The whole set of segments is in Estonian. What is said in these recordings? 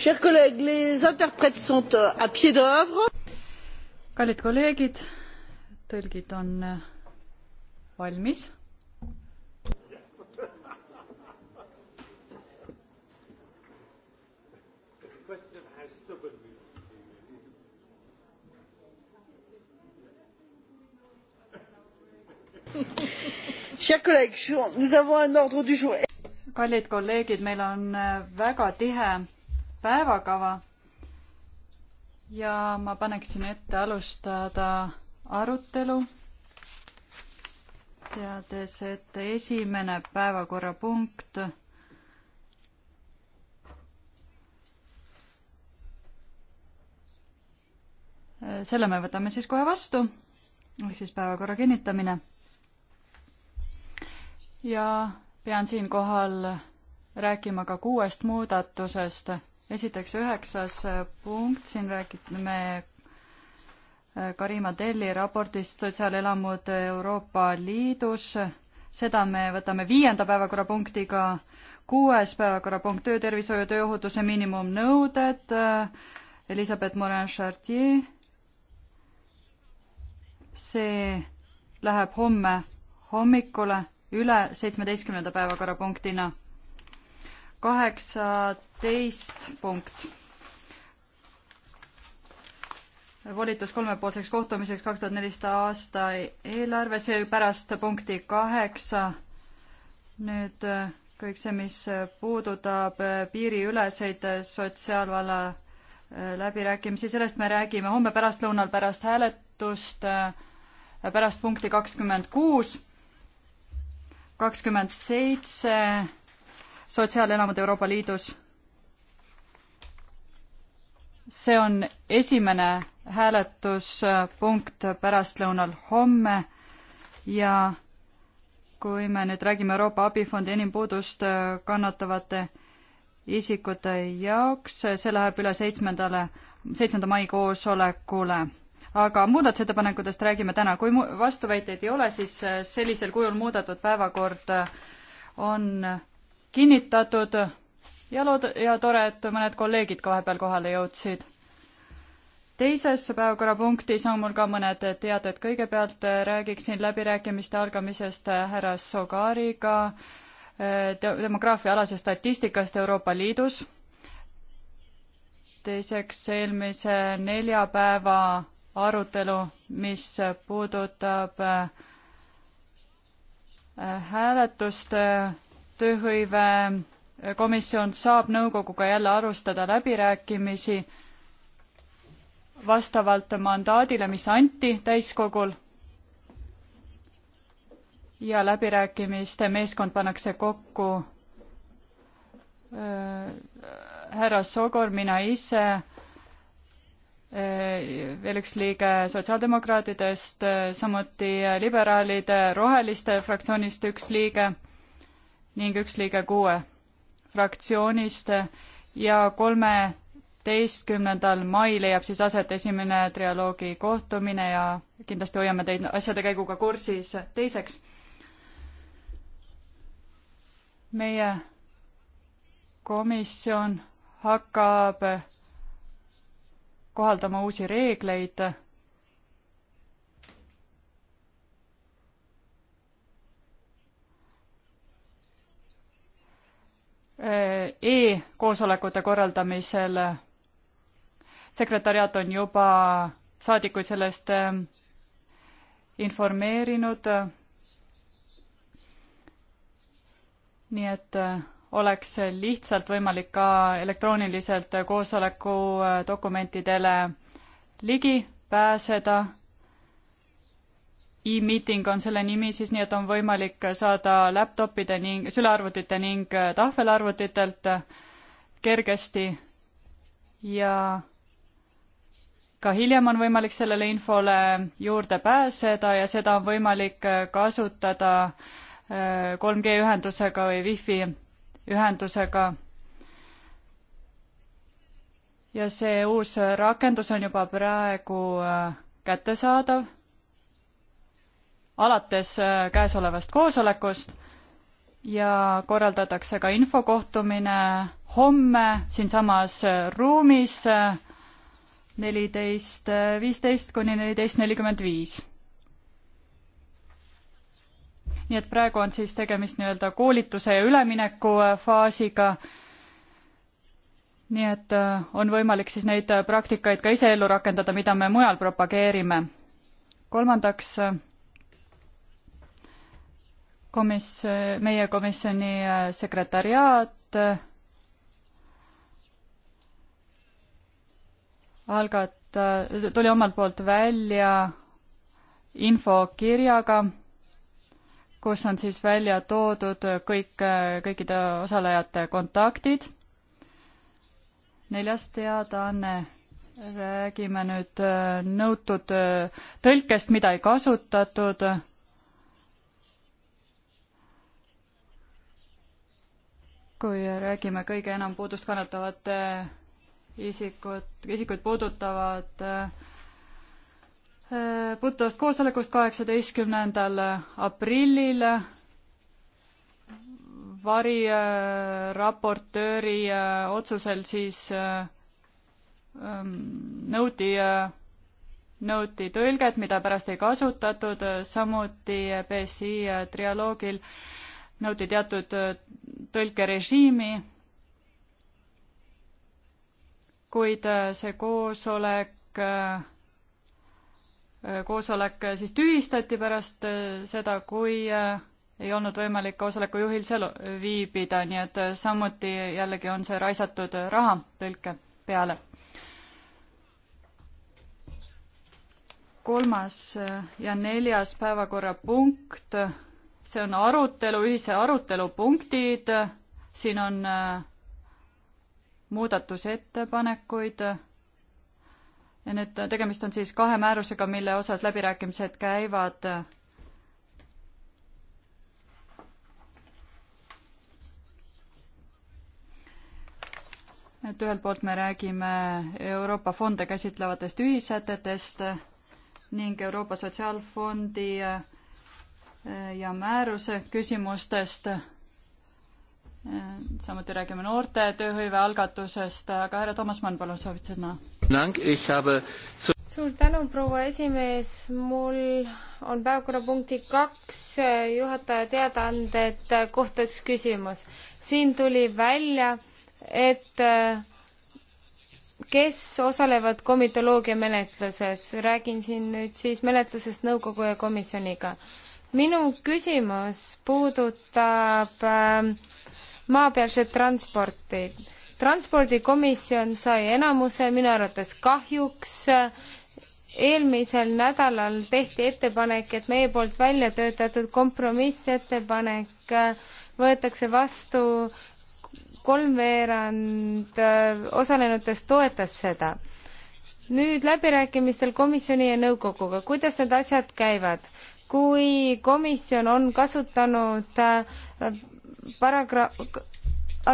Chers collègues, les interprètes sont euh, à pied d'œuvre. kallid kolleegid, tõlgid on äh, valmis kallid kolleegid meil on äh, väga tihe päevakava ja ma paneksin ette alustada arutelu, teades, et esimene päevakorrapunkt selle me võtame siis kohe vastu, ehk siis päevakorra kinnitamine. ja pean siinkohal rääkima ka kuuest muudatusest, esiteks üheksas äh, punkt, siin räägime äh, Karima Telli raportist Sotsiaalelamud Euroopa Liidus. seda me võtame viienda päevakorrapunktiga, kuues päevakorrapunkt töötervishoiu ja tööohutuse miinimumnõuded, äh, Elizabeth Morin-Chartier. see läheb homme hommikule üle seitsmeteistkümnenda päevakorrapunktina kaheksateist punkt. volitus kolmepoolseks kohtumiseks kaks tuhat nelisada aasta eelarve, see pärast punkti kaheksa. nüüd äh, kõik see, mis puudutab äh, piiriüleseid äh, sotsiaalvalla läbirääkimisi, sellest me räägime homme pärastlõunal pärast hääletust, pärast punkti kakskümmend kuus, kakskümmend seitse sotsiaalelamud Euroopa Liidus. see on esimene hääletuspunkt pärastlõunal homme ja kui me nüüd räägime Euroopa abifondi enim puudust kannatavate isikute jaoks, see läheb üle seitsmendale, seitsmenda mai koosolekule. aga muudatusettepanekutest räägime täna, kui mu-, vastuväiteid ei ole, siis sellisel kujul muudetud päevakord on kinnitatud ja lood- ja tore, et mõned kolleegid ka vahepeal kohale jõudsid. teises päevakorrapunktis on mul ka mõned teaded, kõigepealt äh, räägiksin läbirääkimiste algamisest äh, härra Sogariga te-, äh, demograafiaalase statistikast Euroopa Liidus, teiseks eelmise nelja päeva arutelu, mis puudutab hääletust äh, tööhõive komisjon saab nõukoguga jälle alustada läbirääkimisi vastavalt mandaadile, mis anti täiskogul ja läbirääkimiste meeskond pannakse kokku äh, härra Sogor, mina ise äh,, veel üks liige sotsiaaldemokraatidest äh,, samuti liberaalide, roheliste fraktsioonist üks liige äh, ning üks liige kuue fraktsioonist ja kolmeteistkümnendal mai leiab siis aset esimene trialoogi kohtumine ja kindlasti hoiame teid asjade käiguga kursis. teiseks, meie komisjon hakkab kohaldama uusi reegleid Äh, e-koosolekute korraldamisel. sekretäriaat on juba saadikuid sellest äh, informeerinud. nii et äh, oleks lihtsalt võimalik ka elektrooniliselt koosoleku dokumentidele ligi pääseda e-meeting on selle nimi siis, nii et on võimalik saada laptopide ning sülearvutite ning äh, tahvelarvutitelt äh, kergesti ja ka hiljem on võimalik sellele infole juurde pääseda ja seda on võimalik äh, kasutada 3G ühendusega või wifi ühendusega. ja see uus rakendus on juba praegu kättesaadav alates äh, käesolevast koosolekust ja korraldatakse ka infokohtumine homme siinsamas äh, ruumis äh, neliteist viisteist kuni neliteist nelikümmend viis. nii et praegu on siis tegemist nii-öelda koolituse ja ülemineku faasiga. nii et on võimalik siis neid praktikaid ka ise ellu rakendada, mida me mujal propageerime. kolmandaks komis-, meie komisjoni äh, sekretariaat algat-, tuli omalt poolt välja infokirjaga, kus on siis välja toodud kõik, kõikide osalejate kontaktid. neljas teadaanne, räägime nüüd äh, nõutud äh, tõlkest, mida ei kasutatud kui räägime kõige enam puudust kannatavate isikud, isikuid puudutavad äh, puudutavast koosolekust kaheksateistkümnendal aprillil variraportööri äh, äh, otsusel siis ähm, nõuti, nõuti tõlget, mida pärast ei kasutatud, samuti BSI trialoogil äh, nõuti teatud äh, tõlkerežiimi, kuid äh, see koosolek, äh, koosolek siis tühistati pärast seda, kui ei olnud võimalik koosoleku juhil seal viibida, nii et samuti jällegi on see raisatud raha tõlke peale. kolmas ja neljas päevakorrapunkt see on arutelu, ühise arutelu punktid, siin on äh, muudatusettepanekuid ja nüüd äh, tegemist on siis kahe määrusega, mille osas läbirääkimised käivad et ühelt poolt me räägime Euroopa fonde käsitlevatest ühissätetest ning Euroopa Sotsiaalfondi äh, ja määruse küsimustest. samuti räägime noorte tööhõive algatusest, aga härra Toomas Mann, palun soovid sõna? suur tänu, proua esimees, mul on päevakorrapunkti kaks juhataja teadaanded kohta üks küsimus. siin tuli välja, et kes osalevad komitoloogia menetluses, räägin siin nüüd siis menetlusest nõukogu ja komisjoniga minu küsimus puudutab ähm, maapealset transporti. transpordikomisjon sai enamuse minu arvates kahjuks eelmisel nädalal tehti ettepanek, et meie poolt välja töötatud kompromissettepanek äh, võetakse vastu, kolmveerand äh, osalenutest toetas seda. nüüd läbirääkimistel komisjoni ja nõukoguga, kuidas need asjad käivad? kui komisjon on kasutanud äh, paragrahv,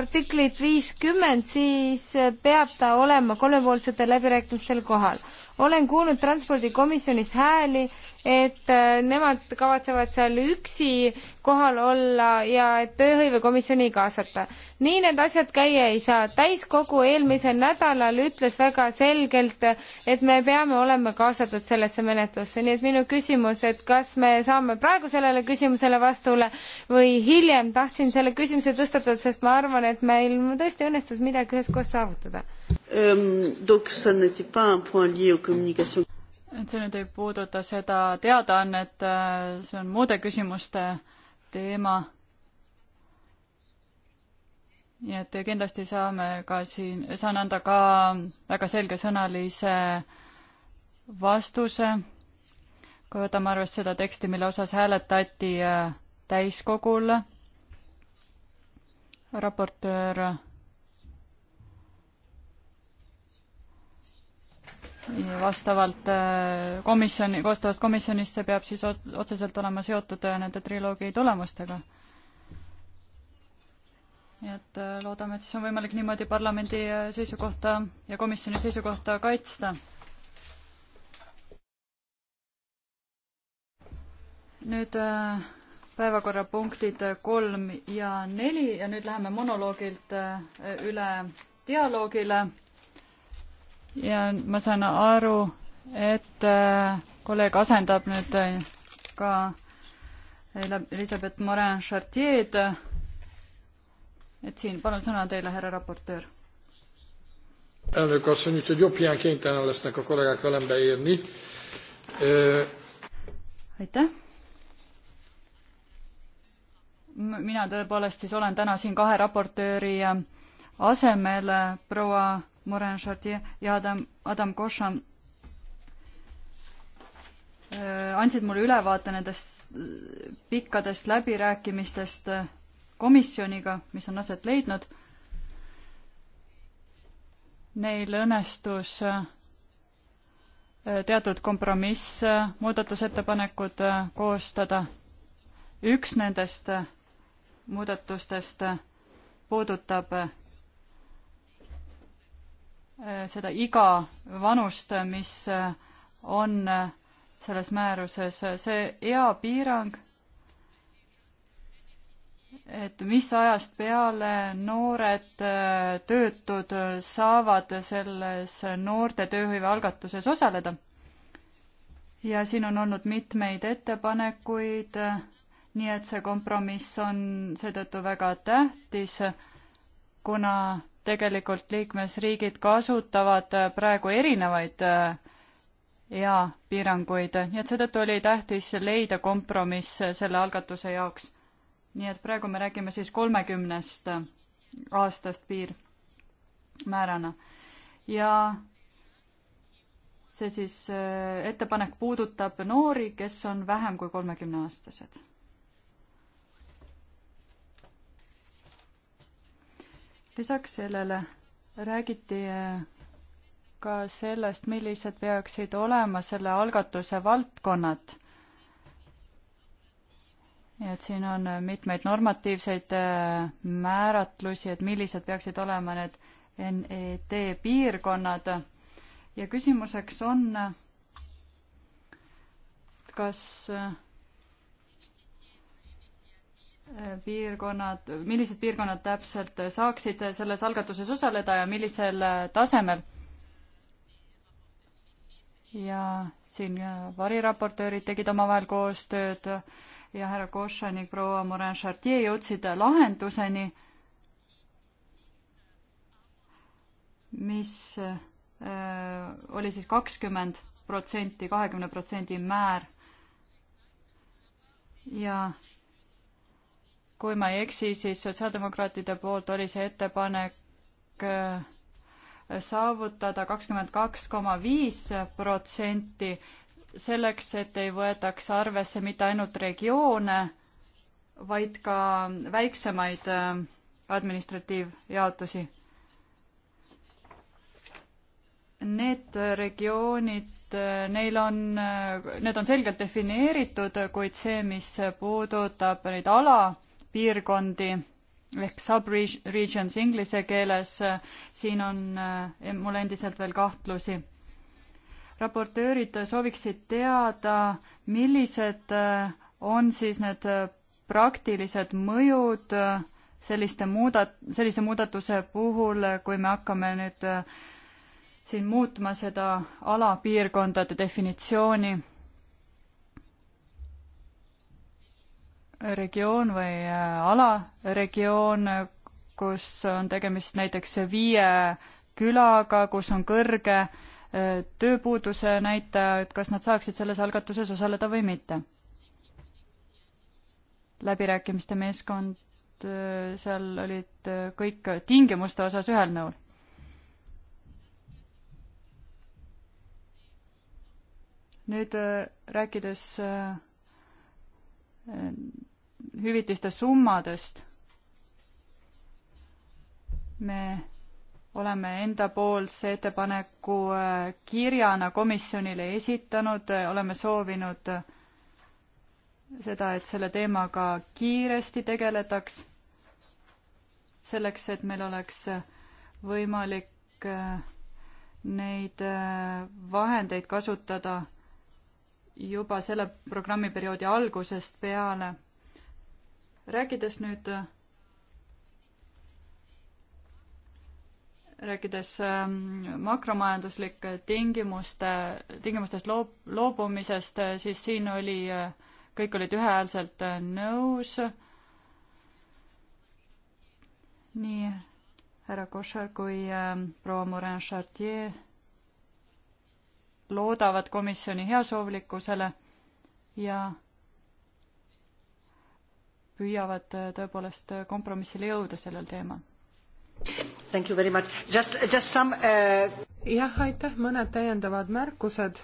artiklit viiskümmend, siis peab ta olema kolmepoolsetel läbirääkimistel kohal olen kuulnud transpordikomisjonist hääli, et äh, nemad kavatsevad seal üksi kohal olla ja et tööhõivekomisjoni ei kaasata. nii need asjad käia ei saa. täiskogu eelmisel nädalal ütles väga selgelt, et me peame olema kaasatud sellesse menetlusse, nii et minu küsimus, et kas me saame praegu sellele küsimusele vastule või hiljem, tahtsin selle küsimuse tõstatada, sest ma arvan, et meil tõesti õnnestus midagi üheskoos saavutada um,. Donc ça n'était pas un point lié au communication. et see nüüd ei puuduta seda teadaannet, äh, see on muude küsimuste teema. nii et kindlasti saame ka siin, saan anda ka väga selgesõnalise vastuse, kui võtame arvesse seda teksti, mille osas hääletati äh, täiskogul. raportöör vastavalt äh, komisjoni, vastavast komisjonist see peab siis otseselt olema seotud äh, nende triloogi tulemustega. nii et äh, loodame, et siis on võimalik niimoodi parlamendi seisukohta ja komisjoni seisukohta kaitsta. nüüd päevakorrapunktid kolm ja neli ja nüüd läheme monoloogilt üle dialoogile ja ma saan aru, et äh, kolleeg asendab nüüd äh, ka Elizabeth Morin-Chartier'd. et siin, palun sõna teile, härra raportöör. elnök asszony, úgyhogy jobb hiány kénytelen lesznek a kollégák velem beírni. aitäh. mina tõepoolest siis olen täna siin kahe raportööri äh, asemel proua Morin Chartier ja Adam, Adam Košan äh, andsid mulle ülevaate nendest äh, pikkadest läbirääkimistest äh, komisjoniga, mis on aset leidnud. Neil õnnestus teatud kompromiss, muudatusettepanekud koostada. üks nendest muudatustest puudutab Äh, seda iga vanust, mis äh, on äh, selles määruses, see eapiirang, et mis ajast peale noored töötud saavad selles noorte tööhõive algatuses osaleda. ja siin on olnud mitmeid ettepanekuid, nii et see kompromiss on seetõttu väga tähtis, kuna tegelikult liikmesriigid kasutavad äh, praegu erinevaid äh, eapiiranguid, nii et seetõttu oli tähtis leida kompromiss äh, selle algatuse jaoks. nii et praegu me räägime siis kolmekümnest aastast piirmäärana. ja see siis, ettepanek puudutab noori, kes on vähem kui kolmekümneaastased lisaks sellele räägiti eh, ka sellest, millised peaksid olema selle algatuse valdkonnad. nii et siin on eh, mitmeid normatiivseid eh, määratlusi, et millised peaksid olema need NET piirkonnad ja küsimuseks on, kas äh, piirkonnad, millised piirkonnad täpselt saaksid selles algatuses osaleda ja millisel tasemel? ja siin variraportöörid tegid omavahel koostööd ja härra Koša ning proua Morin Chartier jõudsid lahenduseni, mis äh, oli siis kakskümmend protsenti, kahekümne protsendi määr ja kui ma ei eksi, siis sotsiaaldemokraatide poolt oli see ettepanek äh, saavutada kakskümmend kaks koma viis protsenti selleks, et ei võetaks arvesse mitte ainult regioone, vaid ka väiksemaid äh, administratiivjaotusi. Need regioonid, äh, neil on, need on selgelt defineeritud, kuid see, mis puudutab neid ala, piirkondi ehk subregions inglise keeles, siin on eh, mul endiselt veel kahtlusi. raportöörid sooviksid teada, millised eh, on siis need eh, praktilised mõjud selliste muudat-, sellise muudatuse puhul, kui me hakkame nüüd siin muutma seda alapiirkondade definitsiooni regioon või äh, alaregioon, kus on tegemist näiteks viie külaga, kus on kõrge äh, tööpuuduse näitaja, et kas nad saaksid selles algatuses osaleda või mitte. läbirääkimiste meeskond, äh, seal olid kõik tingimuste osas ühel nõul. nüüd rääkides hüvitiste summadest. me oleme endapoolse ettepaneku äh, kirjana komisjonile esitanud, oleme soovinud seda, et selle teemaga kiiresti tegeletaks, selleks, et meil oleks võimalik äh, neid äh, vahendeid kasutada juba selle programmiperioodi algusest peale. rääkides nüüd, rääkides ähm, makromajanduslike tingimuste, tingimustest loob, loobumisest, äh, siis siin oli, äh, kõik olid ühehäälselt äh, nõus. nii härra Košar kui ähm, proua Morin Chartier loodavad komisjoni heasoovlikkusele ja püüavad äh, tõepoolest äh, kompromissile jõuda sellel teemal. Thank you very much. Just, just some uh... jah, aitäh, mõned täiendavad märkused.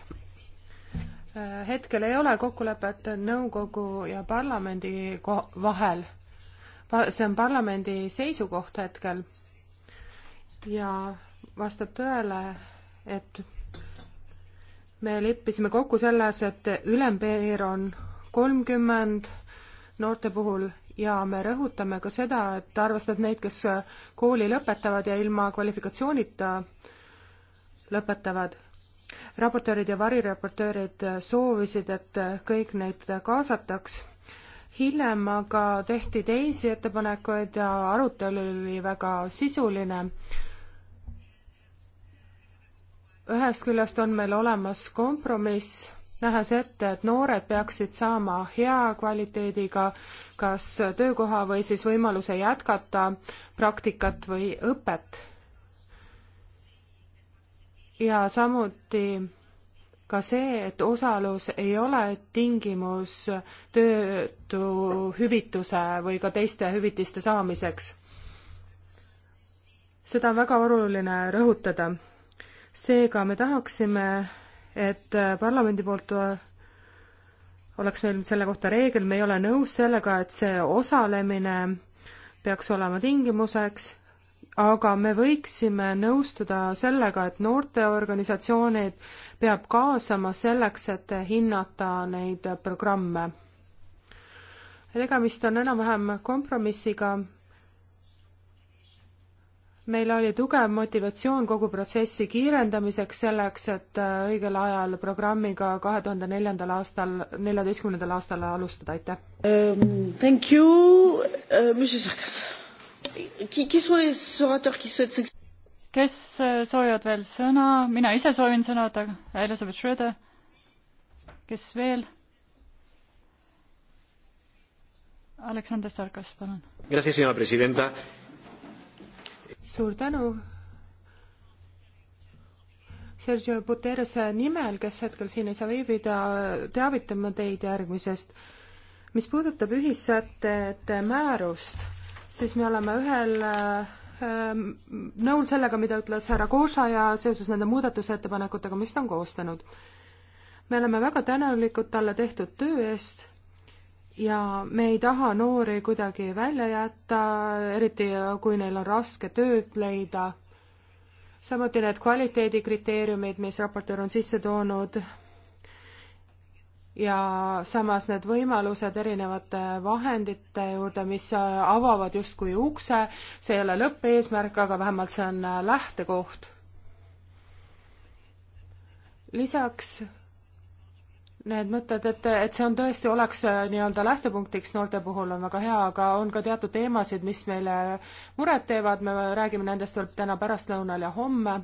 hetkel ei ole kokkulepet nõukogu ja parlamendi vahel. see on parlamendi seisukoht hetkel ja vastab tõele, et me leppisime kokku selles, et ülempiir on kolmkümmend noorte puhul ja me rõhutame ka seda, et arvestades neid, kes kooli lõpetavad ja ilma kvalifikatsioonita lõpetavad, raportöörid ja variraportöörid soovisid, et kõik neid kaasataks. hiljem aga tehti teisi ettepanekuid ja arutelu oli väga sisuline ühest küljest on meil olemas kompromiss, nähes ette, et noored peaksid saama hea kvaliteediga kas töökoha või siis võimaluse jätkata praktikat või õpet. ja samuti ka see, et osalus ei ole tingimus töötuhüvitise või ka teiste hüvitiste saamiseks. seda on väga oluline rõhutada seega me tahaksime, et parlamendi poolt äh, oleks meil selle kohta reegel, me ei ole nõus sellega, et see osalemine peaks olema tingimuseks, aga me võiksime nõustuda sellega, et noorteorganisatsioonid peab kaasama selleks, et hinnata neid programme. tegemist on enam-vähem kompromissiga meil oli tugev motivatsioon kogu protsessi kiirendamiseks selleks, et äh, õigel ajal programmiga kahe tuhande neljandal aastal, neljateistkümnendal aastal alustada, aitäh um,! Thank you uh,, Mrs Sakas. kes äh, soovivad veel sõna, mina ise soovin sõna, Elizabeth Schröder, kes veel? Alexander Sarkas, palun. Gracias, señora presidenta suur tänu Sergio Guterrese nimel, kes hetkel siin ei saa viibida, teavitame teid järgmisest. mis puudutab ühissätete määrust, siis me oleme ühel ähm, nõul sellega, mida ütles härra Koša ja seoses nende muudatusettepanekutega, mis ta on koostanud. me oleme väga tänulikud talle tehtud töö eest ja me ei taha noori kuidagi välja jätta, eriti kui neil on raske tööd leida. samuti need kvaliteedikriteeriumid, mis raportöör on sisse toonud ja samas need võimalused erinevate vahendite juurde, mis avavad justkui ukse, see ei ole lõppeesmärk, aga vähemalt see on lähtekoht. lisaks need mõtted, et, et see on tõesti, oleks äh, nii-öelda lähtepunktiks noorte puhul, on väga hea, aga on ka teatud teemasid, mis meile muret teevad, me räägime nendest veel täna pärastlõunal ja homme.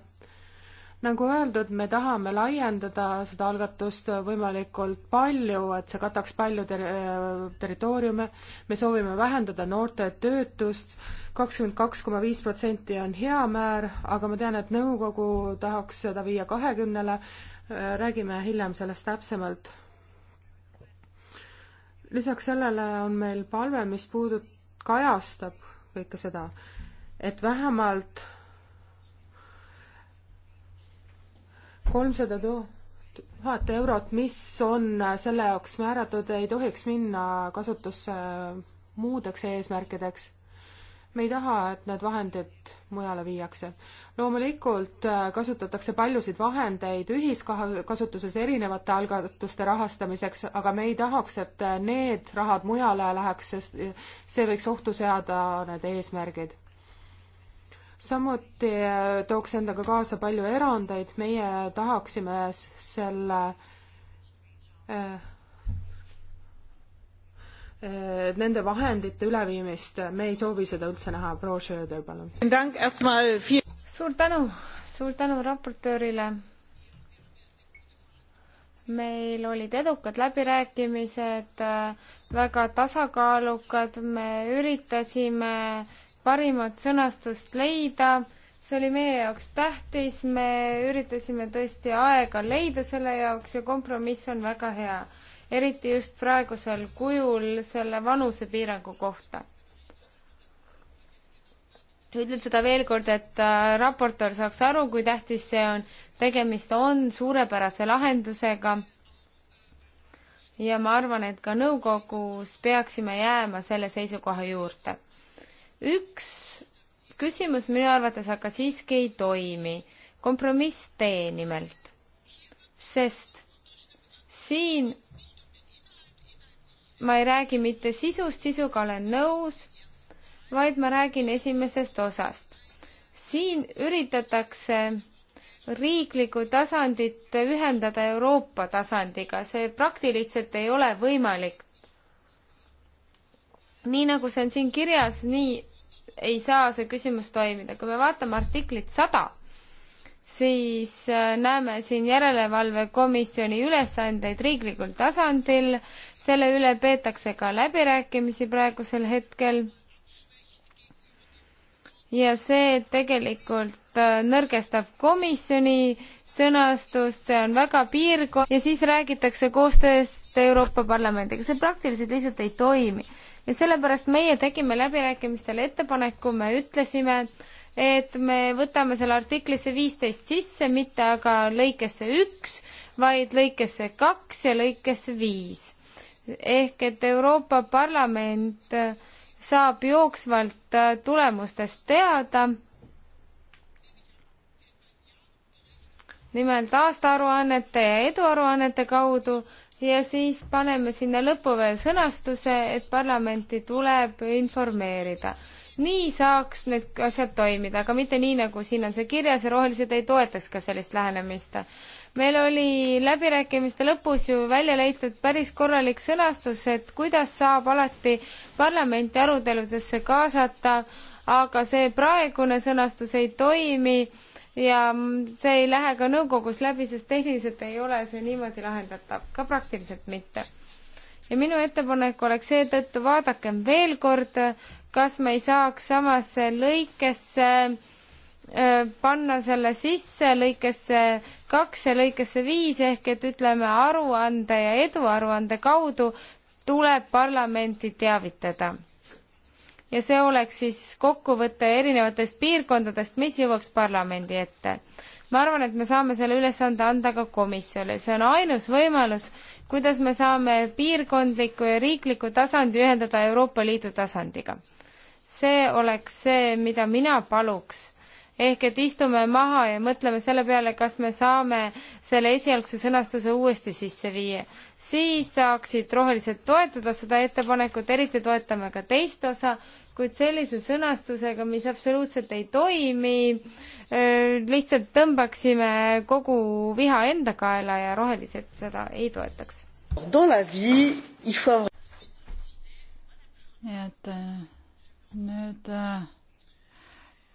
nagu öeldud, me tahame laiendada seda algatust võimalikult palju, et see kataks palju ter-, äh, territooriume, me soovime vähendada noorte töötust, kakskümmend kaks koma viis protsenti on hea määr, aga ma tean, et nõukogu tahaks seda viia kahekümnele räägime hiljem sellest täpsemalt. lisaks sellele on meil palve, mis puudut-, kajastab kõike seda, et vähemalt kolmsada tuhat eurot, mis on selle jaoks määratud, ei tohiks minna kasutusse muudeks eesmärkideks me ei taha, et need vahendid mujale viiakse. loomulikult äh, kasutatakse paljusid vahendeid ühiskasutuses erinevate algatuste rahastamiseks, aga me ei tahaks, et äh, need rahad mujale läheks, sest äh, see võiks ohtu seada need eesmärgid. samuti tooks endaga kaasa palju erandeid, meie tahaksime selle Äh, nende vahendite üleviimist, me ei soovi seda üldse näha, proua Schröder, palun. suur tänu, suur tänu raportöörile. meil olid edukad läbirääkimised, äh, väga tasakaalukad, me üritasime parimat sõnastust leida see oli meie jaoks tähtis, me üritasime tõesti aega leida selle jaoks ja kompromiss on väga hea eriti just praegusel kujul selle vanusepiirangu kohta. ütlen seda veel kord, et äh, raportöör saaks aru, kui tähtis see on. tegemist on suurepärase lahendusega. ja ma arvan, et ka nõukogus peaksime jääma selle seisukoha juurde. üks küsimus minu arvates aga siiski ei toimi. kompromiss tee nimelt. sest siin ma ei räägi mitte sisust, sisuga olen nõus, vaid ma räägin esimesest osast. siin üritatakse riiklikku tasandit ühendada Euroopa tasandiga, see praktiliselt ei ole võimalik. nii nagu see on siin kirjas, nii ei saa see küsimus toimida. kui me vaatame artiklit sada, siis äh, näeme siin järelevalvekomisjoni ülesandeid riiklikul tasandil, selle üle peetakse ka läbirääkimisi praegusel hetkel. ja see tegelikult äh, nõrgestab komisjoni sõnastust, see on väga piirkond- ja siis räägitakse koostööst Euroopa Parlamendiga, see praktiliselt lihtsalt ei toimi. ja sellepärast meie tegime läbirääkimistele ettepaneku, me ütlesime, et me võtame selle artiklisse viisteist sisse, mitte aga lõikesse üks, vaid lõikesse kaks ja lõikesse viis ehk et Euroopa Parlament saab jooksvalt äh, tulemustest teada. nimelt aastaaruannete ja eduaruannete kaudu ja siis paneme sinna lõppu veel sõnastuse, et parlamenti tuleb informeerida. nii saaks need asjad toimida, aga mitte nii, nagu siin on see kirjas ja rohelised ei toetaks ka sellist lähenemist meil oli läbirääkimiste lõpus ju välja leitud päris korralik sõnastus, et kuidas saab alati parlamenti aruteludesse kaasata, aga see praegune sõnastus ei toimi ja see ei lähe ka nõukogus läbi, sest tehniliselt ei ole see niimoodi lahendatav, ka praktiliselt mitte. ja minu ettepanek oleks seetõttu, vaadakem veel kord, kas me ei saaks samasse lõikesse äh, Äh, panna selle sisse lõikesse kaks ja lõikesse viis ehk et ütleme, aruande ja eduaruande kaudu tuleb parlamenti teavitada. ja see oleks siis kokkuvõte erinevatest piirkondadest, mis jõuaks parlamendi ette. ma arvan, et me saame selle ülesande anda ka komisjonile, see on ainus võimalus, kuidas me saame piirkondliku ja riikliku tasandi ühendada Euroopa Liidu tasandiga. see oleks see, mida mina paluks ehk et istume maha ja mõtleme selle peale, kas me saame selle esialgse sõnastuse uuesti sisse viia. siis saaksid rohelised toetada seda ettepanekut, eriti toetame ka teist osa, kuid sellise sõnastusega, mis absoluutselt ei toimi, lihtsalt tõmbaksime kogu viha enda kaela ja rohelised seda ei toetaks. nii et äh, nüüd äh,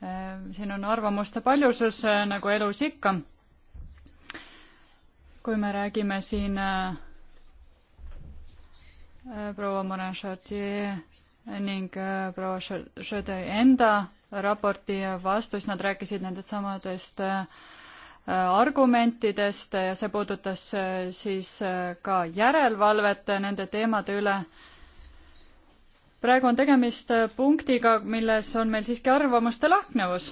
Ehm, siin on arvamuste paljusus eh, nagu elus ikka. kui me räägime siin eh, eh, proua Morin Chartier ning proua Schröderi enda raporti vastus, nad rääkisid nendest samadest argumentidest ja see puudutas siis ka järelevalvet nende teemade üle praegu on tegemist äh, punktiga, milles on meil siiski arvamuste lahknevus.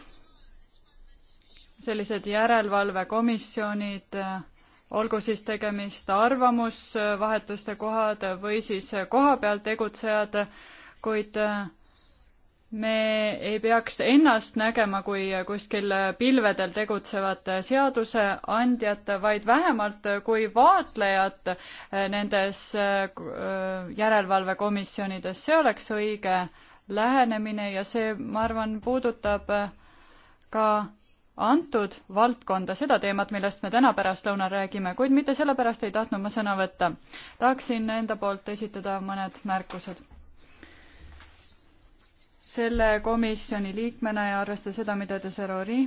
sellised järelevalvekomisjonid, äh, olgu siis tegemist arvamusvahetuste kohad või siis äh, kohapeal tegutsejad, kuid äh, me ei peaks ennast nägema kui kuskil pilvedel tegutsevat seaduseandjat, vaid vähemalt kui vaatlejat nendes äh, järelevalvekomisjonides, see oleks õige lähenemine ja see, ma arvan, puudutab ka antud valdkonda, seda teemat, millest me täna pärastlõunal räägime, kuid mitte sellepärast ei tahtnud ma sõna võtta. tahaksin enda poolt esitada mõned märkused selle komisjoni liikmena ja arvestada seda, mida ütles Erori,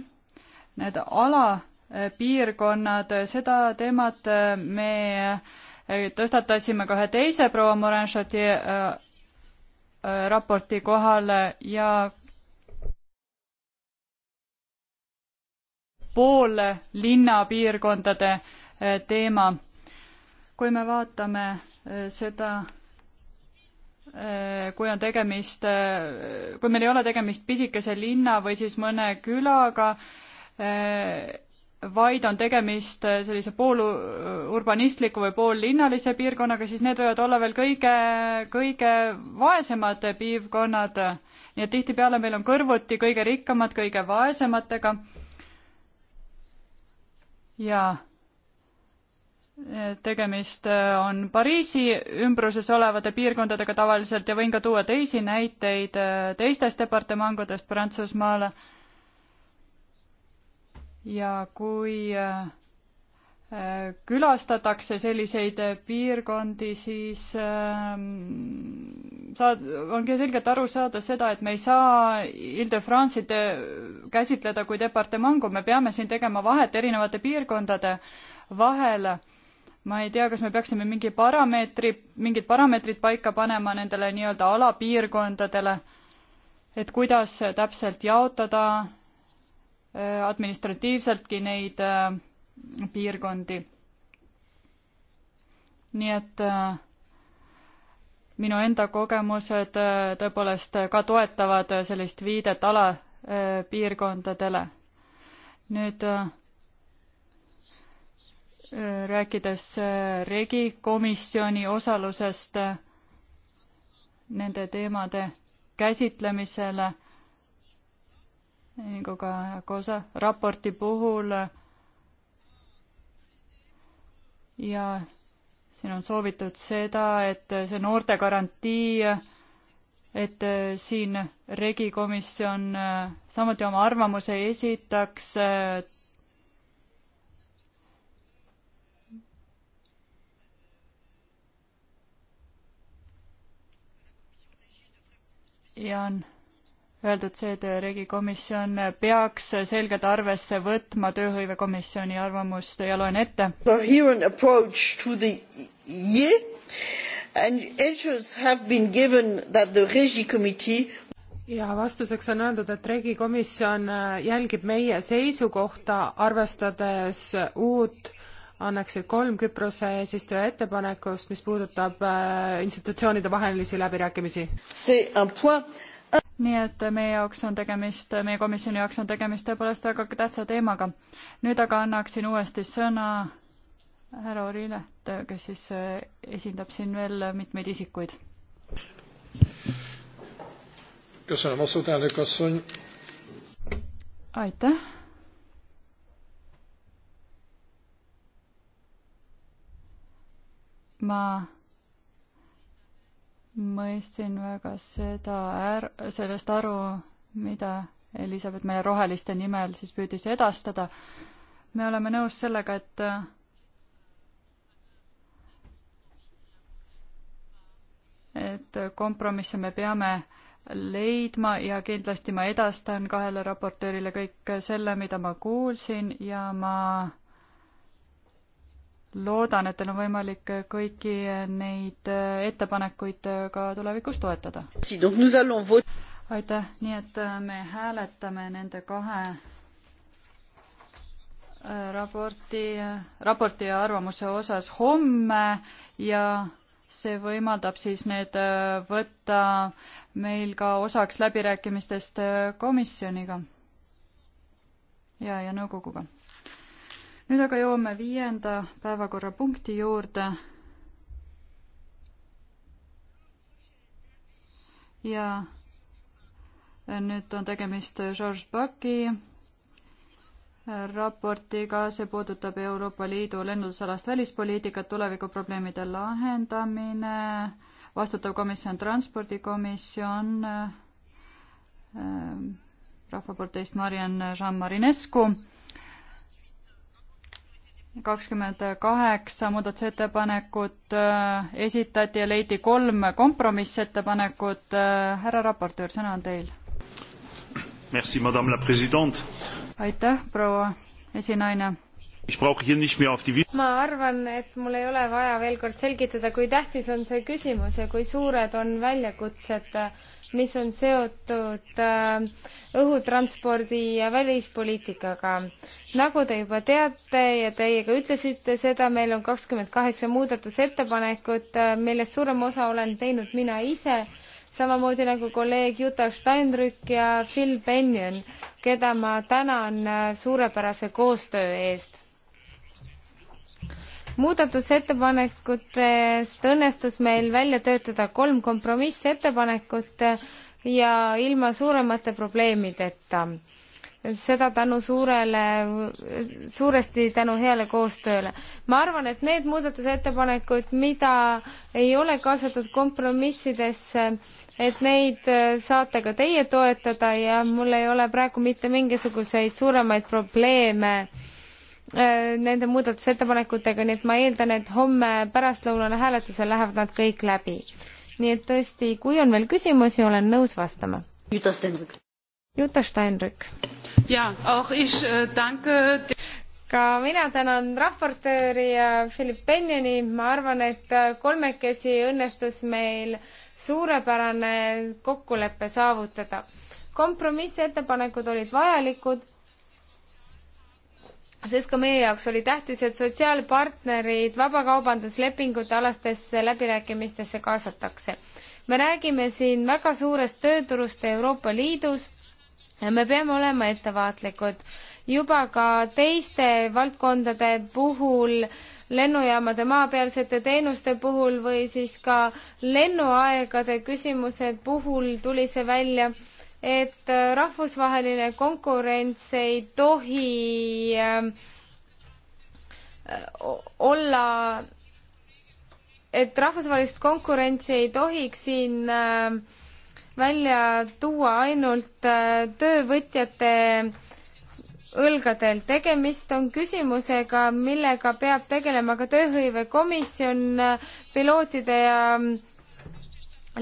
need alapiirkonnad, seda teemat me tõstatasime ka ühe teise proua Morin-Chartier äh, äh, raporti kohal ja pool linnapiirkondade äh, teema. kui me vaatame äh, seda Äh, kui on tegemist, äh, kui meil ei ole tegemist pisikese linna või siis mõne külaga, äh, vaid on tegemist sellise poolurbanistliku või poollinnalise piirkonnaga, siis need võivad olla veel kõige, kõige vaesemad piirkonnad. nii et tihtipeale meil on kõrvuti kõige rikkamad kõige vaesematega. jaa tegemist äh, on Pariisi ümbruses olevate piirkondadega tavaliselt ja võin ka tuua teisi näiteid äh, teistest departamangudest Prantsusmaale. ja kui äh, külastatakse selliseid piirkondi, siis ähm, saad, ongi selgelt aru saada seda, et me ei saa Ile-de-France'it käsitleda kui departamangu, me peame siin tegema vahet erinevate piirkondade vahel ma ei tea, kas me peaksime mingi parameetri, mingid parameetrid paika panema nendele nii-öelda alapiirkondadele, et kuidas täpselt jaotada äh, administratiivseltki neid äh, piirkondi. nii et äh, minu enda kogemused tõepoolest ka toetavad sellist viidet alapiirkondadele. nüüd rääkides äh, regikomisjoni osalusest äh, nende teemade käsitlemisele, nagu ka COSA raporti puhul. Äh, ja siin on soovitud seda, et see noortegarantii, et siin regikomisjon samuti oma arvamuse esitaks ja on öeldud see, et regikomisjon peaks selgelt arvesse võtma tööhõivekomisjoni arvamust ja loen ette. Coherent approach to the year and answers have been given that the regi committee ja vastuseks on öeldud, et regikomisjon jälgib meie seisukohta, arvestades uut annaksid kolm Küprose eesistuja ettepanekust, mis puudutab äh, institutsioonide vahelisi läbirääkimisi. nii et meie jaoks on tegemist, meie komisjoni jaoks on tegemist tõepoolest väga tähtsa teemaga. nüüd aga annaksin uuesti sõna härra Orile, kes siis äh, esindab siin veel mitmeid isikuid. aitäh ma mõistsin väga seda är-, sellest aru, mida Elizabeth meie roheliste nimel siis püüdis edastada. me oleme nõus sellega, et et kompromisse me peame leidma ja kindlasti ma edastan kahele raportöörile kõik selle, mida ma kuulsin ja ma loodan, et teil on võimalik kõiki neid äh, ettepanekuid äh, ka tulevikus toetada. aitäh, nii et äh, me hääletame nende kahe raporti, raporti ja arvamuse osas homme ja see võimaldab siis need võtta meil ka osaks läbirääkimistest komisjoniga ja, ja nõukoguga nüüd aga jõuame viienda päevakorrapunkti juurde. ja nüüd on tegemist George Bucki raportiga, see puudutab Euroopa Liidu lennundusalast välispoliitikat, tulevikuprobleemide lahendamine, vastutav komisjon Transpordikomisjon, äh, rahvaparteist Mariann Jean Marinescu kakskümmend kaheksa muudatusettepanekut äh, esitati ja leiti kolm kompromissettepanekut. Äh, härra raportöör, sõna on teil. aitäh, proua esinaine ma arvan, et mul ei ole vaja veel kord selgitada, kui tähtis on see küsimus ja kui suured on väljakutsed mis on seotud äh, õhutranspordi ja välispoliitikaga. nagu te juba teate ja teie ka ütlesite seda, meil on kakskümmend kaheksa muudatusettepanekut, äh, millest suurema osa olen teinud mina ise, samamoodi nagu kolleeg Juta Steinrück ja Phil Benjon, keda ma tänan äh, suurepärase koostöö eest muudatusettepanekutest õnnestus meil välja töötada kolm kompromissettepanekut ja ilma suuremate probleemideta seda tänu suurele, suuresti tänu heale koostööle. ma arvan, et need muudatusettepanekud, mida ei ole kaasatud kompromissidesse, et neid saate ka teie toetada ja mul ei ole praegu mitte mingisuguseid suuremaid probleeme äh, Äh, nende muudatusettepanekutega, nii et ma eeldan, et homme pärastlõunale hääletusel lähevad nad kõik läbi. nii et tõesti, kui on veel küsimusi, olen nõus vastama. Jutta Steinrück. Jutta Steinrück. jaa, auch ich äh, danke ka mina tänan raportööri ja Philip Benjani, ma arvan, et äh, kolmekesi õnnestus meil suurepärane kokkulepe saavutada kompromissettepanekud olid vajalikud sest ka meie jaoks oli tähtis, et sotsiaalpartnerid vabakaubanduslepingute alastesse läbirääkimistesse kaasatakse. me räägime siin väga suurest tööturust Euroopa Liidus ja me peame olema ettevaatlikud. juba ka teiste valdkondade puhul, lennujaamade maapealsete teenuste puhul või siis ka lennuaegade küsimuse puhul tuli see välja et äh, rahvusvaheline konkurents ei tohi ähm, äh, olla, et rahvusvahelist konkurentsi ei tohiks siin ähm, välja tuua ainult äh, töövõtjate õlgadel. tegemist on küsimusega, millega peab tegelema ka tööhõivekomisjon pilootide ja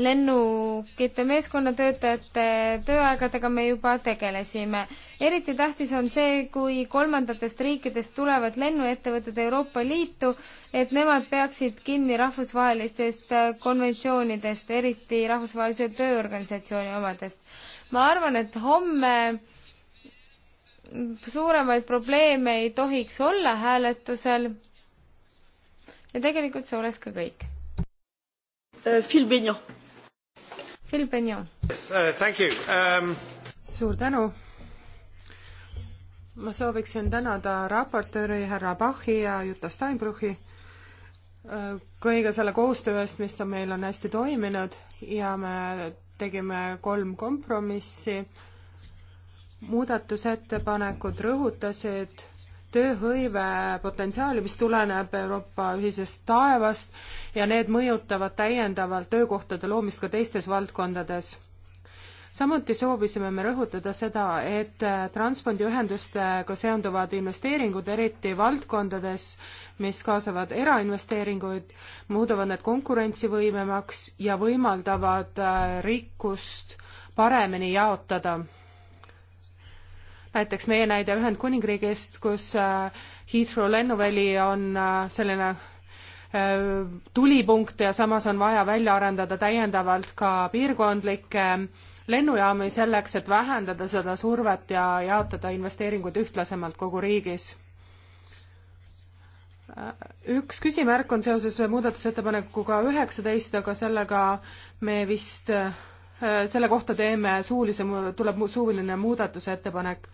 lennukite meeskonnatöötajate tööaegadega me juba tegelesime. eriti tähtis on see, kui kolmandatest riikidest tulevad lennuettevõtted Euroopa Liitu, et nemad peaksid kinni rahvusvahelistest konventsioonidest, eriti Rahvusvahelise Tööorganisatsiooni omadest. ma arvan, et homme suuremaid probleeme ei tohiks olla hääletusel ja tegelikult see oleks ka kõik. Äh, Phil Benyon Phil Benjon yes,. Uh, um... suur tänu. ma sooviksin tänada raportööri härra Bachi ja Jutta Steinbrüchi äh, kõige selle koostöö eest, mis on meil on hästi toiminud ja me tegime kolm kompromissi. muudatusettepanekud rõhutasid tööhõive potentsiaali, mis tuleneb Euroopa ühisest taevast ja need mõjutavad täiendavalt töökohtade loomist ka teistes valdkondades. samuti soovisime me rõhutada seda, et transpordiühendustega seonduvad investeeringud, eriti valdkondades, mis kaasavad erainvesteeringuid, muudavad need konkurentsivõimemaks ja võimaldavad äh, rikkust paremini jaotada näiteks meie näide Ühendkuningriigist, kus äh, Heathrow lennuväli on äh, selline äh, tulipunkt ja samas on vaja välja arendada täiendavalt ka piirkondlikke lennujaami selleks, et vähendada seda survet ja jaotada investeeringuid ühtlasemalt kogu riigis. üks küsimärk on seoses muudatusettepanekuga üheksateist, aga sellega me vist selle kohta teeme suulise, tuleb suuline muudatusettepanek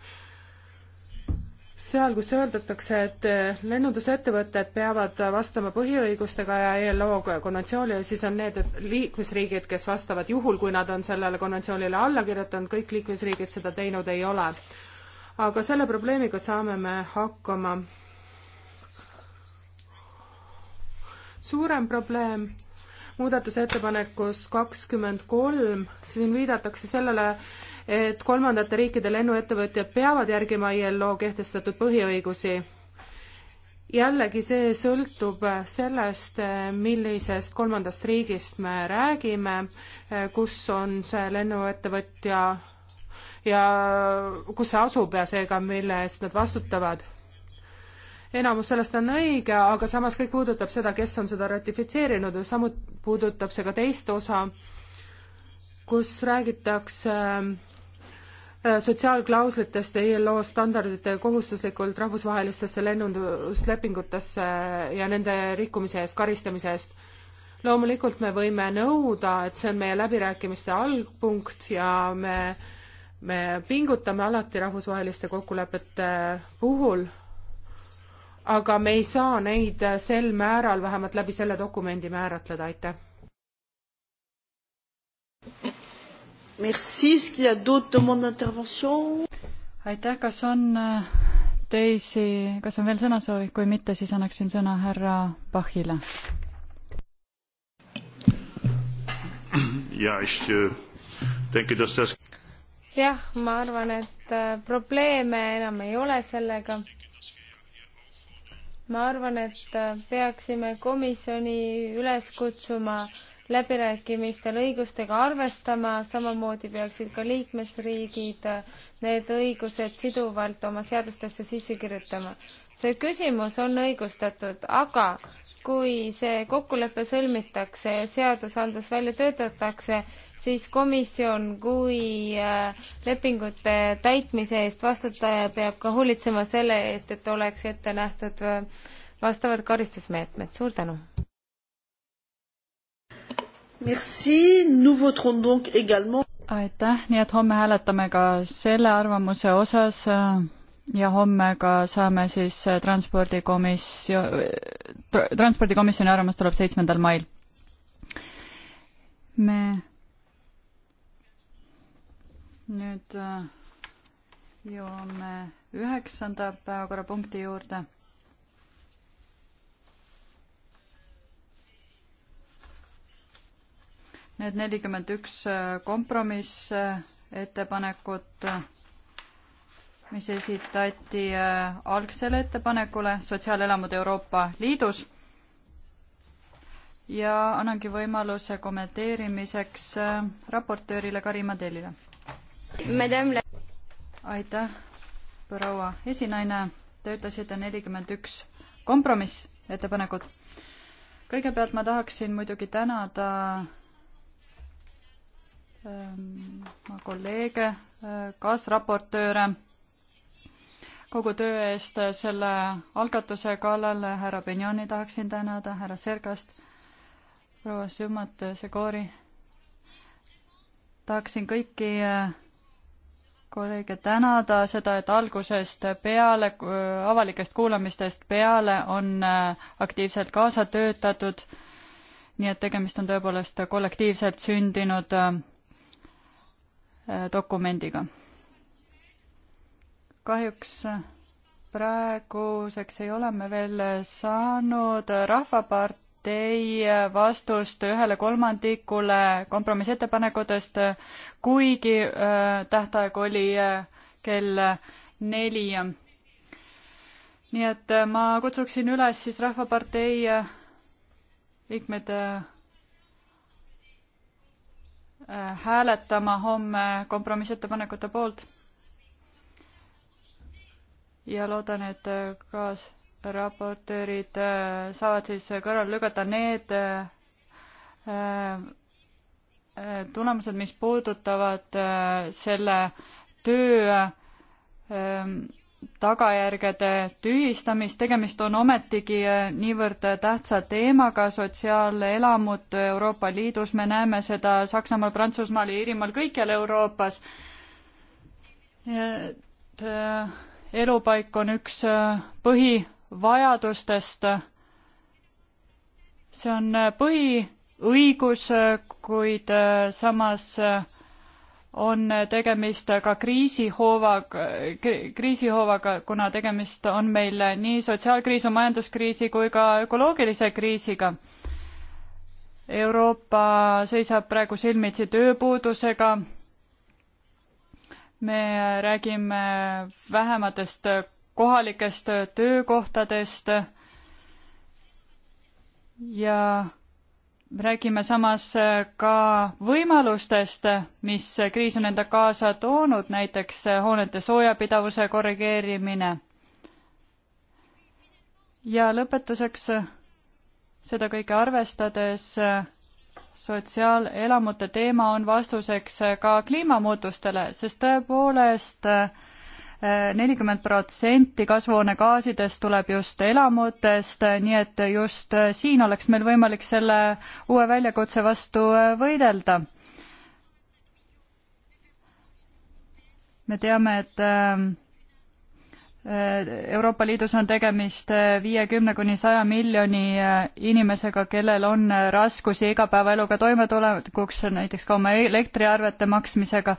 seal, kus öeldatakse, et eh, lennundusettevõtted peavad vastama põhiõigustega ja ELO konventsioonile, siis on need liikmesriigid, kes vastavad juhul, kui nad on sellele konventsioonile alla kirjutanud, kõik liikmesriigid seda teinud ei ole. aga selle probleemiga saame me hakkama. suurem probleem muudatusettepanekus kakskümmend kolm, siin viidatakse sellele, et kolmandate riikide lennuettevõtjad peavad järgima ILO kehtestatud põhiõigusi. jällegi, see sõltub sellest, millisest kolmandast riigist me räägime, kus on see lennuettevõtja ja kus see asub ja seega, mille eest nad vastutavad enamus sellest on õige, aga samas kõik puudutab seda, kes on seda ratifitseerinud ja samuti puudutab see ka teist osa, kus räägitakse äh, sotsiaalklauslitest ja ILO standardite kohustuslikult rahvusvahelistesse lennunduslepingutesse ja nende rikkumise eest, karistamise eest. loomulikult me võime nõuda, et see on meie läbirääkimiste algpunkt ja me me pingutame alati rahvusvaheliste kokkulepete puhul aga me ei saa neid sel määral vähemalt läbi selle dokumendi määratleda, aitäh. aitäh, kas on äh, teisi, kas on veel sõnasoovi, kui mitte, siis annaksin sõna härra Bachile. Äh, jah, ma arvan, et äh, probleeme enam ei ole sellega ma arvan, et peaksime komisjoni üles kutsuma läbirääkimistel õigustega arvestama, samamoodi peaksid ka liikmesriigid need õigused siduvalt oma seadustesse sisse kirjutama see küsimus on õigustatud, aga kui see kokkulepe sõlmitakse ja seadusandlus välja töötatakse, siis komisjon kui äh, lepingute täitmise eest vastutaja peab ka hoolitsema selle eest, et oleks ette nähtud äh, vastavad karistusmeetmed. suur tänu! Merci, nous voterons donc également aitäh, nii et homme hääletame ka selle arvamuse osas ja homme ka saame siis äh, transpordikomisjon, äh, transpordikomisjoni arvamus tuleb seitsmendal mail. me nüüd äh, jõuame üheksanda päevakorrapunkti juurde. Need nelikümmend üks kompromissettepanekut mis esitati äh, algsele ettepanekule Sotsiaalelamud Euroopa Liidus. ja annangi võimaluse kommenteerimiseks äh, raportöörile Karima Tellile. aitäh, proua esinaine, te ütlesite nelikümmend üks kompromissettepanekut. kõigepealt ma tahaksin muidugi tänada ähm, kolleege, äh, kaasraportööre kogu töö eest selle algatuse kallal. härra Benjani tahaksin tänada, härra Sergast, proua Sümmat, Segori. tahaksin kõiki äh, kolleege tänada seda, et algusest peale, avalikest kuulamistest peale on äh, aktiivselt kaasa töötatud. nii et tegemist on tõepoolest kollektiivselt sündinud äh, dokumendiga kahjuks praeguseks ei ole me veel saanud Rahvapartei vastust ühele kolmandikule kompromissettepanekutest, kuigi äh, tähtaeg oli äh, kell neli. nii et äh, ma kutsuksin üles siis Rahvapartei liikmed hääletama homme kompromissettepanekute poolt ja loodan, et äh, kaasraportöörid äh, saavad siis kõrvale lükata need äh, tulemused, mis puudutavad selle töö ähm, tagajärgede tühistamist, tegemist on ometigi niivõrd tähtsa teemaga, sotsiaalelamud Euroopa Liidus, me näeme seda Saksamaal, Prantsusmaal ja Iirimaal, kõikjal Euroopas. et elupaik on üks äh, põhivajadustest. see on äh, põhiõigus, äh, kuid samas on tegemist ka kriisihoovaga, kriisihoovaga, kuna tegemist on meil nii sotsiaalkriisi, majanduskriisi kui ka ökoloogilise kriisiga. Euroopa seisab praegu silmitsi tööpuudusega me räägime vähematest kohalikest töökohtadest ja räägime samas ka võimalustest, mis kriis on enda kaasa toonud, näiteks hoonete soojapidavuse korrigeerimine. ja lõpetuseks seda kõike arvestades sotsiaalelamute teema on vastuseks eh, ka kliimamuutustele, sest tõepoolest eh, nelikümmend protsenti kasvuhoonegaasidest tuleb just elamutest, eh, nii et just siin oleks meil võimalik selle uue väljakutse vastu võidelda. me teame, et Euroopa Liidus on tegemist äh, viiekümne kuni saja miljoni äh, inimesega, kellel on äh, raskusi igapäevaeluga toimetulekuks, näiteks ka oma elektriarvete maksmisega.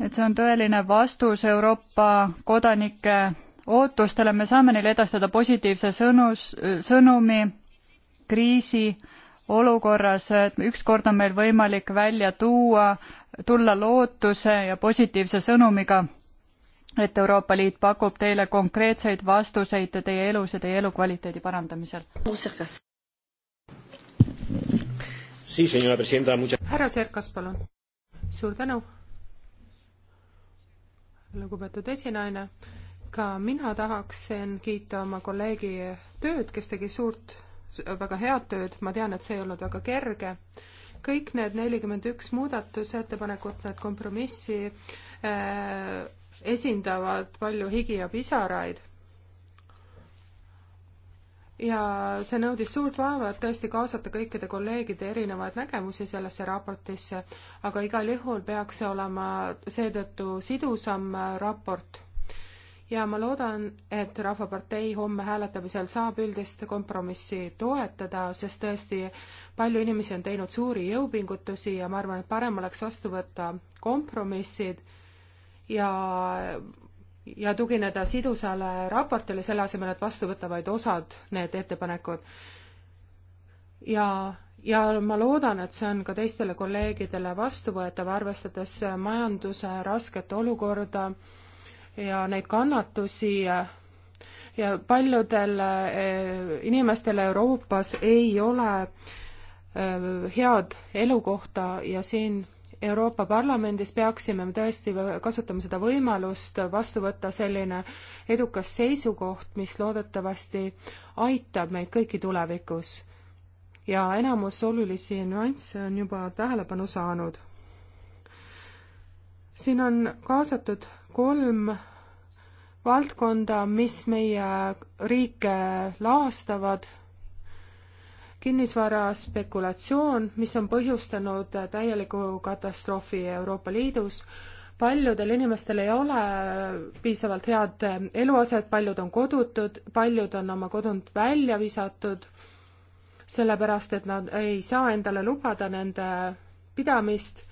et see on tõeline vastus Euroopa kodanike ootustele, me saame neile edastada positiivse sõnus, sõnumi kriisi olukorras, et ükskord on meil võimalik välja tuua, tulla lootuse ja positiivse sõnumiga, et Euroopa Liit pakub teile konkreetseid vastuseid teie elus ja teie elukvaliteedi parandamisel. härra Serkas, palun. suur tänu. lugupeetud esinaine, ka mina tahaksin kiita oma kolleegi tööd, kes tegi suurt väga head tööd, ma tean, et see ei olnud väga kerge. kõik need nelikümmend üks muudatusettepanekut, need kompromissi äh, esindavad palju higi ja pisaraid. ja see nõudis suurt vaeva, et tõesti kaasata kõikide kolleegide erinevaid nägemusi sellesse raportisse, aga igal juhul peaks see olema seetõttu sidusam raport ja ma loodan, et Rahvapartei homme hääletamisel saab üldist kompromissi toetada, sest tõesti palju inimesi on teinud suuri jõupingutusi ja ma arvan, et parem oleks vastu võtta kompromissid ja, ja tugineda sidusale raportile, selle asemel, et vastu võtta vaid osad need ettepanekud. ja ja ma loodan, et see on ka teistele kolleegidele vastuvõetav, arvestades majanduse rasket olukorda ja neid kannatusi ja paljudel eh, inimestel Euroopas ei ole eh, head elukohta ja siin Euroopa Parlamendis peaksime me tõesti kasutama seda võimalust vastu võtta selline edukas seisukoht, mis loodetavasti aitab meid kõiki tulevikus. ja enamus olulisi nüansse on juba tähelepanu saanud. siin on kaasatud kolm valdkonda, mis meie riike laastavad, kinnisvara spekulatsioon, mis on põhjustanud täieliku katastroofi Euroopa Liidus, paljudel inimestel ei ole piisavalt head eluaset, paljud on kodutud, paljud on oma kodunt välja visatud, sellepärast et nad ei saa endale lubada nende pidamist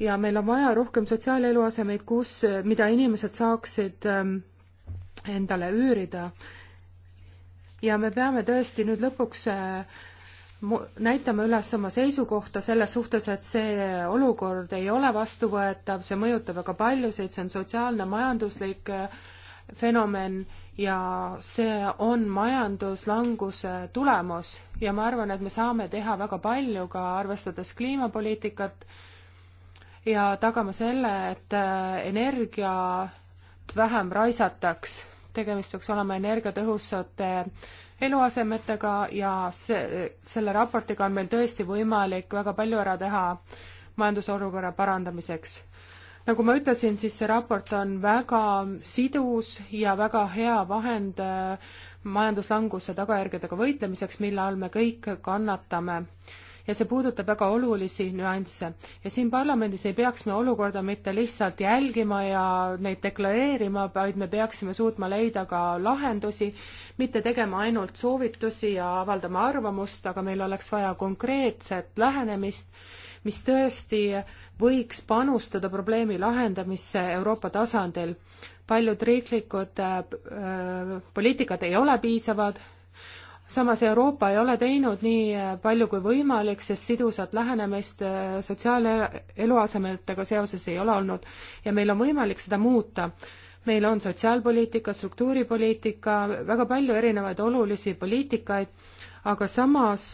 ja meil on vaja rohkem sotsiaaleluasemeid, kus, mida inimesed saaksid ähm, endale üürida. ja me peame tõesti nüüd lõpuks äh, näitama üles oma seisukohta selles suhtes, et see olukord ei ole vastuvõetav, see mõjutab väga paljusid, see on sotsiaalne, majanduslik äh, fenomen ja see on majanduslanguse tulemus ja ma arvan, et me saame teha väga palju ka arvestades kliimapoliitikat ja tagama selle, et äh, energiat vähem raisataks. tegemist peaks olema energiatõhusate eluasemetega ja see, selle raportiga on meil tõesti võimalik väga palju ära teha majandusolukorra parandamiseks. nagu ma ütlesin, siis see raport on väga sidus ja väga hea vahend äh, majanduslanguse tagajärgedega võitlemiseks, mille all me kõik kannatame ja see puudutab väga olulisi nüansse. ja siin parlamendis ei peaks me olukorda mitte lihtsalt jälgima ja neid deklareerima, vaid me peaksime suutma leida ka lahendusi, mitte tegema ainult soovitusi ja avaldama arvamust, aga meil oleks vaja konkreetset lähenemist, mis tõesti võiks panustada probleemi lahendamisse Euroopa tasandil. paljud riiklikud äh, poliitikad ei ole piisavad samas Euroopa ei ole teinud nii eh, palju kui võimalik, sest sidusat lähenemist eh, sotsiaaleluasemetega seoses ei ole olnud ja meil on võimalik seda muuta. meil on sotsiaalpoliitika, struktuuripoliitika, väga palju erinevaid olulisi poliitikaid, aga samas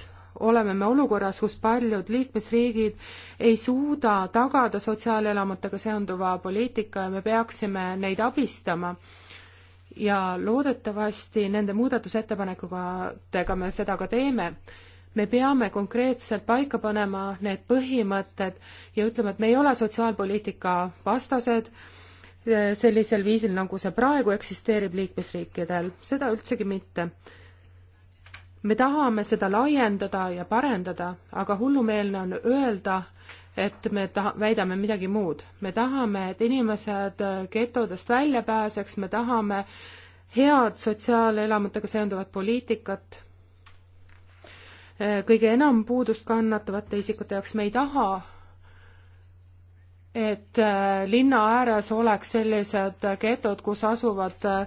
oleme me olukorras, kus paljud liikmesriigid ei suuda tagada sotsiaalelamutega seonduva poliitika ja me peaksime neid abistama ja loodetavasti nende muudatusettepanekutega me seda ka teeme. me peame konkreetselt paika panema need põhimõtted ja ütlema, et me ei ole sotsiaalpoliitika vastased eh, sellisel viisil, nagu see praegu eksisteerib liikmesriikidel, seda üldsegi mitte. me tahame seda laiendada ja parendada, aga hullumeelne on öelda, et me taha-, väidame midagi muud. me tahame, et inimesed getodest välja pääseks, me tahame head sotsiaalelamutega seonduvat poliitikat, kõige enam puudust kannatavate isikute jaoks, me ei taha, et äh, linna ääres oleks sellised getod, kus asuvad äh,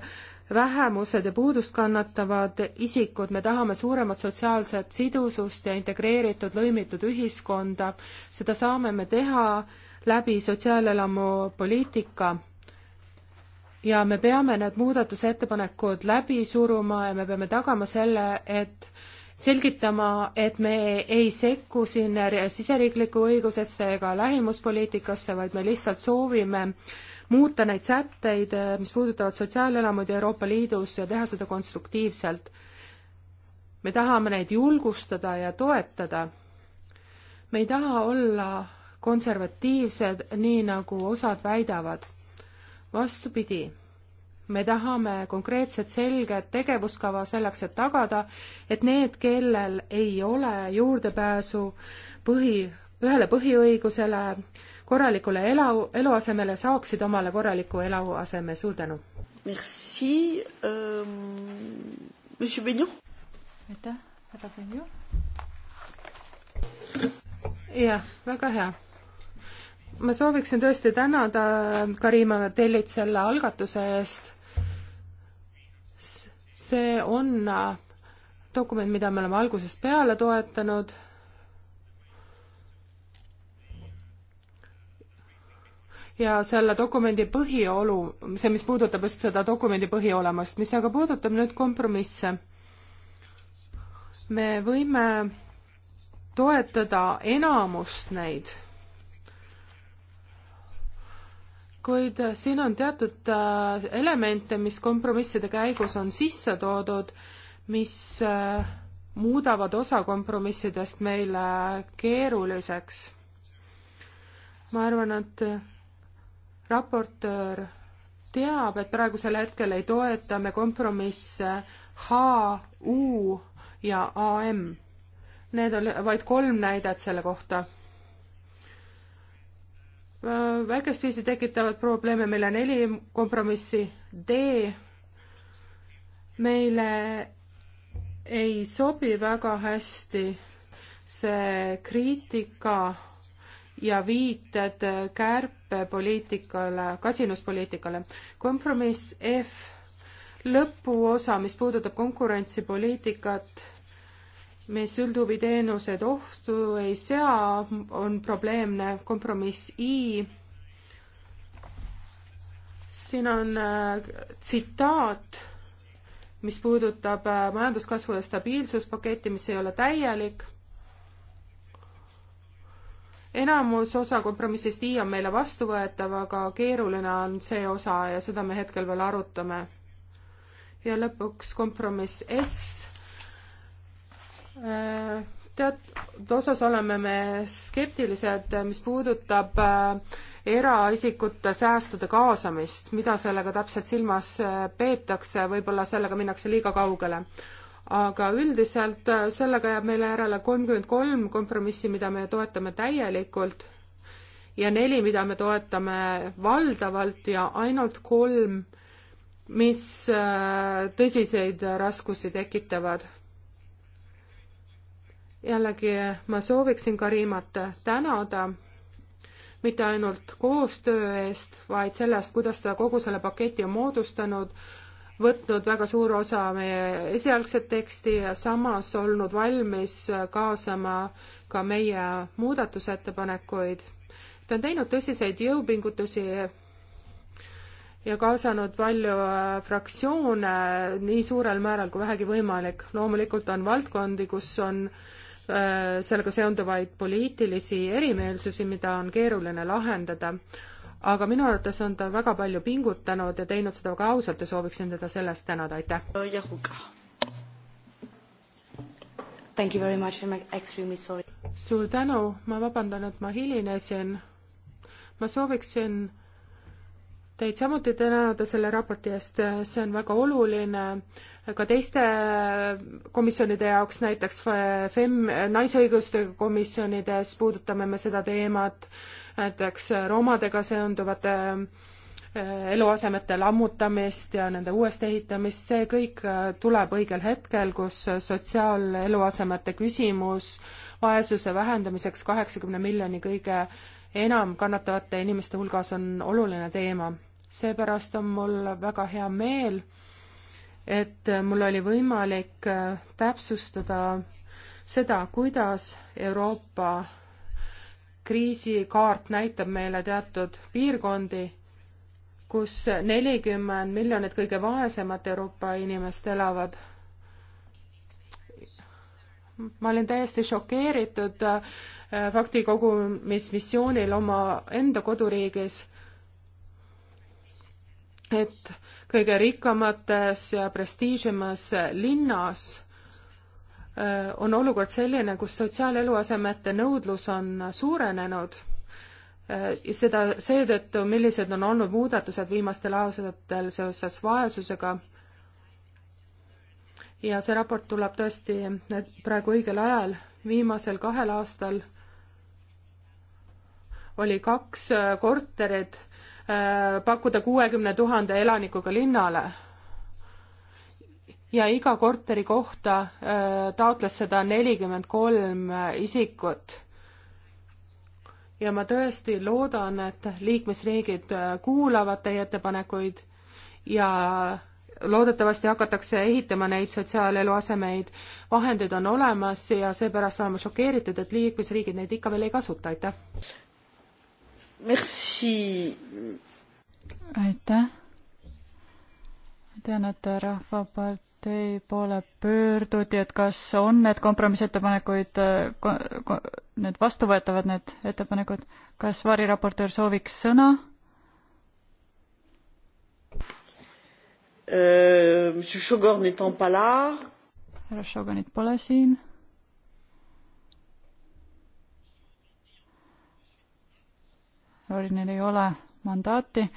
vähemused ja puudust kannatavad isikud, me tahame suuremat sotsiaalset sidusust ja integreeritud lõimitud ühiskonda, seda saame me teha läbi sotsiaalelamu poliitika. ja me peame need muudatusettepanekud läbi suruma ja me peame tagama selle, et selgitama, et me ei sekku siin siseriikliku õigusesse ega lähimuspoliitikasse, vaid me lihtsalt soovime äh, muuta neid sätteid, eh, mis puudutavad sotsiaalelamuid Euroopa Liidus ja teha seda konstruktiivselt. me tahame neid julgustada ja toetada. me ei taha olla konservatiivsed, nii nagu osad väidavad. vastupidi me tahame konkreetset selget tegevuskava selleks, et tagada, et need, kellel ei ole juurdepääsu põhi, ühele põhiõigusele, korralikule elu, eluasemele, saaksid omale korraliku eluaseme, suur tänu! Merci um,, monsieur Benjon? aitäh, härra Benjon! jah, väga hea. ma sooviksin tõesti tänada Karima Tellit selle algatuse eest. see on dokument, mida me oleme algusest peale toetanud ja selle dokumendi põhiolu, see, mis puudutab just seda dokumendi põhiolemust, mis aga puudutab nüüd kompromisse. me võime toetada enamust neid, kuid siin on teatud äh, elemente, mis kompromisside käigus on sisse toodud, mis äh, muudavad osa kompromissidest meile keeruliseks. ma arvan, et raportöör teab, et praegusel hetkel ei toeta me kompromisse H, U ja AM. Need on vaid kolm näidet selle kohta. väikest viisi tekitavad probleeme meil on neli kompromissi. D meile ei sobi väga hästi see kriitika ja viited kärpepoliitikale, kasinuspoliitikale. kompromiss F, lõpuosa, mis puudutab konkurentsipoliitikat, mis üldhuviteenused ohtu ei sea, on probleemne. kompromiss I, siin on äh, tsitaat mis puudutab äh, majanduskasvu ja stabiilsuspaketti, mis ei ole täielik enamus osa kompromissist I on meile vastuvõetav, aga keeruline on see osa ja seda me hetkel veel arutame. ja lõpuks kompromiss S. Äh, teatud osas oleme me skeptilised, äh, mis puudutab äh, eraisikute säästude kaasamist, mida sellega täpselt silmas peetakse, võib-olla sellega minnakse liiga kaugele aga üldiselt äh, sellega jääb meile järele kolmkümmend kolm kompromissi, mida me toetame täielikult ja neli, mida me toetame valdavalt ja ainult kolm, mis äh, tõsiseid raskusi tekitavad. jällegi ma sooviksin Karimat tänada mitte ainult koostöö eest, vaid sellest, kuidas ta kogu selle paketi on moodustanud võtnud väga suure osa meie esialgset teksti ja samas olnud valmis kaasama ka meie muudatusettepanekuid. ta on teinud tõsiseid jõupingutusi ja kaasanud palju äh, fraktsioone nii suurel määral kui vähegi võimalik. loomulikult on valdkondi, kus on äh, sellega seonduvaid poliitilisi erimeelsusi, mida on keeruline lahendada aga minu arvates on ta väga palju pingutanud ja teinud seda väga ausalt ja sooviksin teda selle eest tänada, aitäh! suur tänu, ma vabandan, et ma hilinesin. ma sooviksin teid samuti tänada selle raporti eest, see on väga oluline ka teiste komisjonide jaoks, näiteks FEM, naisõiguste komisjonides puudutame me seda teemat näiteks romadega seonduvate eh, eluasemete lammutamist ja nende uuesti ehitamist, see kõik eh, tuleb õigel hetkel, kus sotsiaaleluasemete küsimus vaesuse vähendamiseks kaheksakümne miljoni kõige enam kannatavate inimeste hulgas on oluline teema. seepärast on mul väga hea meel, et mul oli võimalik eh, täpsustada seda, kuidas Euroopa kriisikaart näitab meile teatud piirkondi, kus nelikümmend miljonit kõige vaesemat Euroopa inimest elavad. ma olin täiesti šokeeritud äh, faktikogumismissioonil oma enda koduriigis, et kõige rikkamates ja prestiižimas linnas Äh, on olukord selline, kus sotsiaaleluasemete nõudlus on suurenenud, äh, seda seetõttu, millised on olnud muudatused viimastel aastatel seoses vaesusega, ja see raport tuleb tõesti äh, praegu õigel ajal, viimasel kahel aastal oli kaks korterit pakkuda kuuekümne tuhande elanikuga linnale ja iga korteri kohta äh, taotles seda nelikümmend kolm äh, isikut. ja ma tõesti loodan, et liikmesriigid äh, kuulavad teie ettepanekuid ja loodetavasti hakatakse ehitama neid sotsiaaleluasemeid, vahendid on olemas ja seepärast oleme šokeeritud, et liikmesriigid neid ikka veel ei kasuta, aitäh. Merci. aitäh. tean, et Rahvapartei teie poole pöörduti, et kas on need kompromissettepanekuid, need vastuvõetavad, need ettepanekud, kas variraportöör sooviks sõna? Äh, monsieur Chogor n'étant pas là. härra Shogunit pole siin. Orinil ei ole mandaati.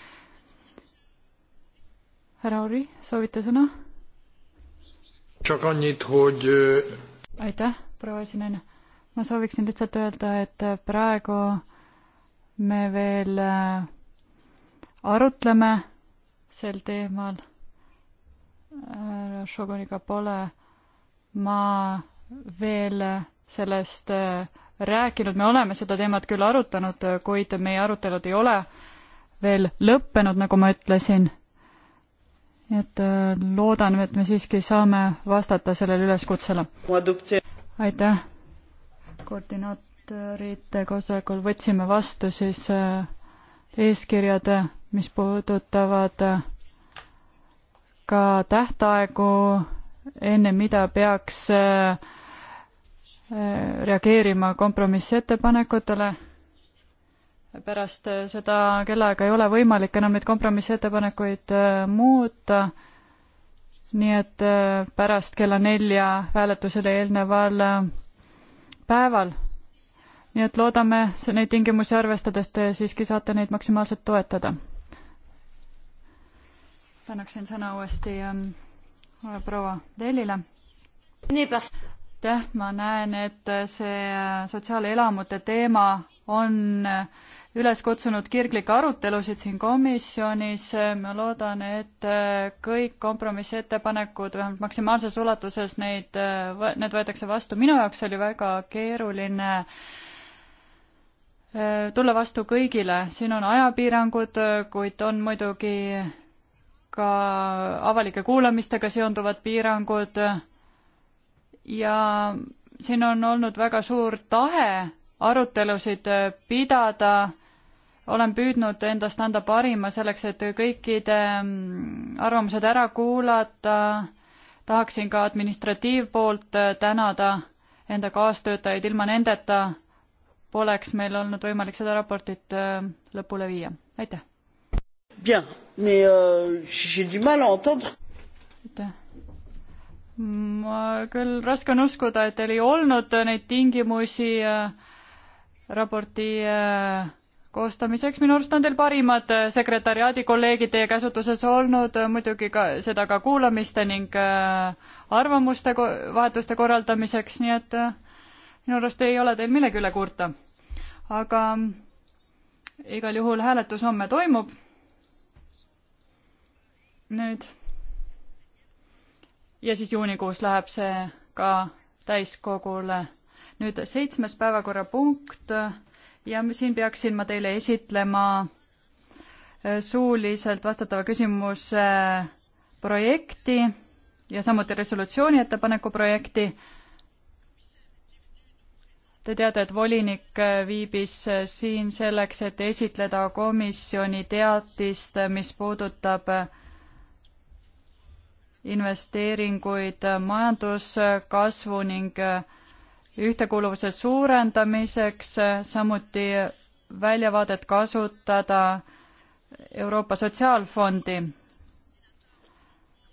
härra Ori, soovite sõna? aitäh, proua esinaine. ma sooviksin lihtsalt öelda, et praegu me veel äh, arutleme sel teemal. härra Šoguniga pole ma veel sellest äh, rääkinud, me oleme seda teemat küll arutanud, kuid meie arutelud ei ole veel lõppenud, nagu ma ütlesin nii et äh, loodan, et me siiski saame vastata sellele üleskutsele. aitäh. koordinaatorite koosolekul võtsime vastu siis äh, eeskirjad, mis puudutavad äh, ka tähtaegu, enne mida peaks reageerima kompromissettepanekutele pärast äh, seda kellaaega ei ole võimalik enam neid kompromissettepanekuid äh, muuta, nii et äh, pärast kella nelja hääletusele eelneval päeval. nii et loodame neid tingimusi arvestades te siiski saate neid maksimaalselt toetada. annaksin sõna uuesti ähm, proua Delile. aitäh, ma näen, et see sotsiaalelamute teema on üles kutsunud kirglikke arutelusid siin komisjonis, ma loodan, et äh, kõik kompromissettepanekud, vähemalt maksimaalses ulatuses neid, äh, need võetakse vastu, minu jaoks oli väga keeruline äh, tulla vastu kõigile, siin on ajapiirangud, kuid on muidugi ka avalike kuulamistega seonduvad piirangud ja siin on olnud väga suur tahe arutelusid pidada olen püüdnud endast anda parima selleks, et kõikide mm, arvamused ära kuulata. tahaksin ka administratiivpoolt äh, tänada enda kaastöötajaid, ilma nendeta poleks meil olnud võimalik seda raportit äh, lõpule viia. aitäh! Bien, mais euh, j'ai du mal à entendre. aitäh! ma küll, raske on uskuda, et teil ei olnud neid tingimusi äh, raporti äh, koostamiseks, minu arust on teil parimad äh, sekretäriaadi kolleegid teie käsutuses olnud, äh, muidugi ka seda ka kuulamiste ning äh, arvamuste ko vahetuste korraldamiseks, nii et minu arust ei ole teil millegi üle kurta. aga igal juhul hääletus homme toimub. nüüd. ja siis juunikuus läheb see ka täiskogule. nüüd seitsmes päevakorrapunkt ja siin peaksin ma teile esitlema äh, suuliselt vastatava küsimuse äh, projekti ja samuti resolutsiooni ettepaneku projekti. Te teate, et volinik äh, viibis siin selleks, et esitleda komisjoni teatist, mis puudutab investeeringuid majanduskasvu ning äh, ühtekuuluvuse suurendamiseks, samuti väljavaadet kasutada Euroopa Sotsiaalfondi.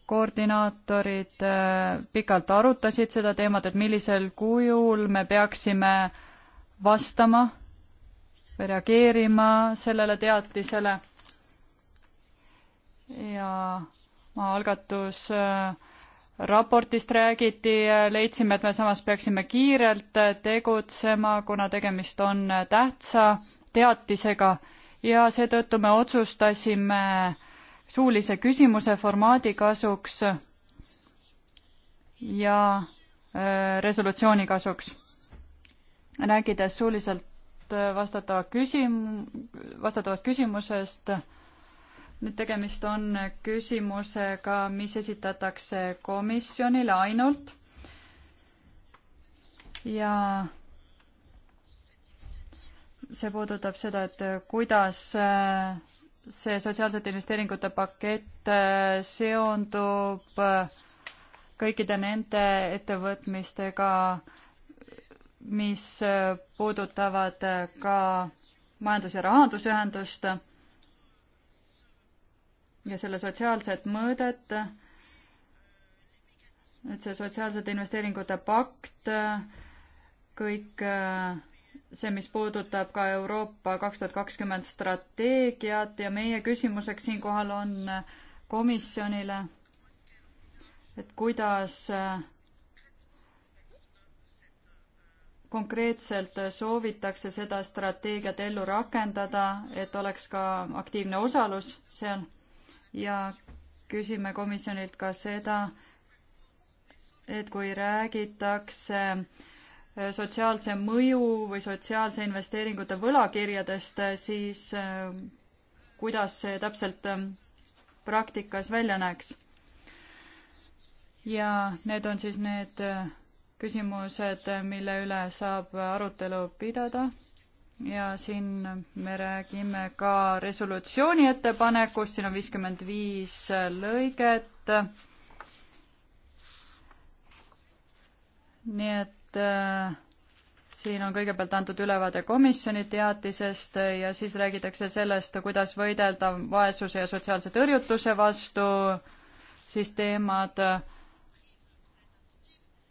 koordinaatorid äh, pikalt arutasid seda teemat, et millisel kujul me peaksime vastama või reageerima sellele teatisele ja algatus äh, raportist räägiti, leidsime, et me samas peaksime kiirelt tegutsema, kuna tegemist on tähtsa teatisega ja seetõttu me otsustasime suulise küsimuse formaadi kasuks ja äh, resolutsiooni kasuks. rääkides suuliselt äh, vastatava küsim-, vastatavast küsimusest, nüüd tegemist on küsimusega, mis esitatakse komisjonile ainult ja see puudutab seda, et kuidas see sotsiaalsete investeeringute pakett seondub kõikide nende ettevõtmistega, mis puudutavad ka majandus- ja rahandusühendust ja selle sotsiaalset mõõdet, et see sotsiaalsete investeeringute pakt, kõik see, mis puudutab ka Euroopa kaks tuhat kakskümmend strateegiat ja meie küsimuseks siinkohal on komisjonile, et kuidas konkreetselt soovitakse seda strateegiat ellu rakendada, et oleks ka aktiivne osalus seal ja küsime komisjonilt ka seda, et kui räägitakse äh, sotsiaalse mõju või sotsiaalse investeeringute võlakirjadest, äh, siis äh, kuidas see täpselt praktikas välja näeks? ja need on siis need küsimused, mille üle saab arutelu pidada ja siin me räägime ka resolutsiooni ettepanekust, siin on viiskümmend viis lõiget. nii et äh, siin on kõigepealt antud ülevaade komisjoni teatisest ja siis räägitakse sellest, kuidas võidelda vaesuse ja sotsiaalse tõrjutuse vastu, siis teemad,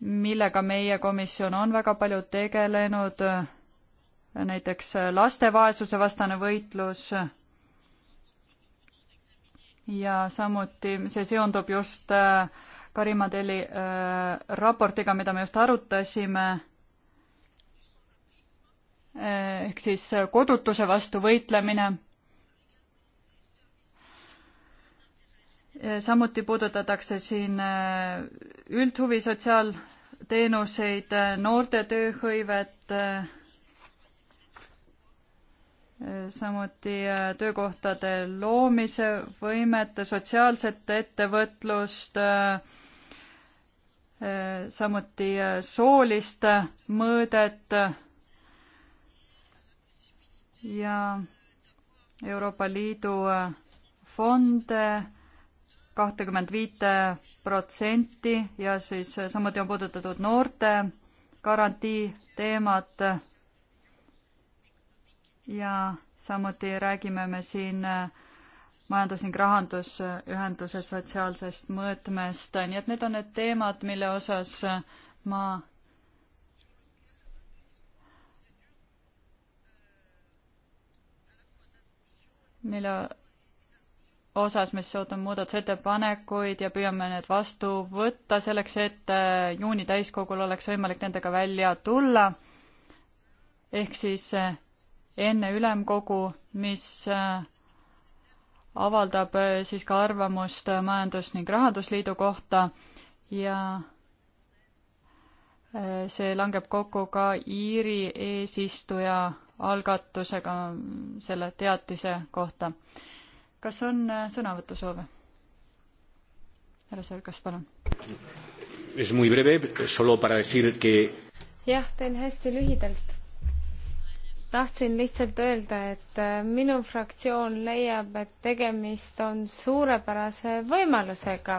millega meie komisjon on väga palju tegelenud näiteks laste vaesuse vastane võitlus ja samuti see seondub just äh, Karima Telli äh, raportiga, mida me just arutasime, äh, ehk siis kodutuse vastu võitlemine samuti puudutatakse siin üldhuvi sotsiaalteenuseid, noorte tööhõivet, samuti äh, töökohtade loomise võimet, sotsiaalset ettevõtlust, äh, äh, samuti soolist mõõdet ja Euroopa Liidu fonde kahtekümmend viite protsenti ja siis samuti on puudutatud noorte garantii teemat ja samuti räägime me siin äh, majandus- ning rahandusühenduse sotsiaalsest mõõtmest, nii et need on need teemad, mille osas äh, ma mille osas, mis ootab muudatusettepanekuid ja püüame need vastu võtta selleks, et äh, juuni täiskogul oleks võimalik nendega välja tulla. ehk siis enne ülemkogu, mis äh, avaldab äh, siis ka arvamust äh, Majandus- ning Rahandusliidu kohta ja see langeb kokku ka Iiri eesistuja algatusega mm, selle teatise kohta. kas on sõnavõtusoove? härra Sõrgas, palun. jah, teen hästi lühidalt tahtsin lihtsalt öelda, et äh, minu fraktsioon leiab, et tegemist on suurepärase võimalusega.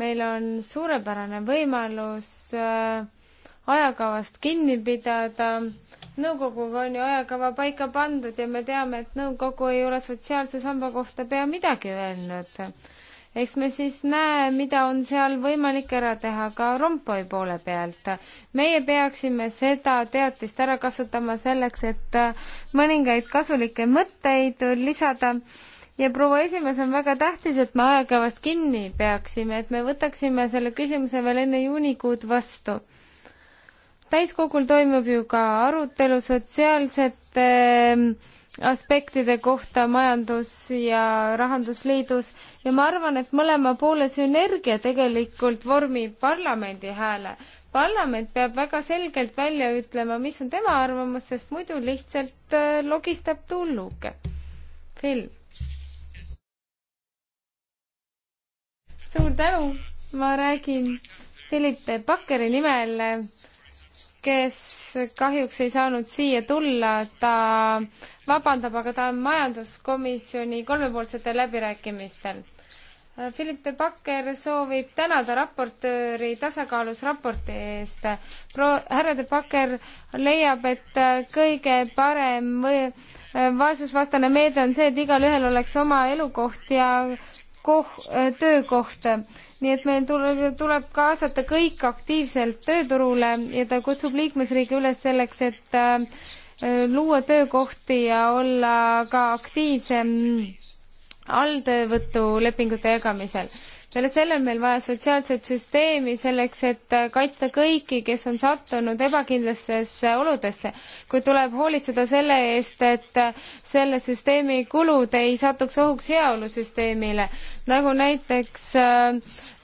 meil on suurepärane võimalus äh, ajakavast kinni pidada. nõukoguga on ju ajakava paika pandud ja me teame, et nõukogu ei ole sotsiaalse samba kohta pea midagi öelnud eks me siis näe, mida on seal võimalik ära teha ka Rompoi poole pealt. meie peaksime seda teatist ära kasutama selleks, et mõningaid kasulikke mõtteid lisada ja proua esimees, on väga tähtis, et me ajakavast kinni peaksime, et me võtaksime selle küsimuse veel enne juunikuud vastu täiskogul toimub ju ka arutelu sotsiaalsete äh, aspektide kohta Majandus- ja Rahandusliidus ja ma arvan, et mõlema poole sünergia tegelikult vormib parlamendi hääle. parlament peab väga selgelt välja ütlema, mis on tema arvamus, sest muidu lihtsalt äh, logistab tulnuke. Phil. suur tänu, ma räägin Philip Bakkeri nimel, kes kahjuks ei saanud siia tulla, ta vabandab, aga ta on majanduskomisjoni kolmepoolsetel läbirääkimistel. Philip de Backer soovib tänada raportööri tasakaalus raporti eest. Pro-, härra de Backer leiab, et kõige parem või vaesusvastane meede on see, et igalühel oleks oma elukoht ja koh-, töökohta. nii et meil tuleb, tuleb kaasata kõik aktiivselt tööturule ja ta kutsub liikmesriigi üles selleks, et äh, luua töökohti ja olla ka aktiivsem alltöövõtulepingute jagamisel. peale selle on meil vaja sotsiaalset süsteemi selleks, et äh, kaitsta kõiki, kes on sattunud ebakindlastesse oludesse, kuid tuleb hoolitseda selle eest, et äh, selle süsteemi kulud ei satuks ohuks heaolusüsteemile nagu näiteks äh,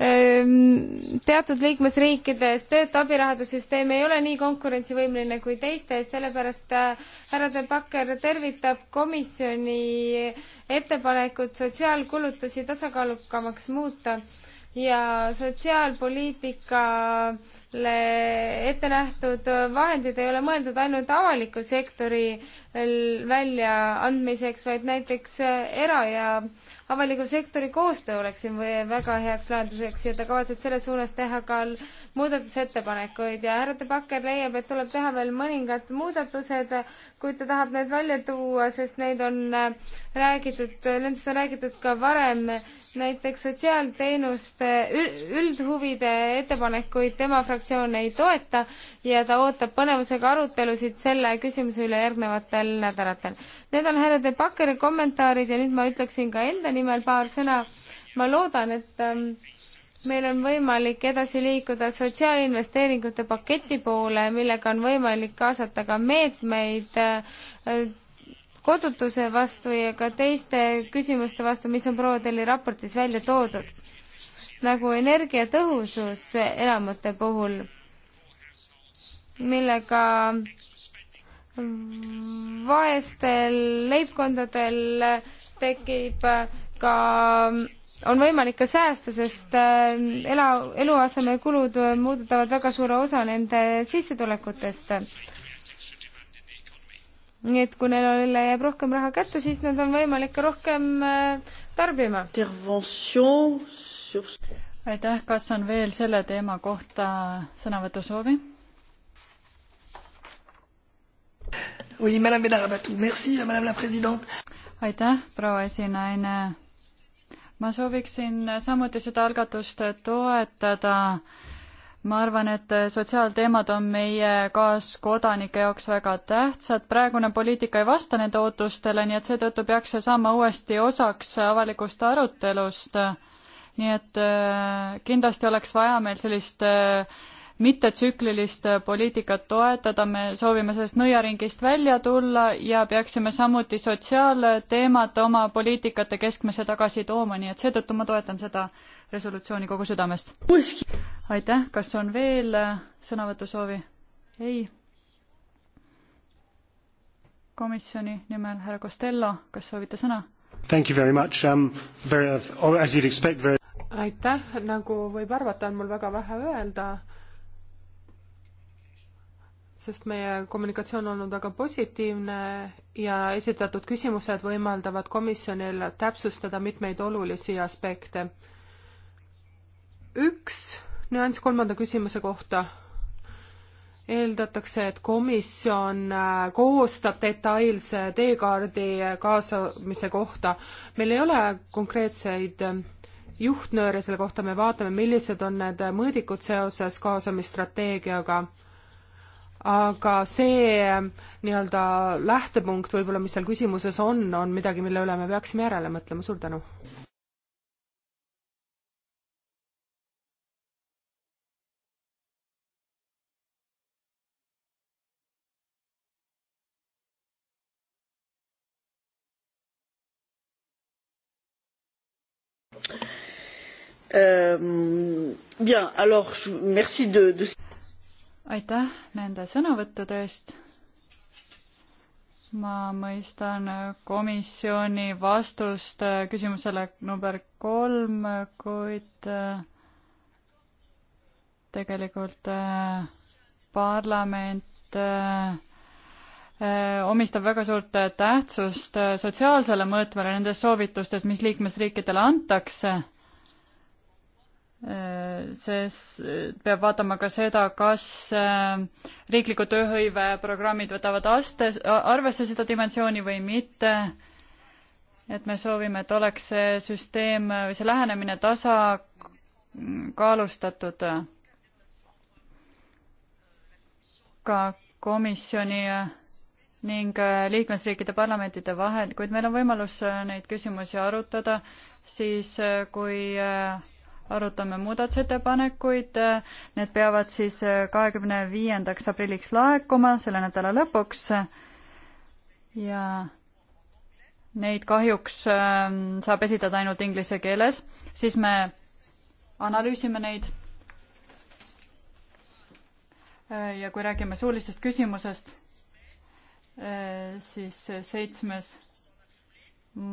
ähm, teatud liikmesriikides töötu abirahandussüsteem ei ole nii konkurentsivõimeline kui teistes, sellepärast äh, härra De Backer tervitab komisjoni ettepanekut sotsiaalkulutusi tasakaalukamaks muuta ja sotsiaalpoliitika ette nähtud vahendid ei ole mõeldud ainult avaliku sektori väljaandmiseks, vaid näiteks era- ja avaliku sektori koostöö oleks siin või väga heaks lahenduseks ja ta kavatseb selles suunas teha ka muudatusettepanekuid ja härra De Backer leiab, et tuleb teha veel mõningad muudatused, kuid ta tahab need välja tuua, sest neid on räägitud, nendest on räägitud ka varem, näiteks sotsiaalteenuste üldhuvide ettepanekuid tema fraktsioon fraktsioon ei toeta ja ta ootab põnevusega arutelusid selle küsimuse üle järgnevatel nädalatel. Need on härra De Bakkeri kommentaarid ja nüüd ma ütleksin ka enda nimel paar sõna. ma loodan, et ähm, meil on võimalik edasi liikuda sotsiaalinvesteeringute paketi poole, millega on võimalik kaasata ka meetmeid äh, kodutuse vastu ja ka teiste küsimuste vastu, mis on proua Telli raportis välja toodud nagu energiatõhusus elamute puhul, millega vaestel leibkondadel tekib ka, on võimalik ka säästa, sest äh, ela, eluasemekulud moodutavad väga suure osa nende sissetulekutest nii et kui neil jääb rohkem raha kätte, siis nad on võimalik ka rohkem äh, tarbima aitäh, kas on veel selle teema kohta sõnavõtusoovi? aitäh, proua esinaine. ma sooviksin samuti seda algatust toetada ma arvan, et sotsiaalteemad on meie kaaskodanike jaoks väga tähtsad, praegune poliitika ei vasta nende ootustele, nii et seetõttu peaks see saama uuesti osaks avalikust arutelust nii et äh, kindlasti oleks vaja meil sellist äh, mittetsüklilist äh, poliitikat toetada, me soovime sellest nõiaringist välja tulla ja peaksime samuti sotsiaalteemad oma poliitikate keskmesse tagasi tooma, nii et seetõttu ma toetan seda resolutsiooni kogu südamest. aitäh, kas on veel sõnavõtusoovi? ei. komisjoni nimel härra Costello, kas soovite sõna? Thank you very much. Um, very, uh, as you'd expect, very aitäh, nagu võib arvata, on mul väga vähe öelda, sest meie kommunikatsioon on olnud väga positiivne ja esitatud küsimused võimaldavad komisjonil täpsustada mitmeid olulisi aspekte. üks nüanss kolmanda küsimuse kohta eeldatakse, et komisjon äh, koostab detailse teekaardi äh, kaasamise kohta. meil ei ole konkreetseid äh, juhtnööre selle kohta, me vaatame, millised on need mõõdikud seoses kaasamisstrateegiaga. aga see ehm, nii-öelda lähtepunkt võib-olla, mis seal küsimuses on, on midagi, mille üle me peaksime järele mõtlema, suur tänu! Euh, bien, alors merci de, de... aitäh nende sõnavõttude eest. ma mõistan komisjoni vastust äh, küsimusele number kolm, kuid äh, tegelikult äh, parlament omistab väga suurt tähtsust sotsiaalsele mõõtmele nendes soovitustes, mis liikmesriikidele antakse sest peab vaatama ka seda, kas äh, riikliku tööhõive programmid võtavad aste, arvesse seda dimensiooni või mitte. et me soovime, et oleks see süsteem või see lähenemine tasakaalustatud. ka komisjoni ning liikmesriikide parlamentide vahel, kuid meil on võimalus neid küsimusi arutada siis, äh, kui äh, arutame muudatusettepanekuid, need peavad siis kahekümne viiendaks aprilliks laekuma selle nädala lõpuks ja neid kahjuks ähm, saab esitada ainult inglise keeles, siis me analüüsime neid. Äh, ja kui räägime suulisest küsimusest, äh, siis seitsmes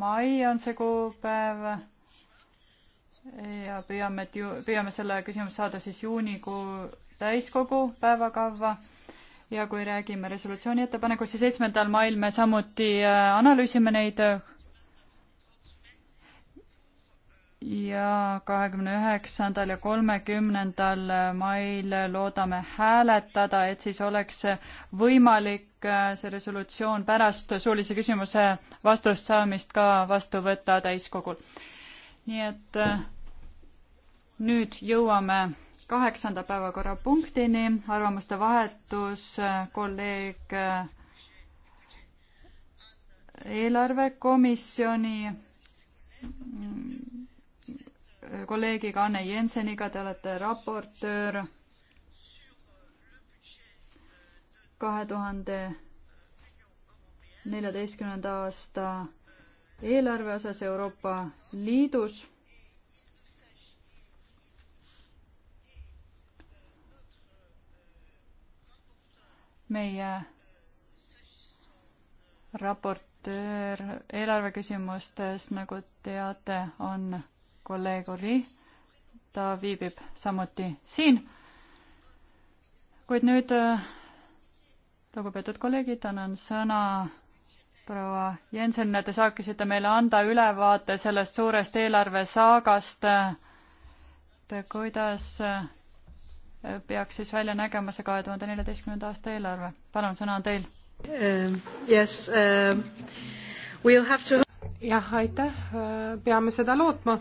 mai on see kuupäev ja püüame, et ju, püüame selle küsimuse saada siis juunikuu täiskogu päevakavva ja kui räägime resolutsiooni ettepanekust, siis seitsmendal mail me samuti äh, analüüsime neid ja kahekümne üheksandal ja kolmekümnendal mail loodame hääletada, et siis oleks võimalik äh, see resolutsioon pärast suulise küsimuse vastust saamist ka vastu võtta täiskogul. nii et äh, nüüd jõuame kaheksanda päevakorrapunktini, arvamuste vahetus äh, kolleeg äh, eelarvekomisjoni mm, kolleegiga Anne Jenseniga, te olete raportöör kahe tuhande neljateistkümnenda aasta eelarve osas Euroopa Liidus meie raportöör eelarveküsimustes, nagu teate, on kolleeg Uri. ta viibib samuti siin. kuid nüüd, lugupeetud kolleegid, annan sõna proua Jensenile, te saaksite meile anda ülevaate sellest suurest eelarvesaagast, et kuidas peaks siis välja nägema see kahe tuhande neljateistkümnenda aasta eelarve? palun, sõna on teil uh,. Yes uh,, we'll have to jah, aitäh, uh, peame seda lootma.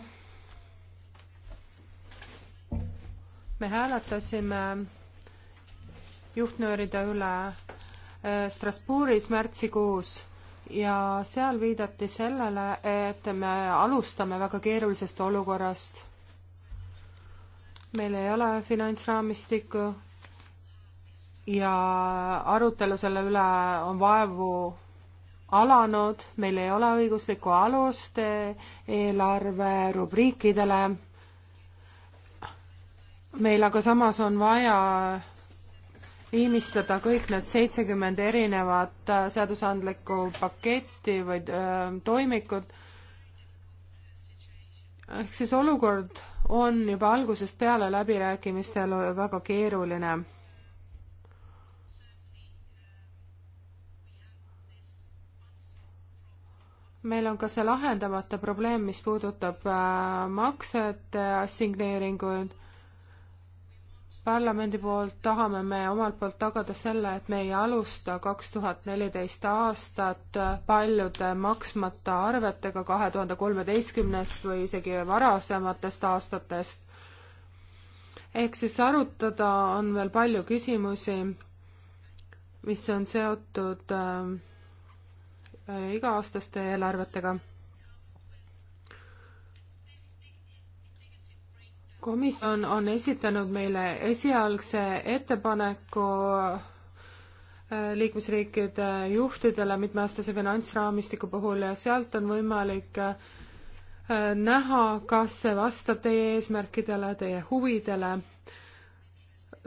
me hääletasime juhtnööride üle uh, Strasbourgis märtsikuus ja seal viidati sellele, et me alustame väga keerulisest olukorrast meil ei ole finantsraamistikku ja arutelu selle üle on vaevu alanud, meil ei ole õiguslikku alust eelarve rubriikidele. meil aga samas on vaja viimistleda kõik need seitsekümmend erinevat äh, seadusandlikku paketti või äh, toimikut ehk siis olukord on juba algusest peale läbirääkimistel väga keeruline. meil on ka see lahendamata probleem, mis puudutab äh, maksete assigneeringuid parlamendi poolt tahame me omalt poolt tagada selle, et me ei alusta kaks tuhat neliteist aastat paljude maksmata arvetega kahe tuhande kolmeteistkümnest või isegi varasematest aastatest. ehk siis arutada on veel palju küsimusi, mis on seotud äh, iga-aastaste eelarvetega komisjon on esitanud meile esialgse ettepaneku äh, liikmesriikide juhtidele mitmeaastase finantsraamistiku puhul ja sealt on võimalik äh, näha, kas see vastab teie eesmärkidele, teie huvidele.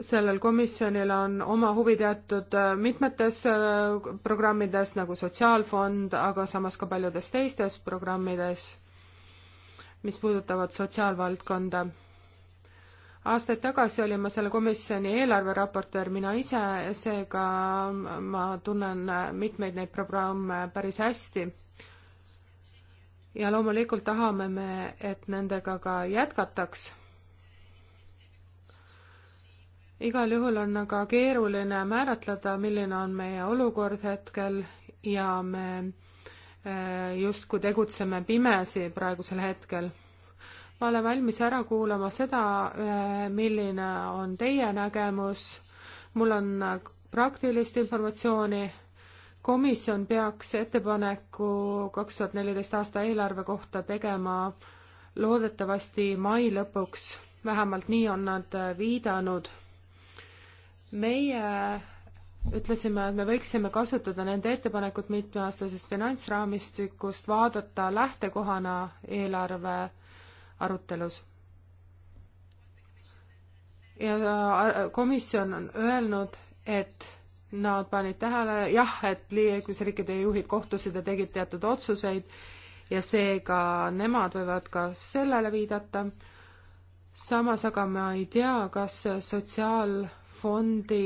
sellel komisjonil on oma huvi teatud äh, mitmetes programmides nagu Sotsiaalfond, aga samas ka paljudes teistes programmides mis puudutavad sotsiaalvaldkonda aastaid tagasi olin ma selle komisjoni eelarveraportöör, mina ise, seega ma tunnen mitmeid neid programme päris hästi. ja loomulikult tahame me, et nendega ka jätkataks. igal juhul on aga keeruline määratleda, milline on meie olukord hetkel ja me eh, justkui tegutseme pimesi praegusel hetkel ma olen valmis ära kuulama seda, äh, milline on teie nägemus, mul on äh, praktilist informatsiooni, komisjon peaks ettepaneku kaks tuhat neliteist aasta eelarve kohta tegema loodetavasti mai lõpuks, vähemalt nii on nad äh, viidanud. meie ütlesime, et me võiksime kasutada nende ettepanekut mitmeaastasest finantsraamistikust, vaadata lähtekohana eelarve arutelus. ja äh, komisjon on öelnud, et nad panid tähele jah, et liiõigusriikide juhid kohtusid ja tegid teatud otsuseid ja seega nemad võivad ka sellele viidata. samas aga ma ei tea, kas sotsiaalfondi,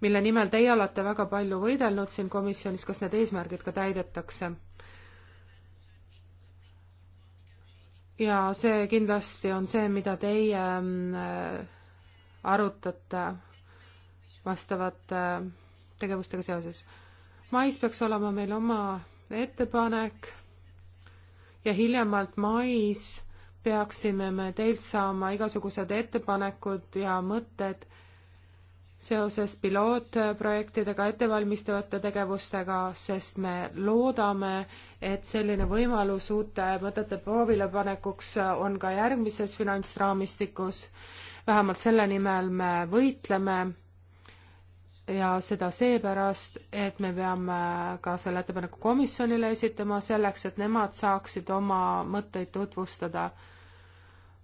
mille nimel teie olete väga palju võidelnud siin komisjonis, kas need eesmärgid ka täidetakse ja see kindlasti on see, mida teie mm, äh, arutate vastavate äh, tegevustega seoses. mais peaks olema meil oma ettepanek ja hiljemalt mais peaksime me teilt saama igasugused ettepanekud ja mõtted seoses pilootprojektidega, ettevalmistavate tegevustega, sest me loodame, et selline võimalus uute mõtete proovilepanekuks on ka järgmises finantsraamistikus. vähemalt selle nimel me võitleme ja seda seepärast, et me peame ka selle ettepaneku komisjonile esitama selleks, et nemad saaksid oma mõtteid tutvustada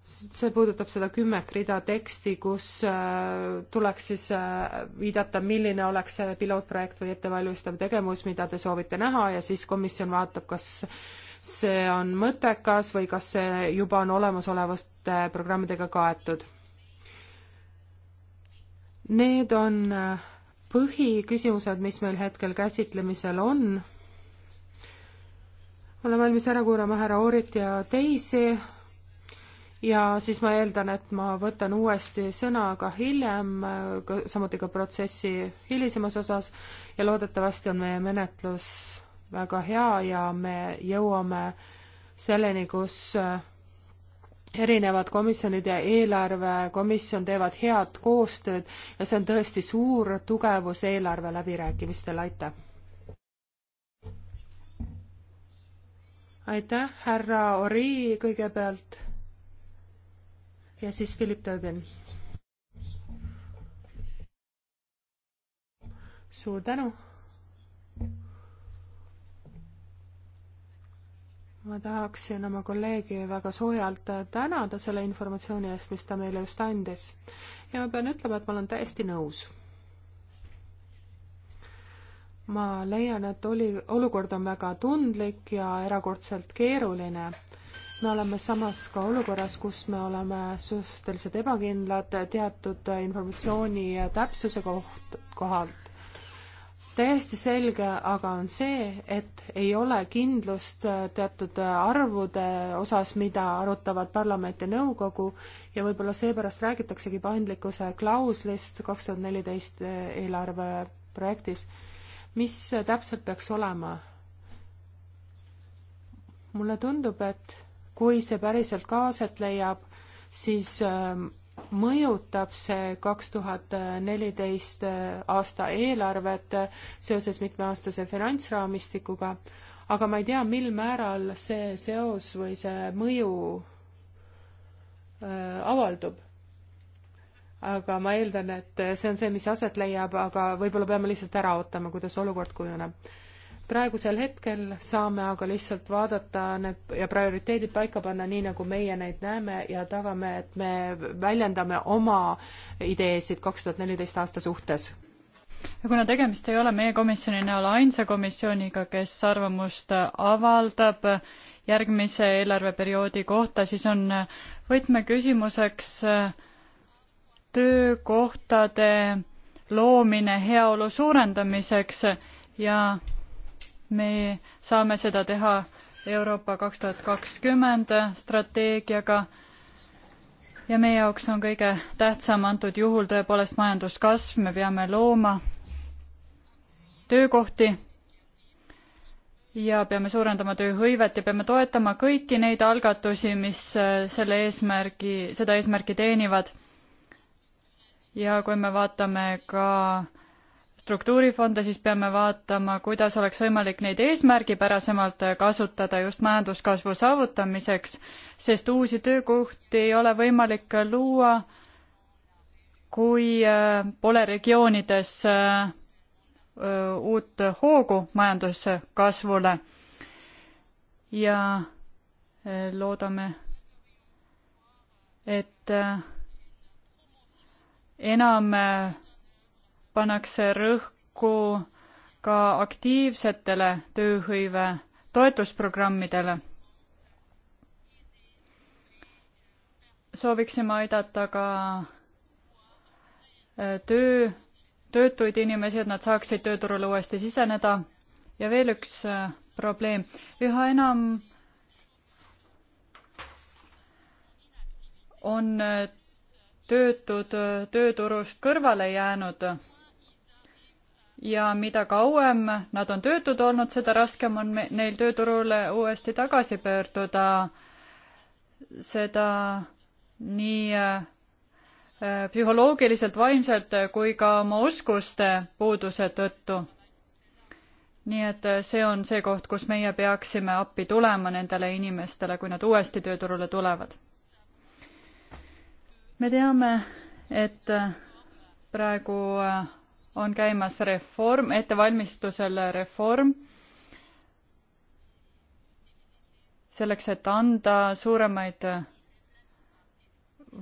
see puudutab seda kümmet rida teksti, kus äh, tuleks siis äh, viidata, milline oleks see pilootprojekt või ettevalmistav tegevus, mida te soovite näha ja siis komisjon vaatab, kas see on mõttekas või kas see juba on olemasolevate programmidega kaetud. Need on äh, põhiküsimused, mis meil hetkel käsitlemisel on olen valmis ära kuulama härra Oorit ja teisi ja siis ma eeldan, et ma võtan uuesti sõna ka hiljem, samuti ka protsessi hilisemas osas ja loodetavasti on meie menetlus väga hea ja me jõuame selleni, kus äh, erinevad komisjonid ja eelarvekomisjon teevad head koostööd ja see on tõesti suur tugevus eelarve läbirääkimistel, aitäh! aitäh, härra Ori kõigepealt ja siis Philip Tõgen. suur tänu. ma tahaksin oma kolleegi väga soojalt tänada selle informatsiooni eest, mis ta meile just andis. ja ma pean ütlema, et ma olen täiesti nõus. ma leian, et oli, olukord on väga tundlik ja erakordselt keeruline me oleme samas ka olukorras, kus me oleme suhteliselt ebakindlad teatud informatsiooni täpsuse koht, kohalt. täiesti selge aga on see, et ei ole kindlust teatud arvude osas, mida arutavad parlament ja nõukogu ja võib-olla seepärast räägitaksegi paindlikkuse klauslist kaks tuhat neliteist eelarve projektis. mis täpselt peaks olema? mulle tundub, et kui see päriselt kaaset leiab, siis ähm, mõjutab see kaks tuhat neliteist äh, aasta eelarvet äh, seoses mitmeaastase finantsraamistikuga, aga ma ei tea, mil määral see seos või see mõju äh, avaldub. aga ma eeldan, et see on see, mis aset leiab, aga võib-olla peame lihtsalt ära ootama, kuidas olukord kujuneb praegusel hetkel saame aga lihtsalt vaadata need ja prioriteedid paika panna nii, nagu meie neid näeme ja tagame, et me väljendame oma ideesid kaks tuhat neliteist aasta suhtes. ja kuna tegemist ei ole meie komisjoni näol ainsa komisjoniga, kes arvamust avaldab järgmise eelarveperioodi kohta, siis on võtmeküsimuseks töökohtade loomine heaolu suurendamiseks ja me saame seda teha Euroopa kaks tuhat kakskümmend strateegiaga ja meie jaoks on kõige tähtsam antud juhul tõepoolest majanduskasv, me peame looma töökohti ja peame suurendama tööhõivet ja peame toetama kõiki neid algatusi, mis äh, selle eesmärgi, seda eesmärki teenivad. ja kui me vaatame ka äh, struktuurifonde, siis peame vaatama, kuidas oleks võimalik neid eesmärgipärasemalt kasutada just majanduskasvu saavutamiseks, sest uusi töökohti ei ole võimalik luua, kui äh, pole regioonides äh, uut hoogu majanduskasvule. ja äh, loodame, et enam pannakse rõhku ka aktiivsetele tööhõive toetusprogrammidele. sooviksime aidata ka äh, töö, töötuid inimesi, et nad saaksid tööturule uuesti siseneda ja veel üks äh, probleem, üha enam on äh, töötud tööturust kõrvale jäänud ja mida kauem nad on töötud olnud, seda raskem on neil tööturule uuesti tagasi pöörduda. seda nii äh, psühholoogiliselt, vaimselt kui ka oma oskuste puuduse tõttu. nii et äh, see on see koht, kus meie peaksime appi tulema nendele inimestele, kui nad uuesti tööturule tulevad. me teame, et äh, praegu on käimas reform, ettevalmistusel reform, selleks, et anda suuremaid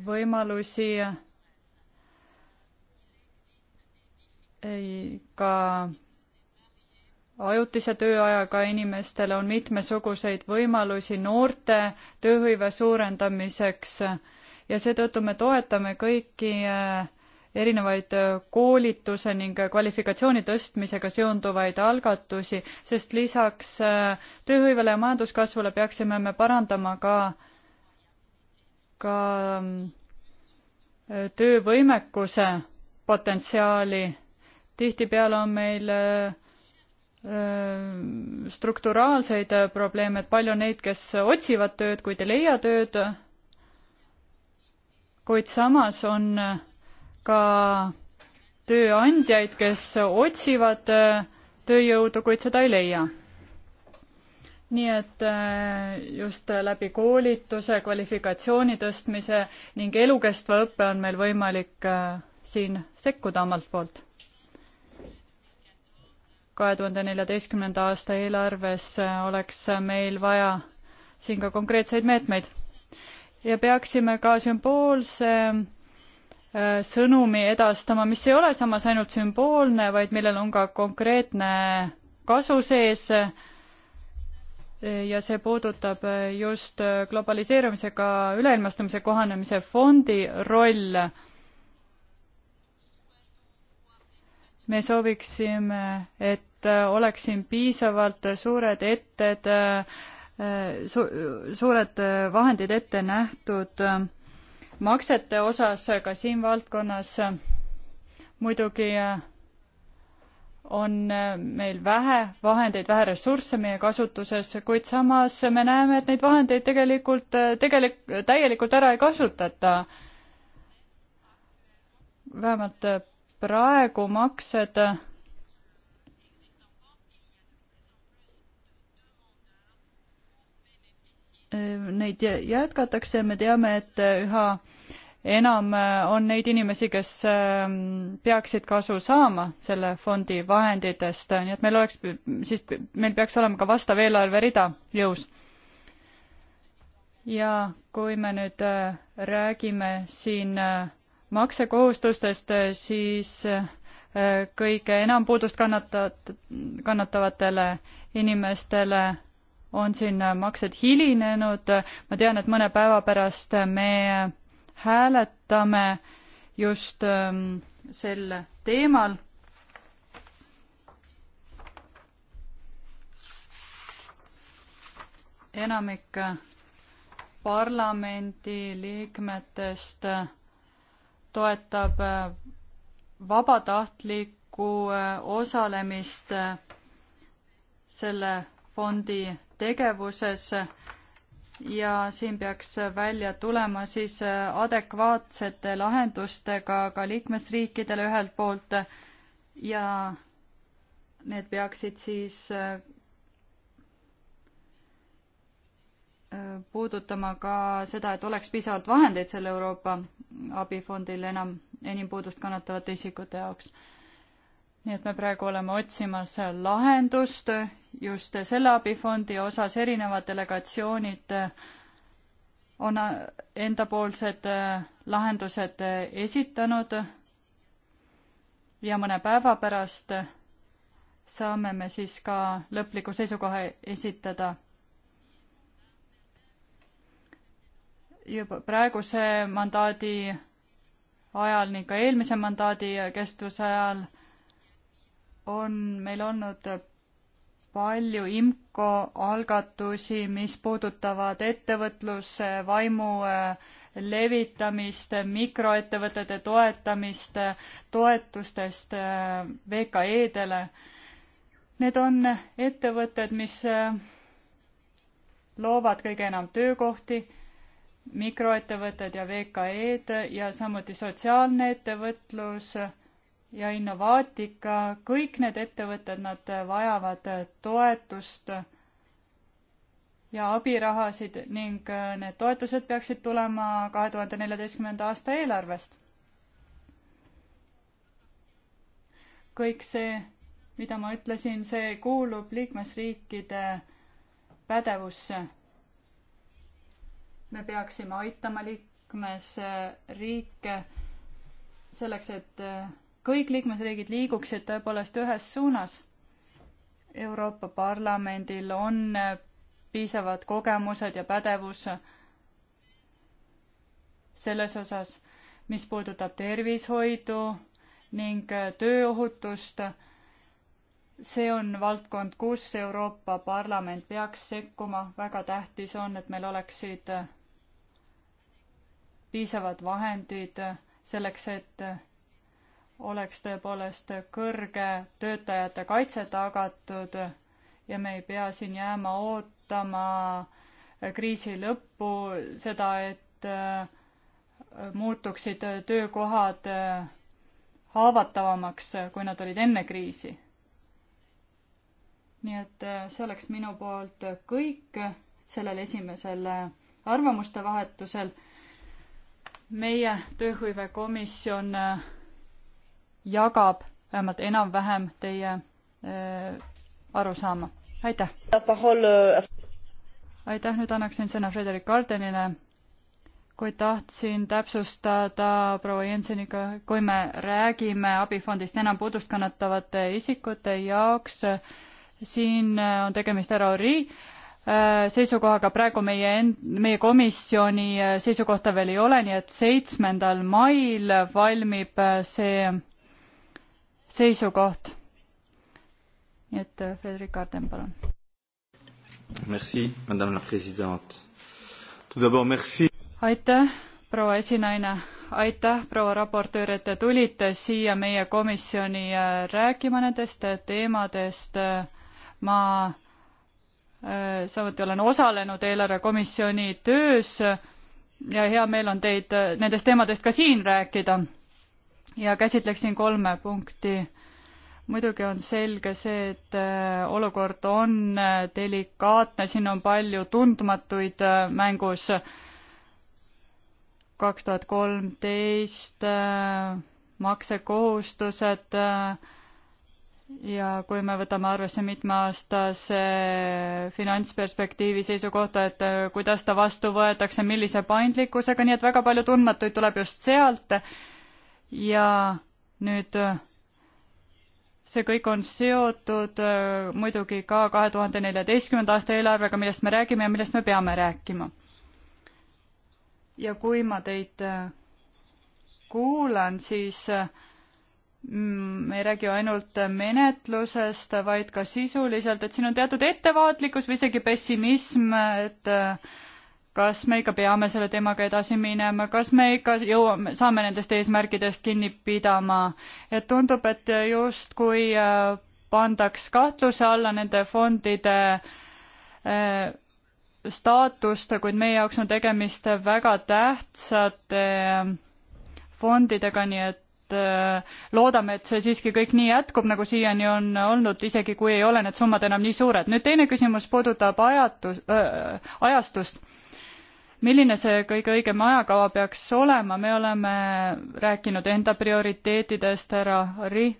võimalusi ei, ka ajutise tööajaga inimestele on mitmesuguseid võimalusi noorte tööhõive suurendamiseks ja seetõttu me toetame kõiki äh, erinevaid äh, koolituse ning äh, kvalifikatsiooni tõstmisega seonduvaid algatusi, sest lisaks äh, tööhõivele ja majanduskasvule peaksime me parandama ka, ka mm, töövõimekuse potentsiaali. tihtipeale on meil strukturaalseid probleeme, et palju on neid, kes otsivad tööd, kuid ei leia tööd, kuid samas on ka tööandjaid, kes otsivad äh, tööjõudu, kuid seda ei leia. nii et äh, just läbi koolituse, kvalifikatsiooni tõstmise ning elukestva õppe on meil võimalik äh, siin sekkuda omalt poolt. kahe tuhande neljateistkümnenda aasta eelarves oleks meil vaja siin ka konkreetseid meetmeid ja peaksime ka sümboolse Äh, sõnumi edastama, mis ei ole samas ainult sümboolne, vaid millel on ka konkreetne kasu sees. ja see puudutab just globaliseerumisega üleilmastumise kohanemise fondi roll. me sooviksime, et oleks siin piisavalt suured etted äh, su, suured vahendid ette nähtud maksete osas ka siin valdkonnas muidugi äh, on äh, meil vähe vahendeid, vähe ressursse meie kasutuses, kuid samas me näeme, et neid vahendeid tegelikult, äh, tegelik-, täielikult ära ei kasutata. vähemalt praegu maksed Äh, neid jätkatakse, me teame, et äh, üha enam äh, on neid inimesi, kes ähm, peaksid kasu saama selle fondi vahenditest, nii et meil oleks, siis meil peaks olema ka vastav eelarverida jõus. ja kui me nüüd räägime siin maksekohustustest, siis kõige enam puudust kannatat-, kannatavatele inimestele on siin äh, maksed hilinenud, ma tean, et mõne päeva pärast me hääletame just ähm, sel teemal. enamik äh, parlamendi liikmetest äh, toetab vabatahtlikku osalemist selle fondi tegevuses ja siin peaks välja tulema siis adekvaatsete lahendustega ka liikmesriikidele ühelt poolt ja need peaksid siis äh, puudutama ka seda, et oleks piisavalt vahendeid selle Euroopa abifondil enam, enim puudust kannatavate isikute jaoks nii et me praegu oleme otsimas lahendust just selle abifondi osas, erinevad delegatsioonid on endapoolsed lahendused esitanud ja mõne päeva pärast saame me siis ka lõpliku seisukoha esitada. juba praeguse mandaadi ajal ning ka eelmise mandaadi kestvuse ajal on meil olnud palju IMCO algatusi, mis puudutavad ettevõtluse vaimu äh, levitamist, mikroettevõtete toetamist, toetustest äh, VKE-dele. Need on ettevõtted, mis äh, loovad kõige enam töökohti, mikroettevõtted ja VKE-d ja samuti sotsiaalne ettevõtlus ja Innovaatika, kõik need ettevõtted, nad vajavad toetust ja abirahasid ning äh, need toetused peaksid tulema kahe tuhande neljateistkümnenda aasta eelarvest. kõik see, mida ma ütlesin, see kuulub liikmesriikide pädevusse. me peaksime aitama liikmesriike selleks, et äh, kõik liikmesriigid liiguksid tõepoolest ühes suunas. Euroopa Parlamendil on piisavad kogemused ja pädevus selles osas, mis puudutab tervishoidu ning tööohutust. see on valdkond, kus Euroopa Parlament peaks sekkuma, väga tähtis on, et meil oleksid piisavad vahendid selleks, et oleks tõepoolest kõrge töötajate kaitse tagatud ja me ei pea siin jääma ootama kriisi lõppu, seda, et äh, muutuksid töökohad äh, haavatavamaks, kui nad olid enne kriisi. nii et äh, see oleks minu poolt kõik sellel esimesel arvamuste vahetusel. meie tööhõivekomisjon jagab vähemalt enam-vähem teie äh, arusaama. aitäh! aitäh, nüüd annaksin sõna Frederik Kardenile, kuid tahtsin täpsustada proua Jenseniga, kui me räägime abifondist enam puudust kannatavate isikute jaoks, siin on tegemist RORi äh, seisukohaga, praegu meie end-, meie komisjoni äh, seisukohta veel ei ole, nii et seitsmendal mail valmib see seisukoht. nii et äh, Fredrik Arden, palun. Merci, madame la president. Tout d'abord merci. aitäh, proua esinaine. aitäh, proua raportöör, et te tulite siia meie komisjoni äh, rääkima nendest äh, teemadest. ma samuti olen osalenud eelarvekomisjoni töös ja hea meel on teid nendest teemadest ka siin rääkida ja käsitleksin kolme punkti. muidugi on selge see, et äh, olukord on äh, delikaatne, siin on palju tundmatuid äh, mängus. kaks tuhat kolmteist maksekohustused ja kui me võtame arvesse mitmeaastase finantsperspektiivi seisukohta, et kuidas ta vastu võetakse, millise paindlikkusega, nii et väga palju tundmatuid tuleb just sealt ja nüüd äh, see kõik on seotud äh, muidugi ka kahe tuhande neljateistkümnenda aasta eelarvega, millest me räägime ja millest me peame rääkima. ja kui ma teid äh, kuulan, siis mm, me ei räägi ainult menetlusest, vaid ka sisuliselt, et siin on teatud ettevaatlikkus või isegi pessimism, et äh, kas me ikka peame selle teemaga edasi minema, kas me ikka jõuame, saame nendest eesmärkidest kinni pidama, et tundub, et justkui äh, pandaks kahtluse alla nende fondide äh, staatust, kuid meie jaoks on tegemist väga tähtsate äh, fondidega, nii et loodame, et see siiski kõik nii jätkub, nagu siiani on olnud, isegi kui ei ole need summad enam nii suured. nüüd teine küsimus puudutab ajatus äh,, ajastust milline see kõige õigem ajakava peaks olema, me oleme rääkinud enda prioriteetidest härra Ri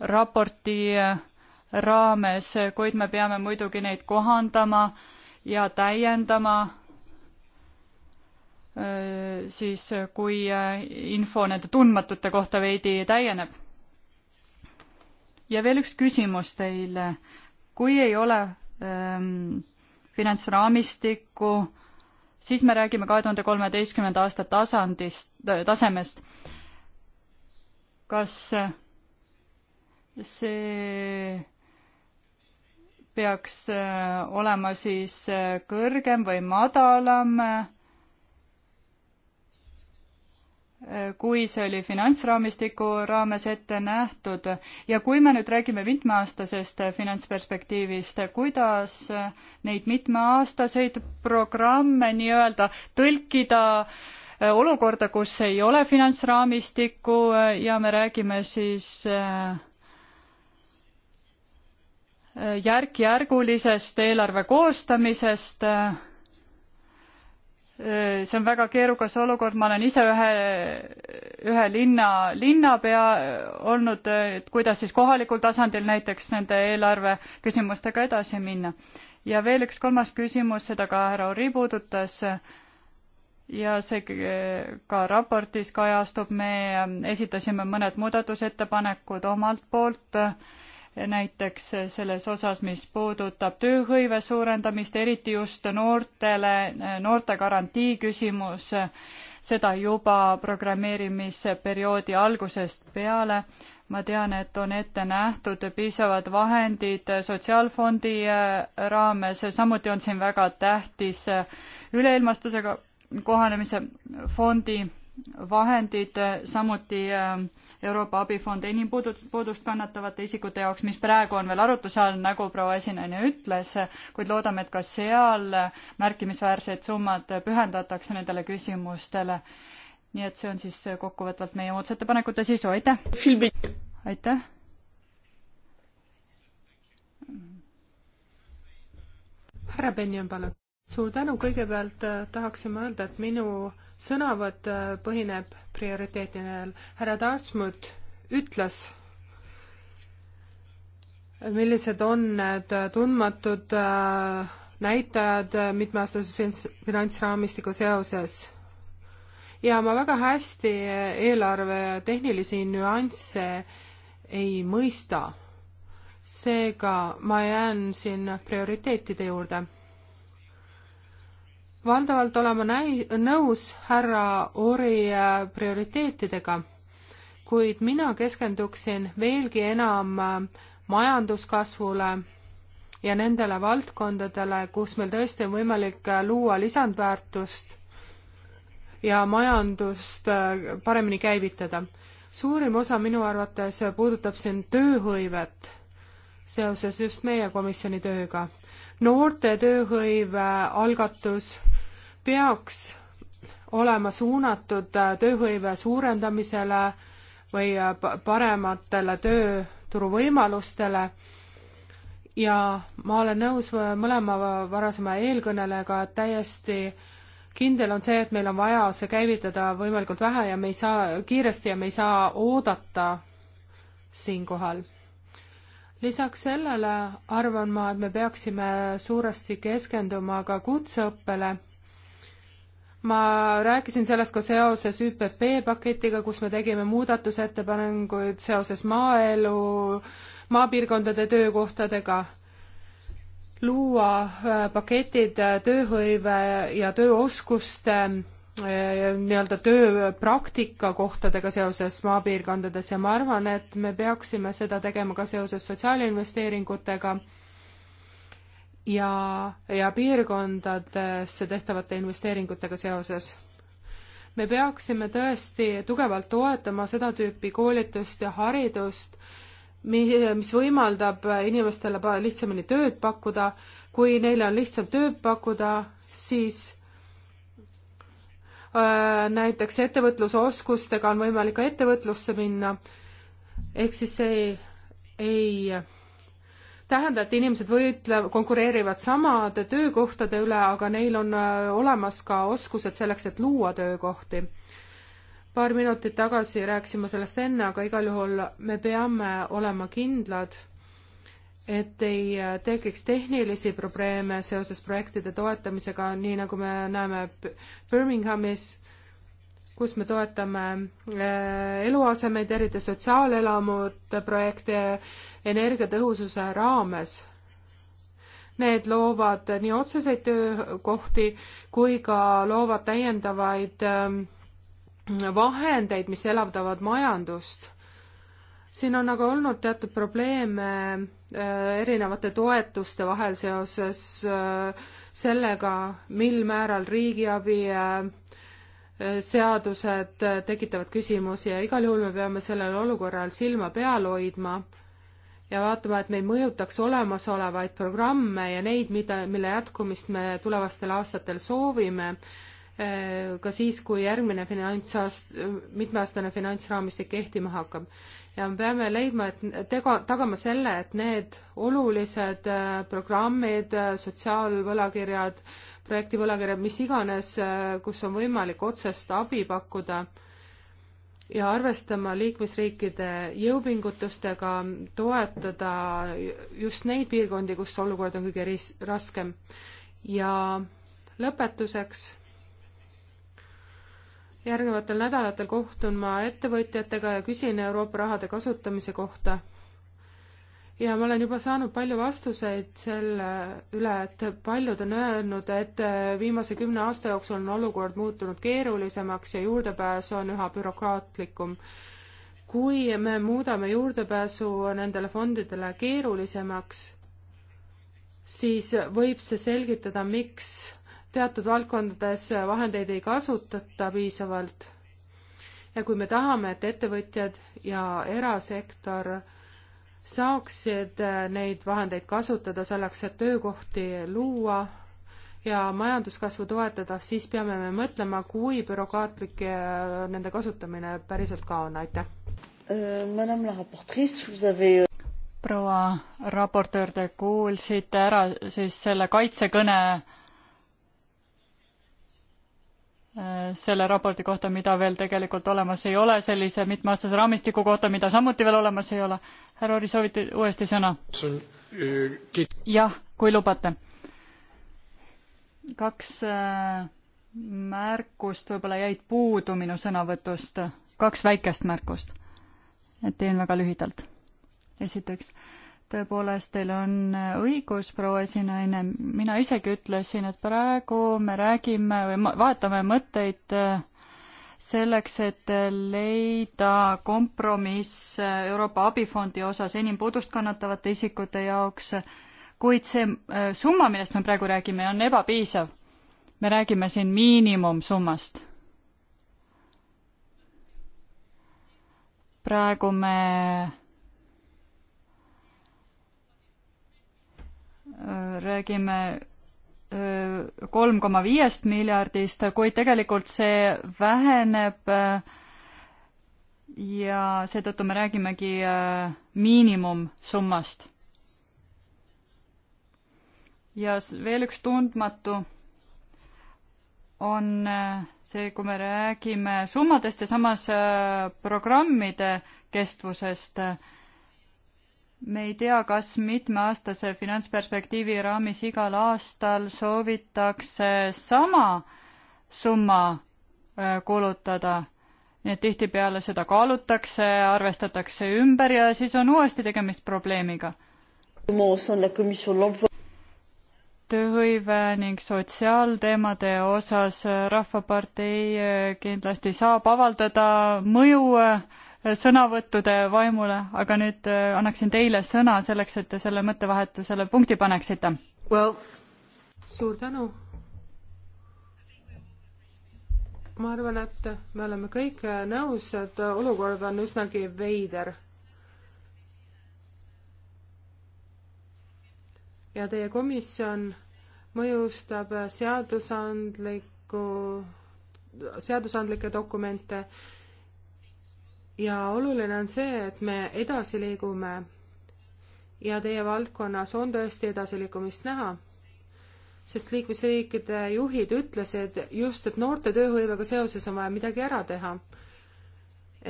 raporti äh, raames, kuid me peame muidugi neid kohandama ja täiendama äh, siis, kui äh, info nende tundmatute kohta veidi täieneb. ja veel üks küsimus teile. kui ei ole ähm, finantsraamistikku, siis me räägime kahe tuhande kolmeteistkümnenda aasta tasandist, tasemest. kas see peaks olema siis kõrgem või madalam kui see oli finantsraamistiku raames ette nähtud ja kui me nüüd räägime mitmeaastasest finantsperspektiivist, kuidas neid mitmeaastaseid programme nii-öelda tõlkida äh, olukorda, kus ei ole finantsraamistikku äh, ja me räägime siis äh, järk-järgulisest eelarve koostamisest Äh, see on väga keerukas olukord, ma olen ise ühe, ühe linna linnapea äh, olnud, äh, et kuidas siis kohalikul tasandil näiteks nende eelarve küsimustega edasi minna. ja veel üks kolmas küsimus, seda ka härra Ori puudutas ja see ka raportis kajastub, me esitasime mõned muudatusettepanekud omalt poolt äh, näiteks selles osas, mis puudutab tööhõive suurendamist, eriti just noortele, noorte garantii küsimus, seda juba programmeerimisperioodi algusest peale. ma tean, et on ette nähtud piisavad vahendid Sotsiaalfondi äh, raames, samuti on siin väga tähtis üleilmastusega kohanemise fondi vahendid, samuti äh, Euroopa abifond enim puudust kannatavate isikute jaoks, mis praegu on veel arutluse all, nagu proua esinaine ütles, kuid loodame, et ka seal märkimisväärsed summad pühendatakse nendele küsimustele. nii et see on siis kokkuvõtvalt meie muudatusettepanekute sisu, aitäh! aitäh! härra Benjamin, palun! suur tänu, kõigepealt äh, tahaksin ma öelda, et minu sõnavõtt äh, põhineb prioriteetidel. härra Dartmouth ütles, millised on need tundmatud äh, näitajad mitmeaastases finantsraamistiku seoses. ja ma väga hästi eelarve tehnilisi nüansse ei mõista. seega ma jään siin prioriteetide juurde valdavalt olema näi-, nõus härra Ori äh, prioriteetidega, kuid mina keskenduksin veelgi enam äh, majanduskasvule ja nendele valdkondadele, kus meil tõesti on võimalik äh, luua lisandväärtust ja majandust paremini käivitada. suurim osa minu arvates puudutab siin tööhõivet seoses just meie komisjoni tööga. noorte tööhõive algatus peaks olema suunatud äh, tööhõive suurendamisele või äh, parematele tööturuvõimalustele ja ma olen nõus mõlema varasema eelkõnelejaga, et täiesti kindel on see, et meil on vaja see käivitada võimalikult vähe ja me ei saa, kiiresti ja me ei saa oodata siinkohal. lisaks sellele arvan ma, et me peaksime suuresti keskenduma ka kutseõppele ma rääkisin sellest ka seoses ÜPP paketiga, kus me tegime muudatusettepanekuid seoses maaelu, maapiirkondade töökohtadega luua äh, paketid äh, tööhõive ja tööoskuste äh, nii-öelda tööpraktika kohtadega seoses maapiirkondades ja ma arvan, et me peaksime seda tegema ka seoses sotsiaalinvesteeringutega ja, ja piirkondadesse tehtavate investeeringutega seoses. me peaksime tõesti tugevalt toetama seda tüüpi koolitust ja haridust, mis võimaldab inimestele lihtsamini tööd pakkuda, kui neile on lihtsam tööd pakkuda, siis öö, äh, näiteks ettevõtlusoskustega on võimalik ka ettevõtlusse minna, ehk siis see ei, ei tähenda, et inimesed võitlev, konkureerivad samade töökohtade üle, aga neil on äh, olemas ka oskused selleks, et luua töökohti. paar minutit tagasi rääkisime sellest enne, aga igal juhul me peame olema kindlad, et ei äh, tekiks tehnilisi probleeme seoses projektide toetamisega, nii nagu me näeme Birminghamis kus me toetame äh, eluasemeid, eriti sotsiaalelamud, projekte energiatõhususe raames. Need loovad nii otseseid töökohti kui ka loovad täiendavaid ähm, vahendeid, mis elavdavad majandust. siin on aga olnud teatud probleeme äh, erinevate toetuste vahel seoses äh, sellega, mil määral riigiabi seadused äh, tekitavad küsimusi ja igal juhul me peame sellel olukorral silma peal hoidma ja vaatama, et me ei mõjutaks olemasolevaid programme ja neid, mida, mille jätkumist me tulevastel aastatel soovime, äh, ka siis, kui järgmine finantsaast-, mitmeaastane finantsraamistik kehtima hakkab. ja me peame leidma, et tega, tagama selle, et need olulised äh, programmid, sotsiaalvõlakirjad, projekti võlakirjad, mis iganes, äh, kus on võimalik otsest abi pakkuda ja arvestama liikmesriikide jõupingutustega, toetada just neid piirkondi, kus olukord on kõige ris-, raskem. ja lõpetuseks järgnevatel nädalatel kohtun ma ettevõtjatega ja küsin Euroopa rahade kasutamise kohta ja ma olen juba saanud palju vastuseid selle üle, et paljud on öelnud, et viimase kümne aasta jooksul on olukord muutunud keerulisemaks ja juurdepääs on üha bürokraatlikum. kui me muudame juurdepääsu nendele fondidele keerulisemaks, siis võib see selgitada, miks teatud valdkondades vahendeid ei kasutata piisavalt. ja kui me tahame, et ettevõtjad ja erasektor saaksid äh, neid vahendeid kasutada selleks, et töökohti luua ja majanduskasvu toetada, siis peame me mõtlema, kui bürokraatlik äh, nende kasutamine päriselt ka on, aitäh. Äh, euh, proua raportöör, te kuulsite ära siis selle kaitsekõne Äh, selle raporti kohta, mida veel tegelikult olemas ei ole, sellise mitmeaastase raamistiku kohta, mida samuti veel olemas ei ole. härra Ori, soovite uuesti sõna? Äh, jah, kui lubate. kaks äh, märkust võib-olla jäid puudu minu sõnavõtust, kaks väikest märkust. et teen väga lühidalt. esiteks äh, tõepoolest, teil on õigus, proua esinaine, mina isegi ütlesin, et praegu me räägime või vahetame mõtteid äh, selleks, et leida kompromiss äh, Euroopa abifondi osas enim puudust kannatavate isikute jaoks, kuid see äh, summa, millest me praegu räägime, on ebapiisav. me räägime siin miinimumsummast praegu me räägime kolm koma viiest miljardist, kuid tegelikult see väheneb ja seetõttu me räägimegi miinimumsummast. ja veel üks tundmatu on see, kui me räägime summadest ja samas programmide kestvusest me ei tea, kas mitmeaastase finantsperspektiivi raamis igal aastal soovitakse sama summa äh, kulutada. nii et tihtipeale seda kaalutakse, arvestatakse ümber ja siis on uuesti tegemist probleemiga. tööhõive ning sotsiaalteemade osas Rahvapartei kindlasti saab avaldada mõju äh, sõnavõttude vaimule, aga nüüd äh, annaksin teile sõna selleks, et te selle mõttevahetusele punkti paneksite well.. suur tänu. ma arvan, et me oleme kõik äh, nõus, et olukord on üsnagi veider. ja teie komisjon mõjustab seadusandlikku, seadusandlikke dokumente ja oluline on see, et me edasi liigume ja teie valdkonnas on tõesti edasiliikumist näha, sest liikmesriikide juhid ütlesid just, et noorte tööhõivega seoses on vaja midagi ära teha.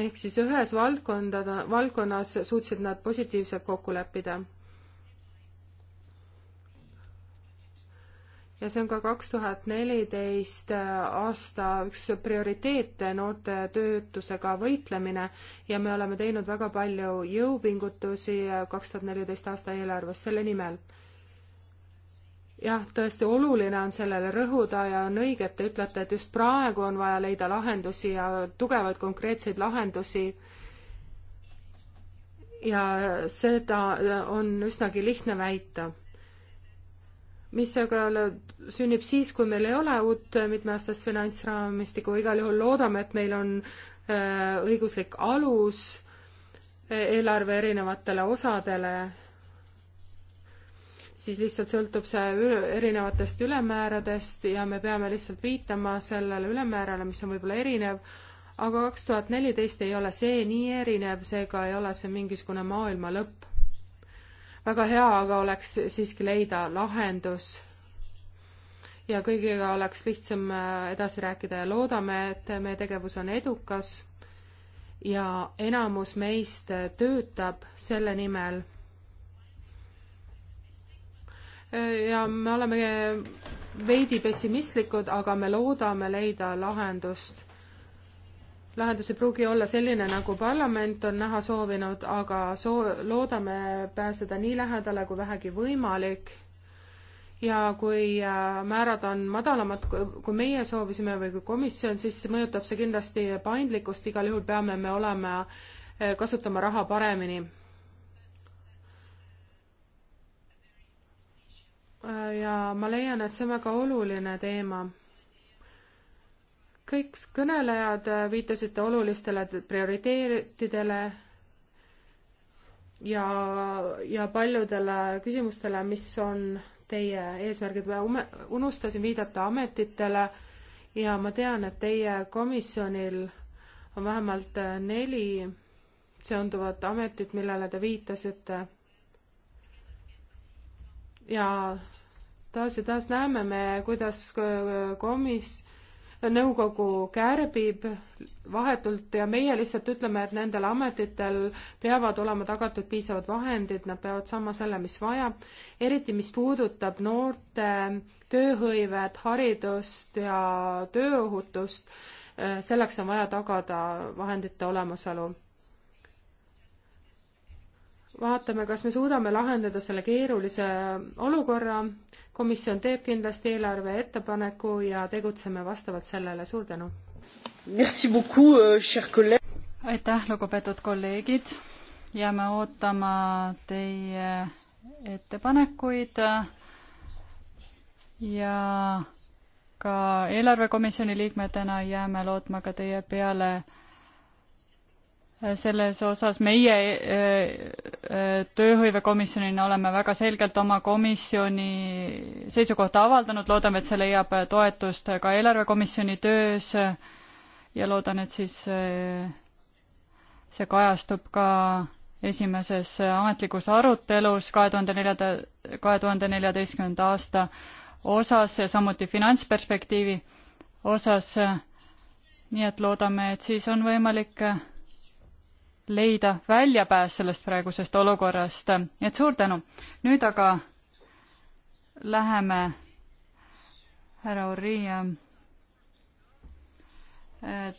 ehk siis ühes valdkonda, valdkonnas suutsid nad positiivselt kokku leppida ja see on ka kaks tuhat neliteist äh, aasta üks prioriteete noorte töötusega võitlemine ja me oleme teinud väga palju jõupingutusi äh, kaks tuhat neliteist aasta eelarves selle nimel. jah, tõesti oluline on sellele rõhuda ja on õige, et te ütlete, et just praegu on vaja leida lahendusi ja tugevaid konkreetseid lahendusi ja seda on üsnagi lihtne väita mis aga sünnib siis, kui meil ei ole uut mitmeaastast finantsraamistikku, igal juhul loodame, et meil on äh, õiguslik alus e, eelarve erinevatele osadele, siis lihtsalt sõltub see erinevatest ülemääradest ja me peame lihtsalt viitama sellele ülemäärale, mis on võib-olla erinev, aga kaks tuhat neliteist ei ole see nii erinev, seega ei ole see mingisugune maailma lõpp väga hea aga oleks siiski leida lahendus ja kõigiga oleks lihtsam äh, edasi rääkida ja loodame, et meie tegevus on edukas ja enamus meist töötab selle nimel. Äh, ja me oleme veidi pessimistlikud, aga me loodame leida lahendust lahendus ei pruugi olla selline, nagu parlament on näha soovinud, aga soo-, loodame pääseda nii lähedale kui vähegi võimalik. ja kui äh, määrad on madalamad, kui meie soovisime või kui komisjon, siis mõjutab see kindlasti paindlikkust, igal juhul peame me olema, äh, kasutama raha paremini. Äh, ja ma leian, et see on väga oluline teema kõik kõnelejad äh, viitasite olulistele prioriteetidele ja, ja paljudele küsimustele, mis on teie eesmärgid, ma unustasin viidata ametitele ja ma tean, et teie komisjonil on vähemalt äh, neli seonduvat ametit, millele te viitasite. ja taas ja taas näeme me, kuidas äh, komis-, nõukogu kärbib vahetult ja meie lihtsalt ütleme, et nendel ametitel peavad olema tagatud piisavad vahendid, nad peavad saama selle, mis vaja, eriti mis puudutab noorte tööhõivet, haridust ja tööohutust, eh, selleks on vaja tagada vahendite olemasolu. vaatame, kas me suudame lahendada selle keerulise olukorra komisjon teeb kindlasti eelarve ettepaneku ja tegutseme vastavalt sellele, suur tänu! Euh, aitäh, lugupeetud kolleegid, jääme ootama teie ettepanekuid ja ka eelarvekomisjoni liikmetena jääme lootma ka teie peale selles osas meie eh, eh, tööhõivekomisjonina oleme väga selgelt oma komisjoni seisukohta avaldanud, loodame, et see leiab toetust ka eelarvekomisjoni töös ja loodan, et siis eh, see kajastub ka esimeses ametlikus arutelus kahe tuhande neljanda, kahe tuhande neljateistkümnenda aasta osas ja samuti finantsperspektiivi osas. nii et loodame, et siis on võimalik leida väljapääs sellest praegusest olukorrast, nii et suur tänu. nüüd aga läheme härra Uri äh,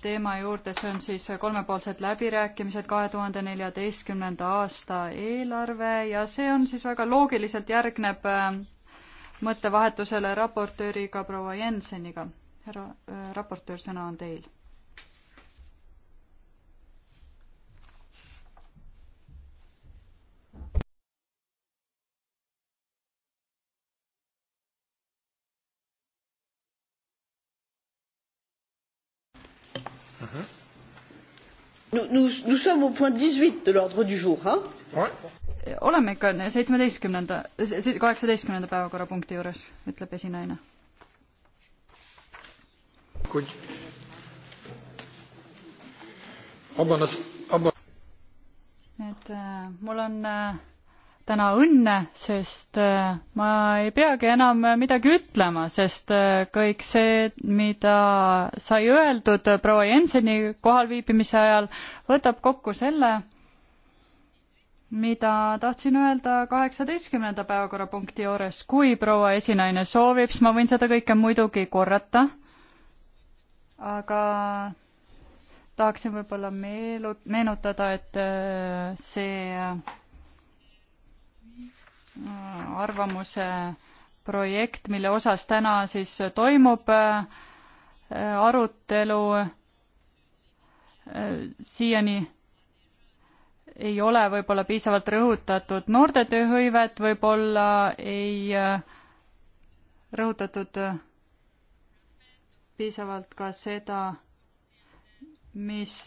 teema juurde, see on siis kolmepoolsed läbirääkimised, kahe tuhande neljateistkümnenda aasta eelarve ja see on siis väga loogiliselt järgneb äh, mõttevahetusele raportööriga proua Jenseniga. härra äh, raportöör, sõna on teil Nous, nous, nous sommes au point 18 de l'ordre du jour, hein ouais. oleme ikka seitsmeteistkümnenda, kaheksateistkümnenda päevakorrapunkti juures, ütleb esinaine. kuid vabandas, vabandust. et äh, mul on äh, täna õnne, sest äh, ma ei peagi enam midagi ütlema, sest äh, kõik see, mida sai öeldud proua Jenseni kohalviibimise ajal, võtab kokku selle, mida tahtsin öelda kaheksateistkümnenda päevakorrapunkti juures. kui proua esinaine soovib, siis ma võin seda kõike muidugi korrata, aga tahaksin võib-olla meelu-, meenutada, et äh, see arvamuse projekt, mille osas täna siis toimub äh, arutelu. Äh, siiani ei ole võib-olla piisavalt rõhutatud noorte tööhõivet, võib-olla ei äh, rõhutatud piisavalt ka seda, mis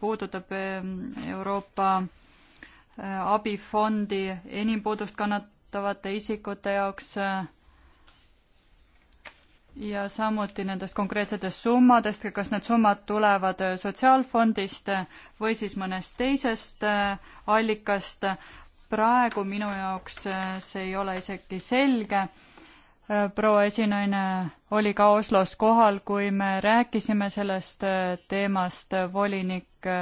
puudutab Euroopa Äh, abifondi enim puudust kannatavate isikute jaoks äh, ja samuti nendest konkreetsetest summadest, kas need summad tulevad äh, sotsiaalfondist või siis mõnest teisest allikast. praegu minu jaoks see ei ole isegi selge. proua esinaine oli ka Oslos kohal, kui me rääkisime sellest teemast volinik,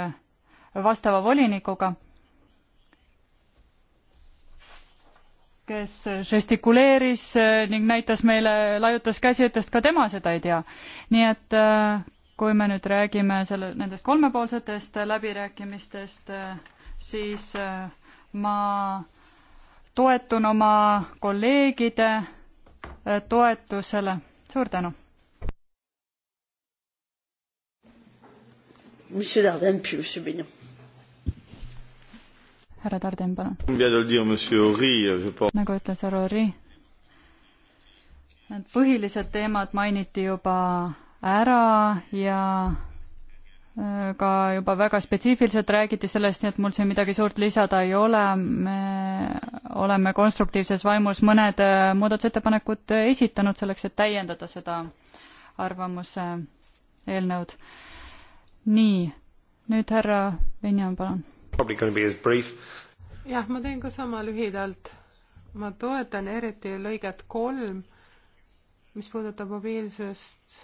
vastava volinikuga kes žestikuleeris äh, ning näitas meile, laiutas käsi, ütles, et ka tema seda ei tea. nii et äh, kui me nüüd räägime selle, nendest kolmepoolsetest läbirääkimistest, äh, siis ma toetun oma kolleegide toetusele. suur tänu. Monsieur Dardenne, puis Monsieur Beignon härra Tarden, palun. nagu ütles härra Ori, et põhilised teemad mainiti juba ära ja äh, ka juba väga spetsiifiliselt räägiti sellest, nii et mul siin midagi suurt lisada ei ole, me oleme konstruktiivses vaimus mõned äh, muudatusettepanekud äh, esitanud selleks, et täiendada seda arvamuse eelnõud. nii, nüüd härra Venjan, palun jah, ma teen ka sama lühidalt. ma toetan eriti lõiget kolm, mis puudutab mobiilsust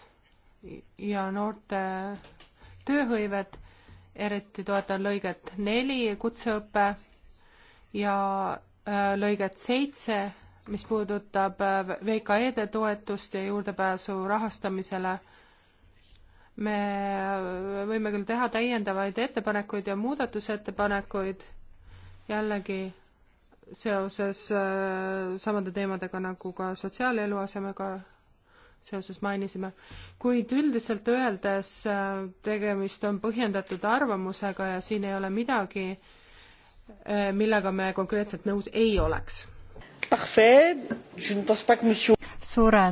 ja noorte tööhõivet. eriti toetan lõiget neli, kutseõpe ja äh, lõiget seitse, mis puudutab äh, VKE-de toetust ja juurdepääsu rahastamisele me võime küll teha täiendavaid ettepanekuid ja muudatusettepanekuid jällegi seoses äh, samade teemadega nagu ka sotsiaaleluasemega seoses mainisime, kuid üldiselt öeldes äh, tegemist on põhjendatud arvamusega ja siin ei ole midagi, äh, millega me konkreetselt nõus ei oleks. suure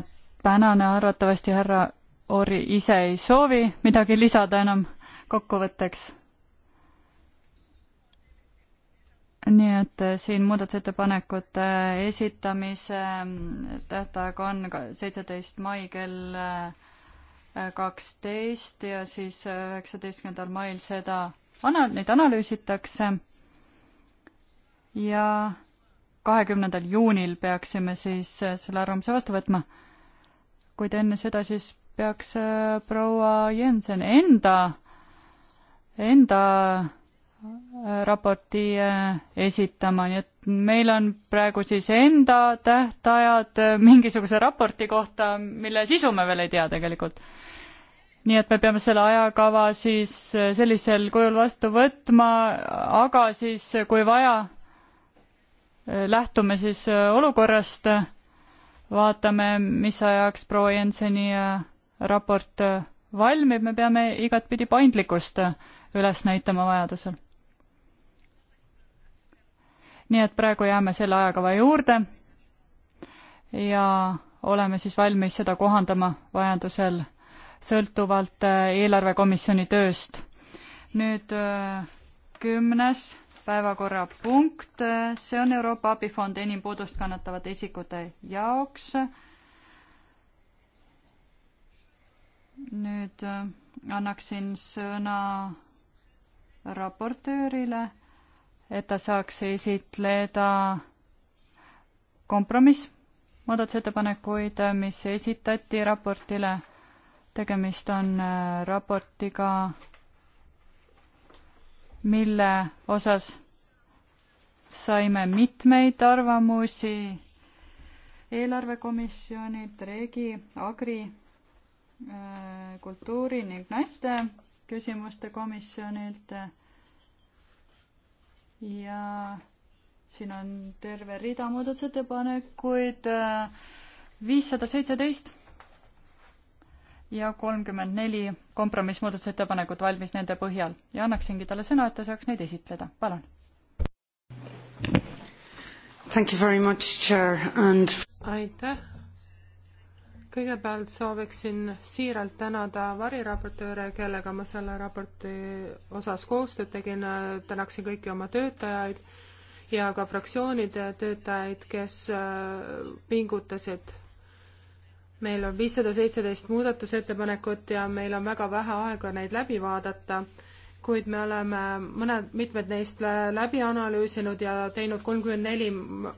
tänane arvatavasti härra Ori ise ei soovi midagi lisada enam kokkuvõtteks. nii et eh, siin muudatusettepanekute eh, esitamise mm, tähtaeg on seitseteist mai kell eh, kaksteist ja siis üheksateistkümnendal mail seda, neid analüüsitakse. ja kahekümnendal juunil peaksime siis selle arvamuse vastu võtma. kuid enne seda siis peaks äh, proua Jensen enda, enda äh, raporti äh, esitama, nii et meil on praegu siis enda tähtajad mingisuguse raporti kohta, mille sisu me veel ei tea tegelikult. nii et me peame selle ajakava siis sellisel kujul vastu võtma, aga siis, kui vaja, lähtume siis olukorrast, vaatame, mis ajaks proua Jenseni raport äh, valmib, me peame igatpidi paindlikkust äh, üles näitama vajadusel. nii et praegu jääme selle ajakava juurde ja oleme siis valmis seda kohandama vajadusel sõltuvalt äh, eelarvekomisjoni tööst. nüüd kümnes päevakorrapunkt, see on Euroopa abifond enim puudust kannatavate isikute jaoks nüüd äh, annaksin sõna raportöörile, et ta saaks esitleda kompromiss muudatusettepanekuid, mis esitati raportile. tegemist on äh, raportiga, mille osas saime mitmeid arvamusi eelarvekomisjonilt, Regi, Agri Äh, kultuuri ning naiste küsimuste komisjonilt. ja siin on terve rida muudatusettepanekuid, äh, viissada seitseteist ja kolmkümmend neli kompromissmuudatusettepanekut valmis nende põhjal ja annaksingi talle sõna, et ta saaks neid esitleda, palun. Thank you very much, chair and aitäh, kõigepealt sooviksin siiralt tänada variraportööre, kellega ma selle raporti osas koostööd tegin, tänaksin kõiki oma töötajaid ja ka fraktsioonide töötajaid, kes äh, pingutasid. meil on viissada seitseteist muudatusettepanekut ja meil on väga vähe aega neid läbi vaadata kuid me oleme mõned, mitmed neist läbi analüüsinud ja teinud kolmkümmend neli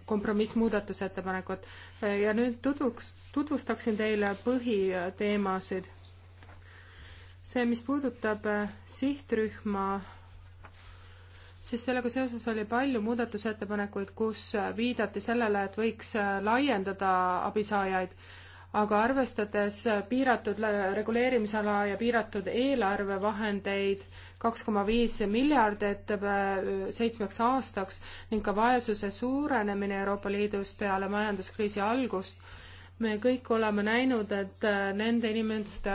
kompromissmuudatusettepanekut. ja nüüd tutvuks, tutvustaksin teile põhiteemasid. see, mis puudutab äh, sihtrühma, siis sellega seoses oli palju muudatusettepanekuid, kus äh, viidati sellele, et võiks äh, laiendada abisaajaid aga arvestades piiratud reguleerimisala ja piiratud eelarvevahendeid, kaks koma viis miljardit äh, seitsmeks aastaks ning ka vaesuse suurenemine Euroopa Liidus peale majanduskriisi algust. me kõik oleme näinud, et äh, nende inimeste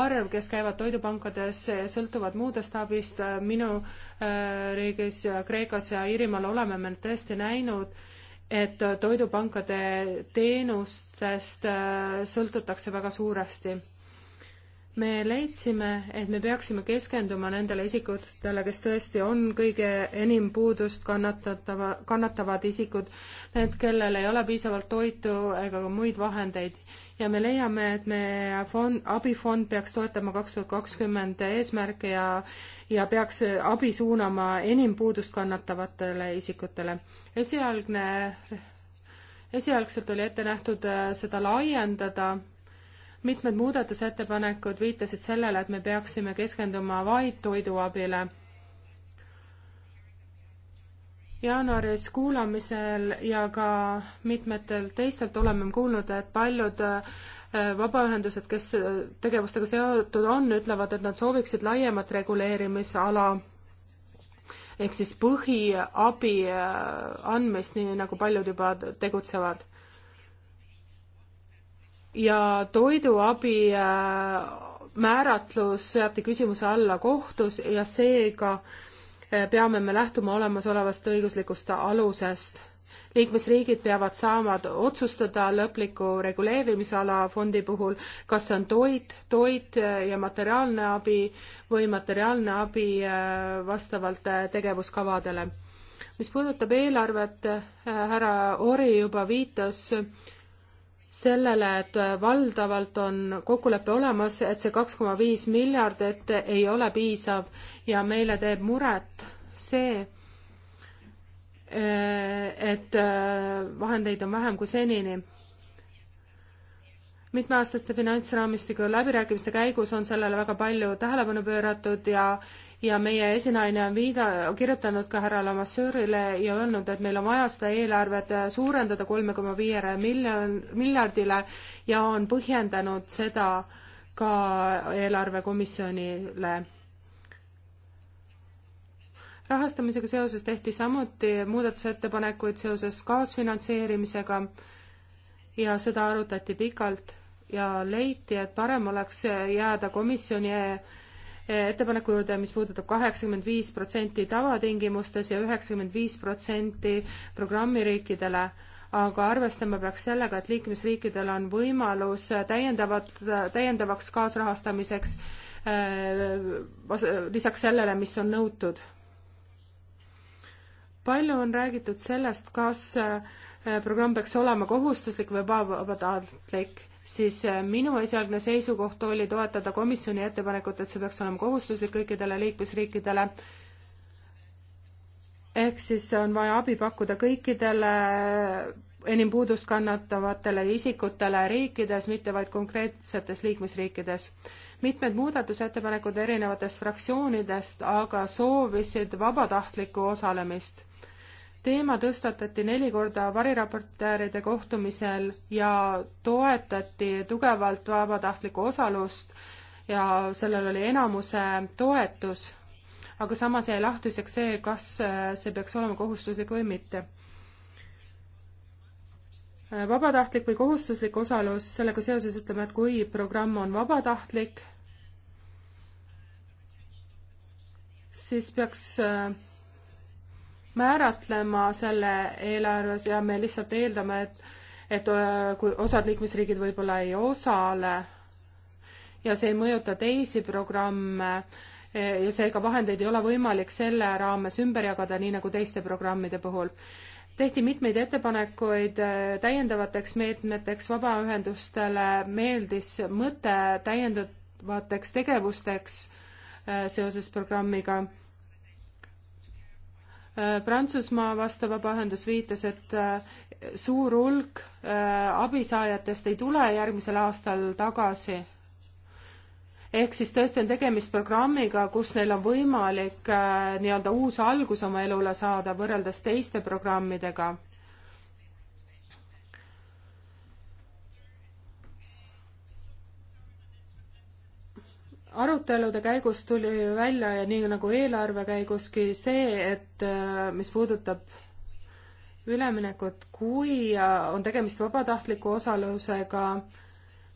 arv, kes käivad toidupankades, äh, sõltuvad muudest abist. minu riigis Kreekas ja Iirimaal oleme me tõesti näinud, et toidupankade teenustest sõltutakse väga suuresti me leidsime, et me peaksime keskenduma nendele isikutele, kes tõesti on kõige enim puudust kannatatava, kannatavad isikud, need, kellel ei ole piisavalt toitu ega ka muid vahendeid. ja me leiame, et meie fond, abifond peaks toetama kaks tuhat kakskümmend eesmärke ja ja peaks abi suunama enim puudust kannatavatele isikutele. esialgne, esialgselt oli ette nähtud äh, seda laiendada mitmed muudatusettepanekud viitasid sellele, et me peaksime keskenduma vaid toiduabile. jaanuaris kuulamisel ja ka mitmetelt teistelt oleme kuulnud, et paljud äh, vabaühendused, kes äh, tegevustega seotud on, ütlevad, et nad sooviksid laiemat reguleerimisala ehk siis põhiabi äh, andmist, nii nagu paljud juba tegutsevad ja toiduabi äh, määratlus seati küsimuse alla kohtus ja seega äh, peame me lähtuma olemasolevast õiguslikust alusest. liikmesriigid peavad saama otsustada lõpliku reguleerimisala fondi puhul, kas see on toit, toit äh, ja materiaalne abi või materiaalne abi vastavalt tegevuskavadele. mis puudutab eelarvet, härra Ori juba viitas, sellele, et valdavalt on kokkulepe olemas, et see kaks koma viis miljardit ei ole piisav ja meile teeb muret see, eh, et eh, vahendeid on vähem kui senini. mitmeaastaste finantsraamistiku läbirääkimiste käigus on sellele väga palju tähelepanu pööratud ja ja meie esinaine on viida-, kirjutanud ka härra Lamassöörile ja öelnud, et meil on vaja seda eelarvet suurendada kolme koma viiele miljon, miljardile ja on põhjendanud seda ka eelarvekomisjonile. rahastamisega seoses tehti samuti muudatusettepanekuid seoses kaasfinantseerimisega ja seda arutati pikalt ja leiti, et parem oleks jääda komisjoni ettepaneku juurde, mis puudutab kaheksakümmend viis protsenti tavatingimustes ja üheksakümmend viis protsenti programmiriikidele, aga arvestama peaks sellega, et liikmesriikidel on võimalus täiendavat, täiendavaks kaasrahastamiseks äh, lisaks sellele, mis on nõutud. palju on räägitud sellest, kas äh, programm peaks olema kohustuslik või vabatahtlik siis äh, minu esialgne seisukoht oli toetada komisjoni ettepanekut, et see peaks olema kohustuslik kõikidele liikmesriikidele. ehk siis on vaja abi pakkuda kõikidele enim puudust kannatavatele isikutele riikides, mitte vaid konkreetsetes liikmesriikides. mitmed muudatusettepanekud erinevatest fraktsioonidest aga soovisid vabatahtlikku osalemist teema tõstatati neli korda variraportööride kohtumisel ja toetati tugevalt vabatahtlikku osalust ja sellel oli enamuse toetus, aga samas jäi lahtiseks see, kas äh, see peaks olema kohustuslik või mitte. Äh, vabatahtlik või kohustuslik osalus, sellega seoses ütleme, et kui programm on vabatahtlik, siis peaks äh, määratlema selle eelarves ja me lihtsalt eeldame, et, et kui osad liikmesriigid võib-olla ei osale ja see ei mõjuta teisi programme e, ja seega vahendeid ei ole võimalik selle raames ümber jagada, nii nagu teiste programmide puhul tehti mitmeid ettepanekuid e, täiendavateks meetmeteks, vabaühendustele meeldis mõte täiendavateks tegevusteks e, seoses programmiga Prantsusmaa vastav vabaühendus viitas, et äh, suur hulk äh, abisaajatest ei tule järgmisel aastal tagasi. ehk siis tõesti on tegemist programmiga, kus neil on võimalik äh, nii-öelda uus algus oma elule saada võrreldes teiste programmidega arutelude käigus tuli välja ja nii nagu eelarve käiguski see, et äh, mis puudutab üleminekut, kui äh, on tegemist vabatahtliku osalusega,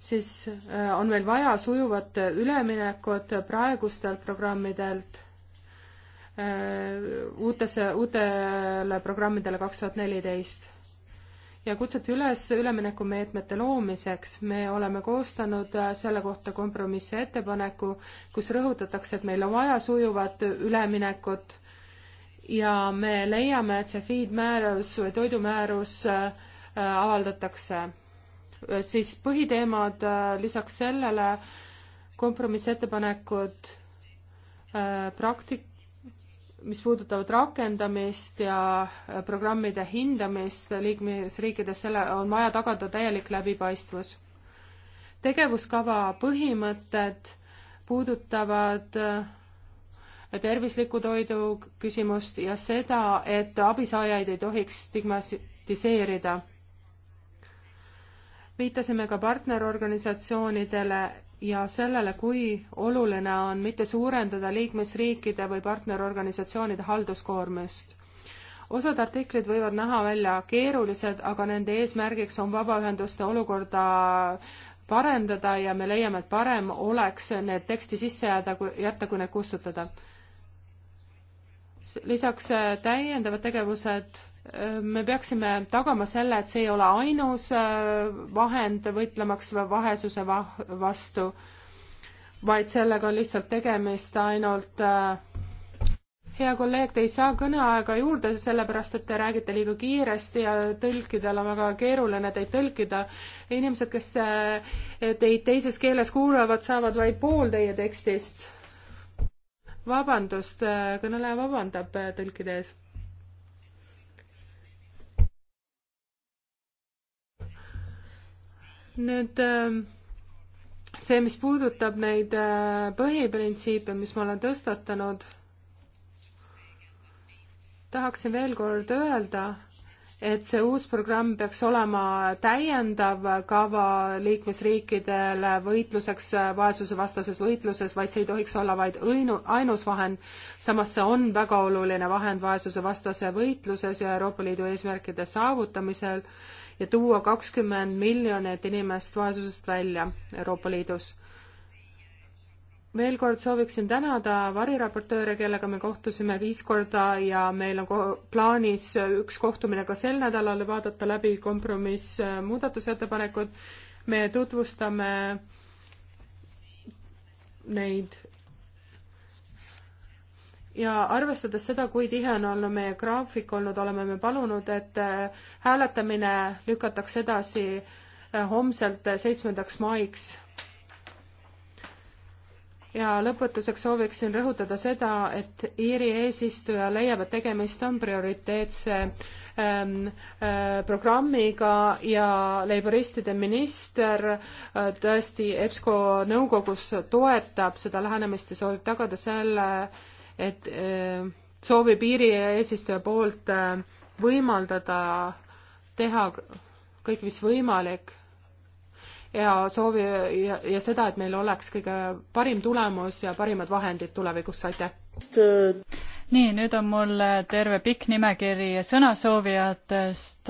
siis äh, on meil vaja sujuvat üleminekut praegustelt programmidelt uutesse, uutele programmidele kaks tuhat neliteist ja kutsuti üles üleminekumeetmete loomiseks. me oleme koostanud äh, selle kohta kompromissi ettepaneku, kus rõhutatakse, et meil on vaja sujuvat üleminekut ja me leiame, et see feed määrus või toidumäärus äh, äh, avaldatakse. siis põhiteemad lisaks sellele kompromissettepanekud praktik-, mis puudutavad rakendamist ja äh, programmide hindamist liikmesriikides, selle on vaja tagada täielik läbipaistvus. tegevuskava põhimõtted puudutavad äh, tervisliku toidu küsimust ja seda, et abisaajaid ei tohiks stigmatiseerida. viitasime ka partnerorganisatsioonidele ja sellele, kui oluline on mitte suurendada liikmesriikide või partnerorganisatsioonide halduskoormust. osad artiklid võivad näha välja keerulised, aga nende eesmärgiks on vabaühenduste olukorda parendada ja me leiame, et parem oleks need teksti sisse jääda, jätta, kui need kustutada. lisaks äh, täiendavad tegevused me peaksime tagama selle, et see ei ole ainus äh, vahend võitlemaks vahesuse vastu, vaid sellega on lihtsalt tegemist ainult äh, hea kolleeg, te ei saa kõneaega juurde, sellepärast et te räägite liiga kiiresti ja tõlkidel on väga keeruline teid tõlkida. inimesed, kes äh, teid teises keeles kuulavad, saavad vaid pool teie tekstist. vabandust, kõneleja vabandab tõlkide ees nüüd ähm, see, mis puudutab neid äh, põhiprintsiipe, mis ma olen tõstatanud, tahaksin veel kord öelda, et see uus programm peaks olema täiendav kava liikmesriikidele võitluseks vaesusevastases võitluses, vaid see ei tohiks olla vaid ainu-, ainus vahend. samas see on väga oluline vahend vaesusevastase võitluses ja Euroopa Liidu eesmärkide saavutamisel ja tuua kakskümmend miljonit inimest vaesusest välja Euroopa Liidus veel kord sooviksin tänada variraportööre, kellega me kohtusime viis korda ja meil on ko-, plaanis üks kohtumine ka sel nädalal, vaadata läbi kompromissmuudatusettepanekud. Äh, me tutvustame neid ja arvestades seda, kui tihe on olnud meie graafik olnud, oleme me palunud, et äh, hääletamine lükatakse edasi äh, homselt seitsmendaks maiks ja lõpetuseks sooviksin rõhutada seda, et Iiri eesistuja leiab, et tegemist on prioriteetse ähm, äh, programmiga ja leiboristide minister äh, tõesti EBSCO nõukogus toetab seda lähenemist ja soovib tagada selle, et äh, soovib Iiri eesistuja poolt äh, võimaldada teha kõik, mis võimalik ja soovi ja, ja seda, et meil oleks kõige parim tulemus ja parimad vahendid tulevikuks, aitäh! nii, nüüd on mul terve pikk nimekiri sõnasoovijatest,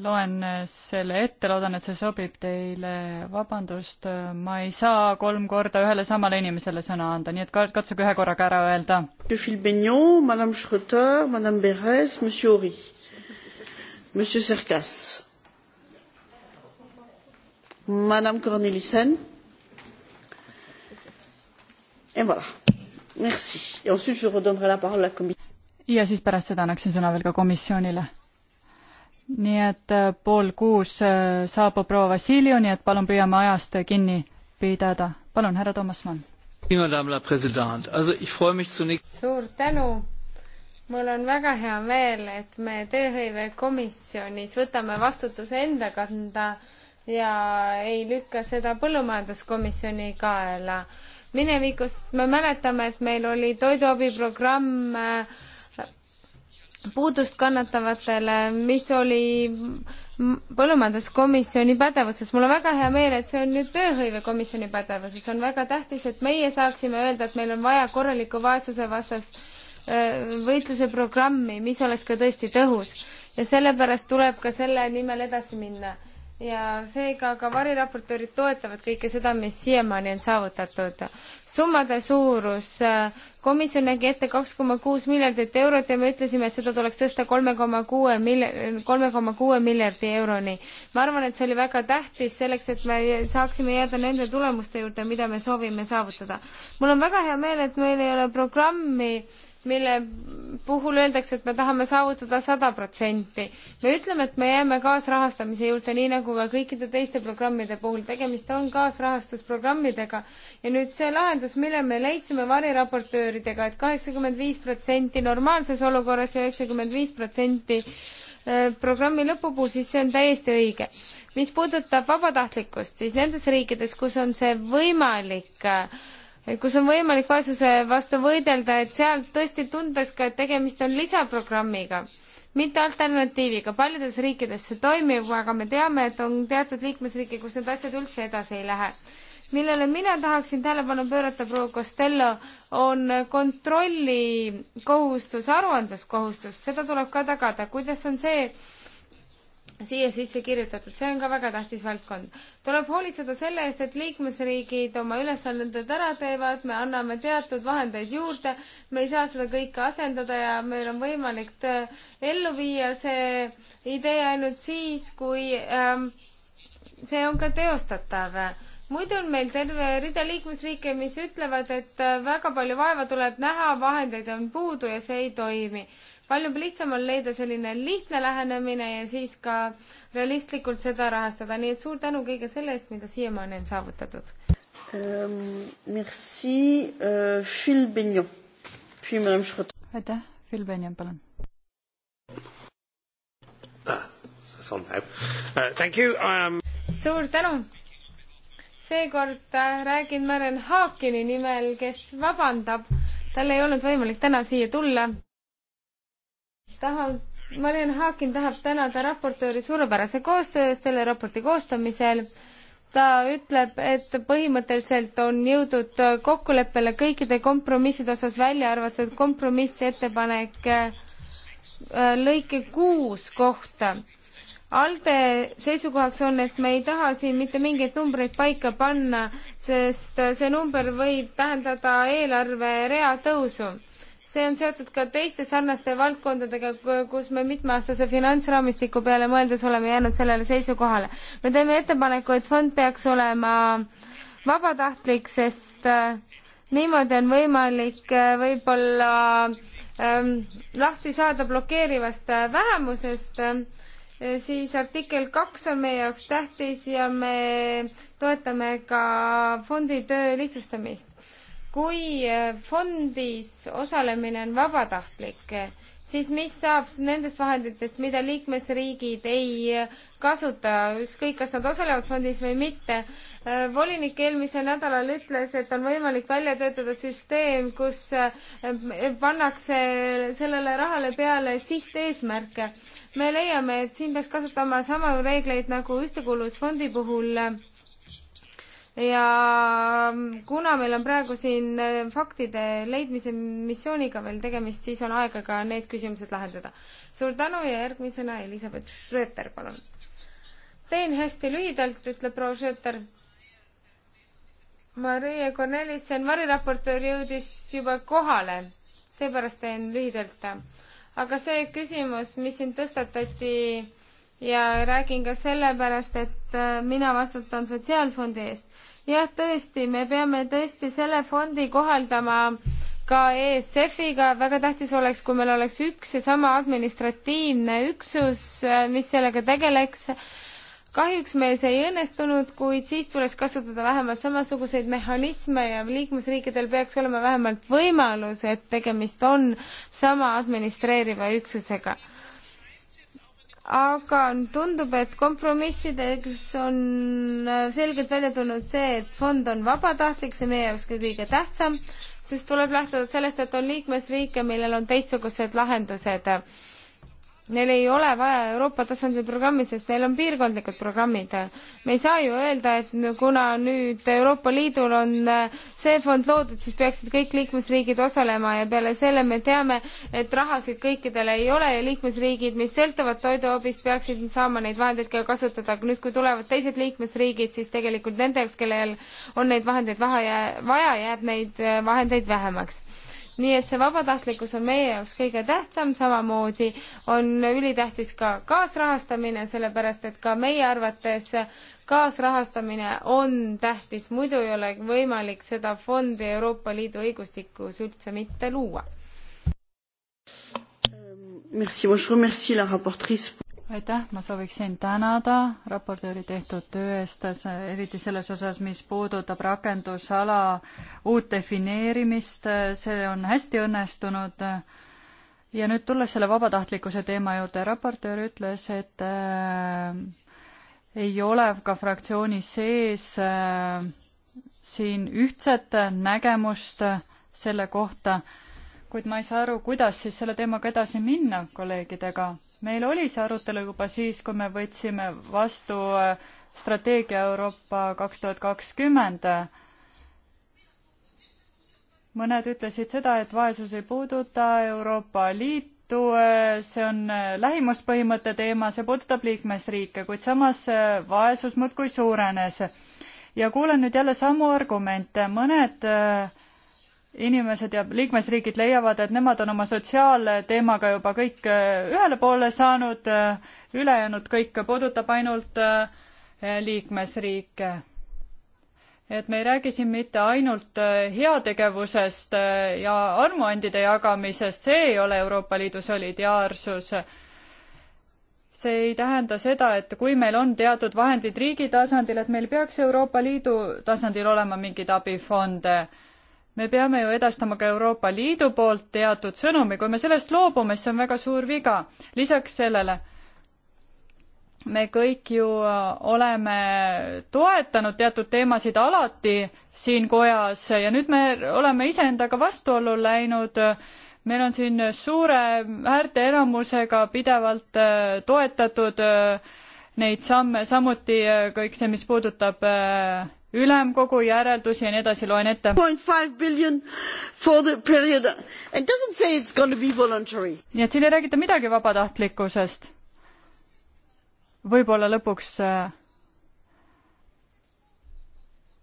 loen selle ette, loodan, et see sobib teile, vabandust, ma ei saa kolm korda ühele samale inimesele sõna anda, nii et katsuge ühe korraga ära öelda. Madame Schröter, Madame Beres, Monsieur Ori, Monsieur Serkas Madame Cornelissen. Et voilà. Merci. Et ensuite, je redonnerai la parole à la commission. ja siis pärast seda annaksin sõna veel ka komisjonile. nii et äh, pool kuus äh, saabub proua Vassiljev, nii et palun püüame ajast kinni pidada. palun, härra Toomas Mann. suur tänu mul on väga hea meel, et me tööhõivekomisjonis võtame vastutuse enda kanda ja ei lükka seda põllumajanduskomisjoni kaela. minevikust me mäletame, et meil oli toiduabiprogramm äh, puudust kannatavatele, mis oli põllumajanduskomisjoni pädevuses. mul on väga hea meel, et see on nüüd tööhõivekomisjoni pädevuses. on väga tähtis, et meie saaksime öelda, et meil on vaja korralikku vaesusevastast äh, võitluse programmi, mis oleks ka tõesti tõhus. ja sellepärast tuleb ka selle nimel edasi minna ja seega ka variraportöörid toetavad kõike seda, mis siiamaani on saavutatud. summade suurus, komisjon nägi ette kaks koma kuus miljardit eurot ja me ütlesime, et seda tuleks tõsta kolme koma kuue mil-, kolme koma kuue miljardi euroni. ma arvan, et see oli väga tähtis selleks, et me saaksime jääda nende tulemuste juurde, mida me soovime saavutada. mul on väga hea meel, et meil ei ole programmi äh, mille puhul öeldakse, et me tahame saavutada sada protsenti. me ütleme, et me jääme kaasrahastamise juurde, nii nagu ka kõikide teiste programmide puhul. tegemist on kaasrahastusprogrammidega ja nüüd see lahendus, mille me leidsime variraportööridega et, et kaheksakümmend viis protsenti normaalses olukorras ja üheksakümmend viis protsenti äh, programmi lõpu puhul, siis see on täiesti õige. mis puudutab vabatahtlikkust, siis nendes riikides, kus on see võimalik, äh, et kus on võimalik vaesuse vastu võidelda, et seal tõesti tundeks ka, et tegemist on lisaprogrammiga, mitte alternatiiviga. paljudes riikides see toimib, aga me teame, et on teatud liikmesriike, kus need asjad üldse edasi ei lähe millele mina tahaksin tähelepanu pöörata, proua Costello, on kontrolli kohustus, aruandluskohustus, seda tuleb ka tagada. kuidas on see, siia sisse kirjutatud, see on ka väga tähtis valdkond. tuleb hoolitseda selle eest, et liikmesriigid oma ülesanded ära teevad, me anname teatud vahendeid juurde, me ei saa seda kõike asendada ja meil on võimalik ellu viia see idee ainult siis, kui ähm, see on ka teostatav muidu on meil terve rida liikmesriike, mis ütlevad, et väga palju vaeva tuleb näha, vahendeid on puudu ja see ei toimi palju lihtsam on leida selline lihtne lähenemine ja siis ka realistlikult seda rahastada, nii et suur tänu kõige selle eest, mida siiamaani on saavutatud ähm,. Merci äh,, Phil Benjon. aitäh, Phil Benjon, palun. Ah, euh, suur tänu seekord äh, räägin Maren Haakini nimel, kes vabandab, tal ei olnud võimalik täna siia tulla tahan, Mariann Haakin tahab tänada raportööri suurepärase koostöö eest selle raporti koostamisel. ta ütleb, et põhimõtteliselt on jõudnud kokkuleppele kõikide kompromisside osas, välja arvatud kompromissettepanek äh, lõike kuus kohta. ALDE seisukohaks on, et me ei taha siin mitte mingeid numbreid paika panna, sest see number võib tähendada eelarverea tõusu see on seotud ka teiste sarnaste valdkondadega, kus me mitmeaastase finantsraamistiku peale mõeldes oleme jäänud sellele seisukohale. me teeme ettepaneku, et fond peaks olema vabatahtlik, sest äh, niimoodi on võimalik äh, võib-olla ähm, lahti saada blokeerivast äh, vähemusest siis artikkel kaks on meie jaoks tähtis ja me toetame ka fondi töö lihtsustamist kui äh, fondis osalemine on vabatahtlik, siis mis saab nendest vahenditest, mida liikmesriigid ei kasuta, ükskõik, kas nad osalevad fondis või mitte. Äh, volinik eelmisel nädalal ütles, et on võimalik välja töötada süsteem, kus äh, pannakse sellele rahale peale sihteesmärke. me leiame, et siin peaks kasutama samu reegleid nagu Ühtekuuluvusfondi puhul ja kuna meil on praegu siin äh, faktide leidmise missiooniga veel tegemist, siis on aega ka need küsimused lahendada. suur tänu ja järgmisena Elizabeth Schröter, palun. teen hästi lühidalt, ütleb proua Schröter. Marie Cornelissen, variraportöör jõudis juba kohale, seepärast teen lühidalt. aga see küsimus, mis siin tõstatati, ja räägin ka sellepärast, et äh, mina vastutan Sotsiaalfondi eest. jah, tõesti, me peame tõesti selle fondi kohaldama ka ESF-iga, väga tähtis oleks, kui meil oleks üks ja sama administratiivne üksus, äh, mis sellega tegeleks. kahjuks meil see ei õnnestunud, kuid siis tuleks kasutada vähemalt samasuguseid mehhanisme ja liikmesriikidel peaks olema vähemalt võimalus, et tegemist on sama administreeriva üksusega aga tundub, et kompromissideks on äh, selgelt välja tulnud see, et fond on vabatahtlik, see meie jaoks kõige tähtsam, sest tuleb lähtuda sellest, et on liikmesriike, millel on teistsugused lahendused äh, Neil ei ole vaja Euroopa tasandil programmi, sest neil on piirkondlikud programmid. me ei saa ju öelda, et kuna nüüd Euroopa Liidul on äh, see fond loodud, siis peaksid kõik liikmesriigid osalema ja peale selle me teame, et rahasid kõikidele ei ole ja liikmesriigid, mis sõltuvad toiduabist, peaksid saama neid vahendeid ka kasutada. nüüd, kui tulevad teised liikmesriigid, siis tegelikult nende jaoks, kellel on neid vahendeid vaja, vaja, jääb neid äh, vahendeid vähemaks nii et see vabatahtlikkus on meie jaoks kõige tähtsam, samamoodi on ülitähtis ka kaasrahastamine, sellepärast et ka meie arvates kaasrahastamine on tähtis, muidu ei ole võimalik seda fondi Euroopa Liidu õigustikus üldse mitte luua. Merci, moi je remercie la rapporteure aitäh, ma sooviksin tänada raportööri tehtud töö eest, eriti selles osas, mis puudutab rakendusala uut defineerimist, see on hästi õnnestunud. ja nüüd tulles selle vabatahtlikkuse teema juurde, raportöör ütles, et äh, ei ole ka fraktsiooni sees äh, siin ühtset nägemust selle kohta äh,, kuid ma ei saa aru, kuidas siis selle teemaga edasi minna kolleegidega. meil oli see arutelu juba siis, kui me võtsime vastu äh, strateegia Euroopa kaks tuhat kakskümmend. mõned ütlesid seda, et vaesus ei puuduta Euroopa Liitu, äh, see on äh, lähimuspõhimõtte teema, see puudutab liikmesriike, kuid samas vaesus muudkui suurenes. ja kuulen nüüd jälle samu argumente, mõned äh, inimesed ja liikmesriigid leiavad, et nemad on oma sotsiaalteemaga juba kõik äh, ühele poole saanud, äh, ülejäänud kõik puudutab ainult äh, liikmesriike. et me ei räägi siin mitte ainult heategevusest ja armuandide jagamisest, see ei ole Euroopa Liidu solidaarsus see ei tähenda seda, et kui meil on teatud vahendid riigi tasandil, et meil peaks Euroopa Liidu tasandil olema mingeid abifonde me peame ju edastama ka Euroopa Liidu poolt teatud sõnumi, kui me sellest loobume, siis see on väga suur viga. lisaks sellele me kõik ju äh, oleme toetanud teatud teemasid alati siin kojas ja nüüd me oleme iseendaga vastuollu läinud. meil on siin suure häälteenamusega pidevalt äh, toetatud äh, neid samme, samuti kõik see, mis puudutab ülemkogu järeldusi ja nii edasi loen ette. nii et siin ei räägita midagi vabatahtlikkusest. võib-olla lõpuks äh,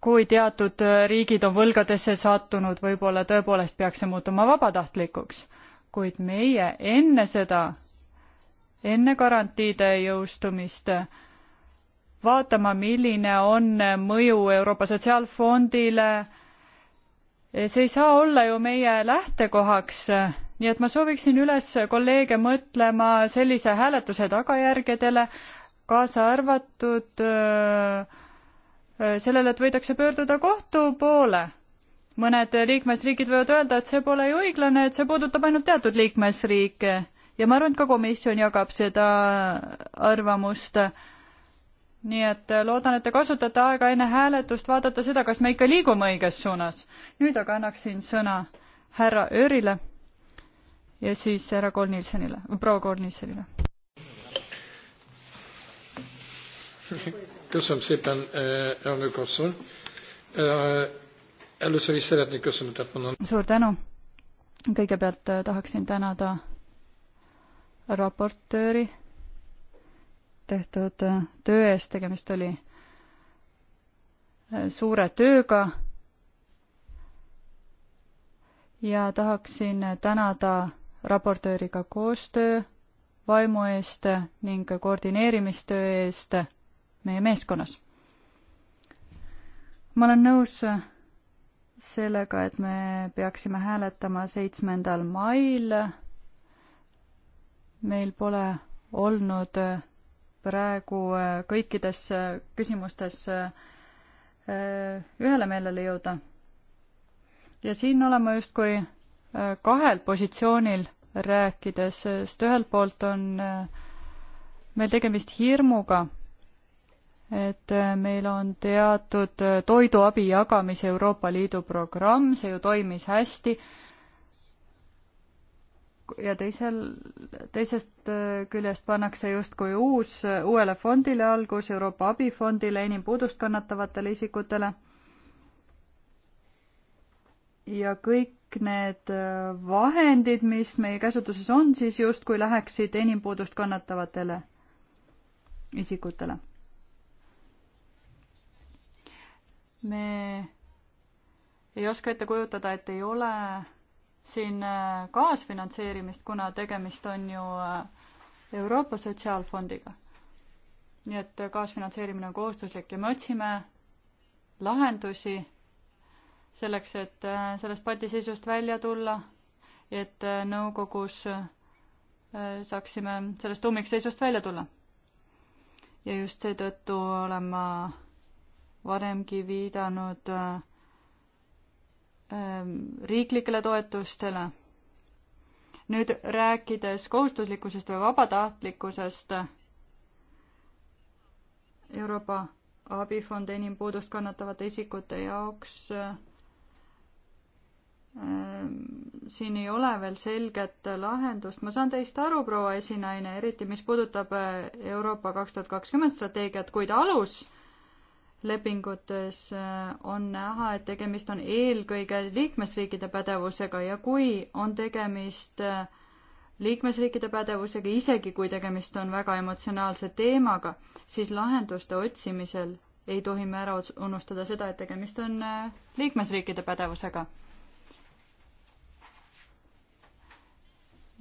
kui teatud äh, riigid on võlgadesse sattunud, võib-olla tõepoolest peaks see muutuma vabatahtlikuks, kuid meie enne seda, enne garantiide jõustumist äh, vaatama, milline on mõju Euroopa Sotsiaalfondile. see ei saa olla ju meie lähtekohaks, nii et ma sooviksin üles kolleege mõtlema sellise hääletuse tagajärgedele, kaasa arvatud äh, sellele, et võidakse pöörduda kohtu poole. mõned liikmesriigid võivad öelda, et see pole ju õiglane, et see puudutab ainult teatud liikmesriike ja ma arvan, et ka komisjon jagab seda arvamust nii et äh, loodan, et te kasutate aega enne hääletust vaadata seda, kas me ikka liigume õiges suunas. nüüd aga annaksin sõna härra Öörile ja siis härra Kornilsenile, proua Kornilsenile. köszönöm szépen, eh, elnök asszony. Eh, először is szeretnék köszönetet mondani. Suur tänu. Kõigepealt eh, tahaksin tänada raportööri tehtud äh, töö eest, tegemist oli äh, suure tööga. ja tahaksin tänada raportööri ka koostöö vaimu eest ning koordineerimistöö eest meie meeskonnas. ma olen nõus sellega, et me peaksime hääletama seitsmendal mail. meil pole olnud praegu äh, kõikides äh, küsimustes äh, ühele meelele jõuda. ja siin olen ma justkui kahel positsioonil rääkides, sest ühelt poolt on meil tegemist hirmuga, et meil on teatud toiduabi jagamise Euroopa Liidu programm, see ju toimis hästi ja teisel, teisest äh, küljest pannakse justkui uus, uuele fondile algus, Euroopa abifondile, enim puudust kannatavatele isikutele. ja kõik need äh, vahendid, mis meie käsutuses on, siis justkui läheksid enim puudust kannatavatele isikutele. me ei oska ette kujutada, et ei ole siin äh, kaasfinantseerimist, kuna tegemist on ju äh, Euroopa Sotsiaalfondiga. nii et äh, kaasfinantseerimine on kohustuslik ja me otsime lahendusi selleks, et sellest patiseisust välja tulla, et nõukogus saaksime sellest ummikseisust välja tulla. ja just seetõttu olen ma varemgi viidanud äh, Ähm, riiklikele toetustele. nüüd rääkides kohustuslikkusest või vabatahtlikkusest, Euroopa abifond enim puudust kannatavate isikute jaoks ähm, siin ei ole veel selget lahendust. ma saan teist aru, proua esinaine, eriti mis puudutab äh, Euroopa kaks tuhat kakskümmend strateegiat, kuid alus lepingutes äh, on näha, et tegemist on eelkõige liikmesriikide pädevusega ja kui on tegemist äh, liikmesriikide pädevusega, isegi kui tegemist on väga emotsionaalse teemaga, siis lahenduste otsimisel ei tohi me ära unustada seda, et tegemist on äh, liikmesriikide pädevusega.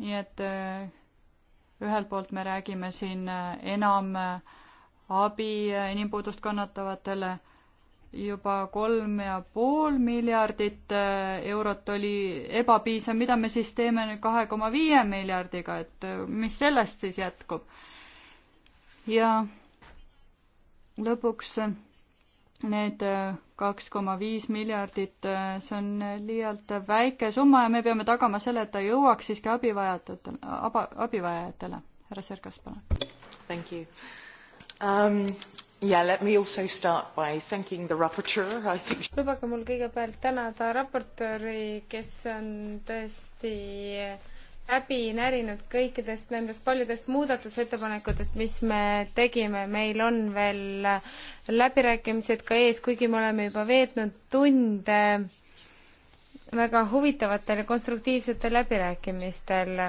nii et ühelt poolt me räägime siin enam äh, abi inimpuudust kannatavatele juba kolm ja pool miljardit eh, eurot oli ebapiisav, mida me siis teeme nüüd kahe koma viie miljardiga, et eh, mis sellest siis jätkub? ja lõpuks eh, need kaks koma viis miljardit, see on liialt väike summa ja me peame tagama selle, et ta jõuaks siiski abivajajatele, abivajajatele. härra Sergas, palun um,. Yeah, let me also start by thanking the rapporteur, I think. lubage mul kõigepealt tänada raportööri, kes on tõesti läbi närinud kõikidest nendest paljudest muudatusettepanekutest, mis me tegime, meil on veel läbirääkimised ka ees, kuigi me oleme juba veetnud tunde väga huvitavatel ja konstruktiivsetel läbirääkimistel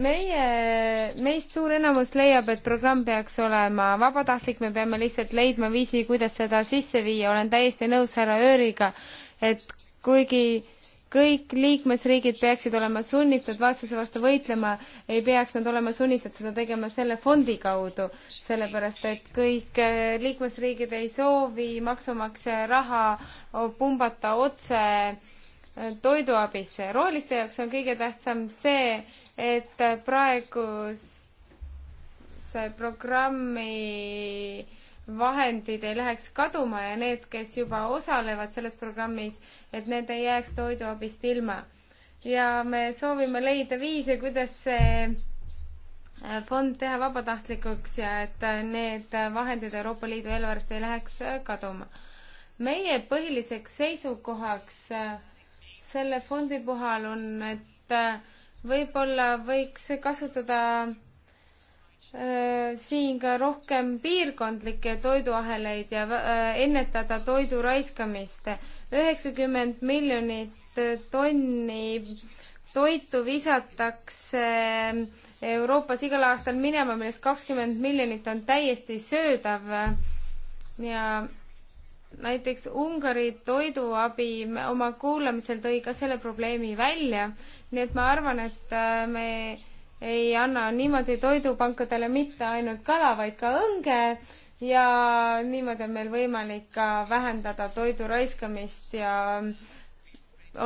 meie, meist suur enamus leiab, et programm peaks olema vabatahtlik, me peame lihtsalt leidma viisi, kuidas seda sisse viia, olen täiesti nõus härra Ööriga, et kuigi kõik liikmesriigid peaksid olema sunnitud vastuse vastu võitlema, ei peaks nad olema sunnitud seda tegema selle fondi kaudu, sellepärast et kõik äh, liikmesriigid ei soovi maksumaksja raha pumbata otse äh, toiduabisse. roheliste jaoks on kõige tähtsam see, et praeguse programmi vahendid ei läheks kaduma ja need, kes juba osalevad selles programmis, et need ei jääks toiduabist ilma. ja me soovime leida viise, kuidas see äh, fond teha vabatahtlikuks ja et äh, need vahendid Euroopa Liidu eelarvest ei läheks äh, kaduma. meie põhiliseks seisukohaks äh, selle fondi puhul on, et äh, võib-olla võiks kasutada äh, siin ka rohkem piirkondlikke toiduaheleid ja äh, ennetada toidu raiskamist. üheksakümmend miljonit tonni toitu visatakse Euroopas igal aastal minema, millest kakskümmend miljonit on täiesti söödav ja näiteks Ungari toiduabi oma kuulamisel tõi ka selle probleemi välja, nii et ma arvan, et äh, me ei anna niimoodi toidupankadele mitte ainult kala, vaid ka õnge ja niimoodi on meil võimalik ka vähendada toidu raiskamist ja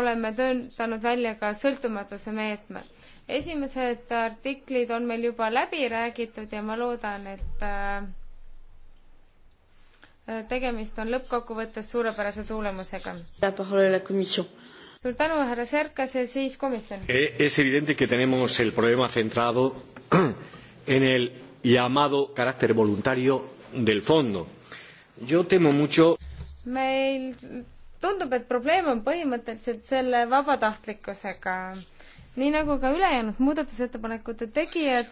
oleme töötanud välja ka sõltumatuse meetmed. esimesed artiklid on meil juba läbi räägitud ja ma loodan, et äh, Äh, tegemist on lõppkokkuvõttes suurepärase tulemusega. suur tänu, härra Serkas ja siis komisjon. Eh, es evidente que tenemos el problema centrado en el llamado carácter voluntario del fondo. Yo temo mucho meil tundub, et probleem on põhimõtteliselt selle vabatahtlikkusega. nii nagu ka ülejäänud muudatusettepanekute tegijad,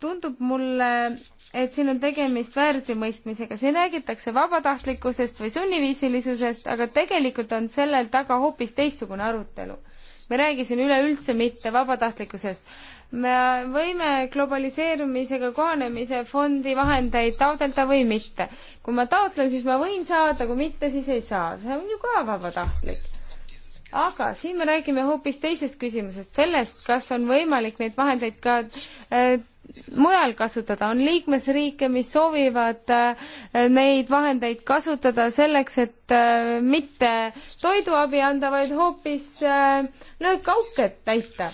tundub mulle, et siin on tegemist väärtimõistmisega, siin räägitakse vabatahtlikkusest või sunniviisilisusest, aga tegelikult on sellel taga hoopis teistsugune arutelu. me räägisin üleüldse mitte vabatahtlikkusest. me võime globaliseerumisega kohanemise fondi vahendeid taotleda või mitte. kui ma taotlen, siis ma võin saada, kui mitte, siis ei saa. see on ju ka vabatahtlik aga siin me räägime hoopis teisest küsimusest, sellest, kas on võimalik neid vahendeid ka äh, mujal kasutada, on liikmesriike, mis soovivad äh, neid vahendeid kasutada selleks, et äh, mitte toiduabi anda, vaid hoopis äh, löökauked täita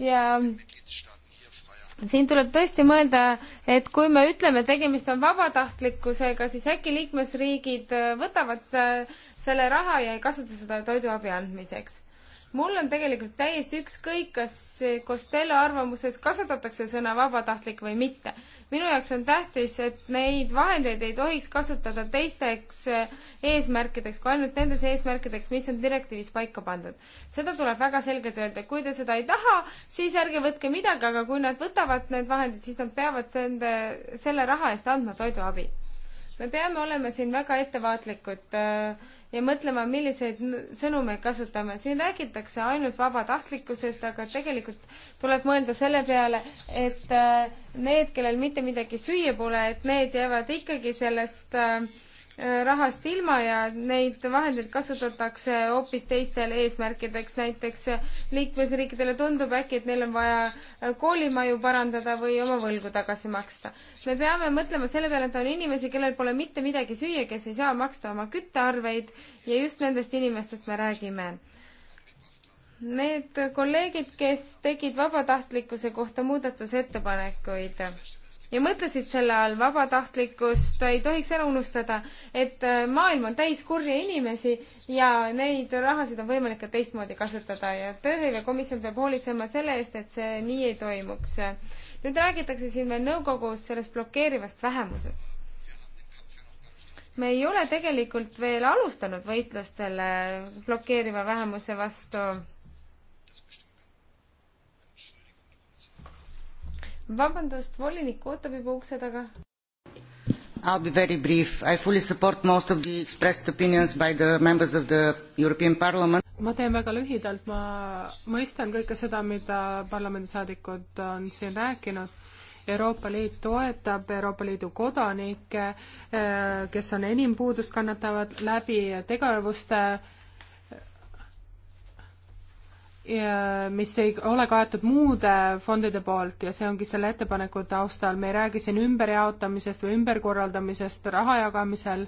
ja siin tuleb tõesti mõelda, et kui me ütleme, tegemist on vabatahtlikkusega, siis äkki liikmesriigid äh, võtavad äh, selle raha ja ei kasuta seda toiduabi andmiseks. mul on tegelikult täiesti ükskõik, kas Costello arvamuses kasutatakse sõna vabatahtlik või mitte. minu jaoks on tähtis, et neid vahendeid ei tohiks kasutada teisteks eesmärkideks kui ainult nendes eesmärkideks, mis on direktiivis paika pandud. seda tuleb väga selgelt öelda, kui te seda ei taha, siis ärge võtke midagi, aga kui nad võtavad need vahendid, siis nad peavad sende, selle raha eest andma toiduabi me peame olema siin väga ettevaatlikud äh, ja mõtlema, milliseid sõnu me kasutame. siin räägitakse ainult vabatahtlikkusest, aga tegelikult tuleb mõelda selle peale, et äh, need, kellel mitte midagi süüa pole, et need jäävad ikkagi sellest äh, rahast ilma ja neid vahendeid kasutatakse hoopis teistel eesmärkideks, näiteks liikmesriikidele tundub äkki, et neil on vaja koolimaju parandada või oma võlgu tagasi maksta. me peame mõtlema selle peale, et on inimesi, kellel pole mitte midagi süüa, kes ei saa maksta oma küttearveid ja just nendest inimestest me räägime Need kolleegid, kes tegid vabatahtlikkuse kohta muudatusettepanekuid ja mõtlesid selle all vabatahtlikkust, ei tohiks ära unustada, et äh, maailm on täis kurje inimesi ja neid rahasid on võimalik ka teistmoodi kasutada ja tööhõivekomisjon peab hoolitsema selle eest, et see nii ei toimuks. nüüd räägitakse siin veel nõukogus sellest blokeerivast vähemusest. me ei ole tegelikult veel alustanud võitlust selle blokeeriva vähemuse vastu vabandust, volinik ootab juba ukse taga. I will be very brief. I fully support most of the expressed opinions by the members of the European Parliament. ma teen väga lühidalt, ma mõistan kõike seda, mida parlamendisaadikud on siin rääkinud. Euroopa Liit toetab Euroopa Liidu kodanikke, eh, kes on enim puudust kannatavad läbi tegevuste mis ei ole kaetud muude fondide poolt ja see ongi selle ettepaneku taustal, me ei räägi siin ümberjaotamisest või ümberkorraldamisest raha jagamisel,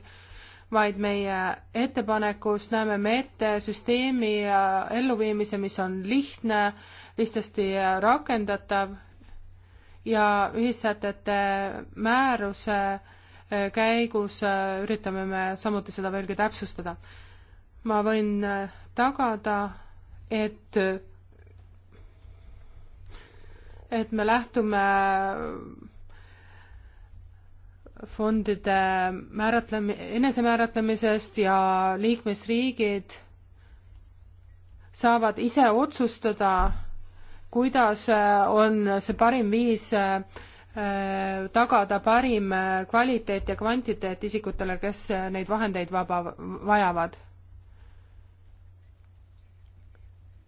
vaid meie ettepanekus näeme me ette süsteemi elluviimise, mis on lihtne, lihtsasti rakendatav ja ühissätete määruse äh, käigus äh, üritame me samuti seda veelgi täpsustada. ma võin äh, tagada et, et me lähtume fondide määratlemi-, enesemääratlemisest ja liikmesriigid saavad ise otsustada, kuidas on see parim viis äh, tagada parim kvaliteet ja kvantiteet isikutele, kes neid vahendeid vaba, vajavad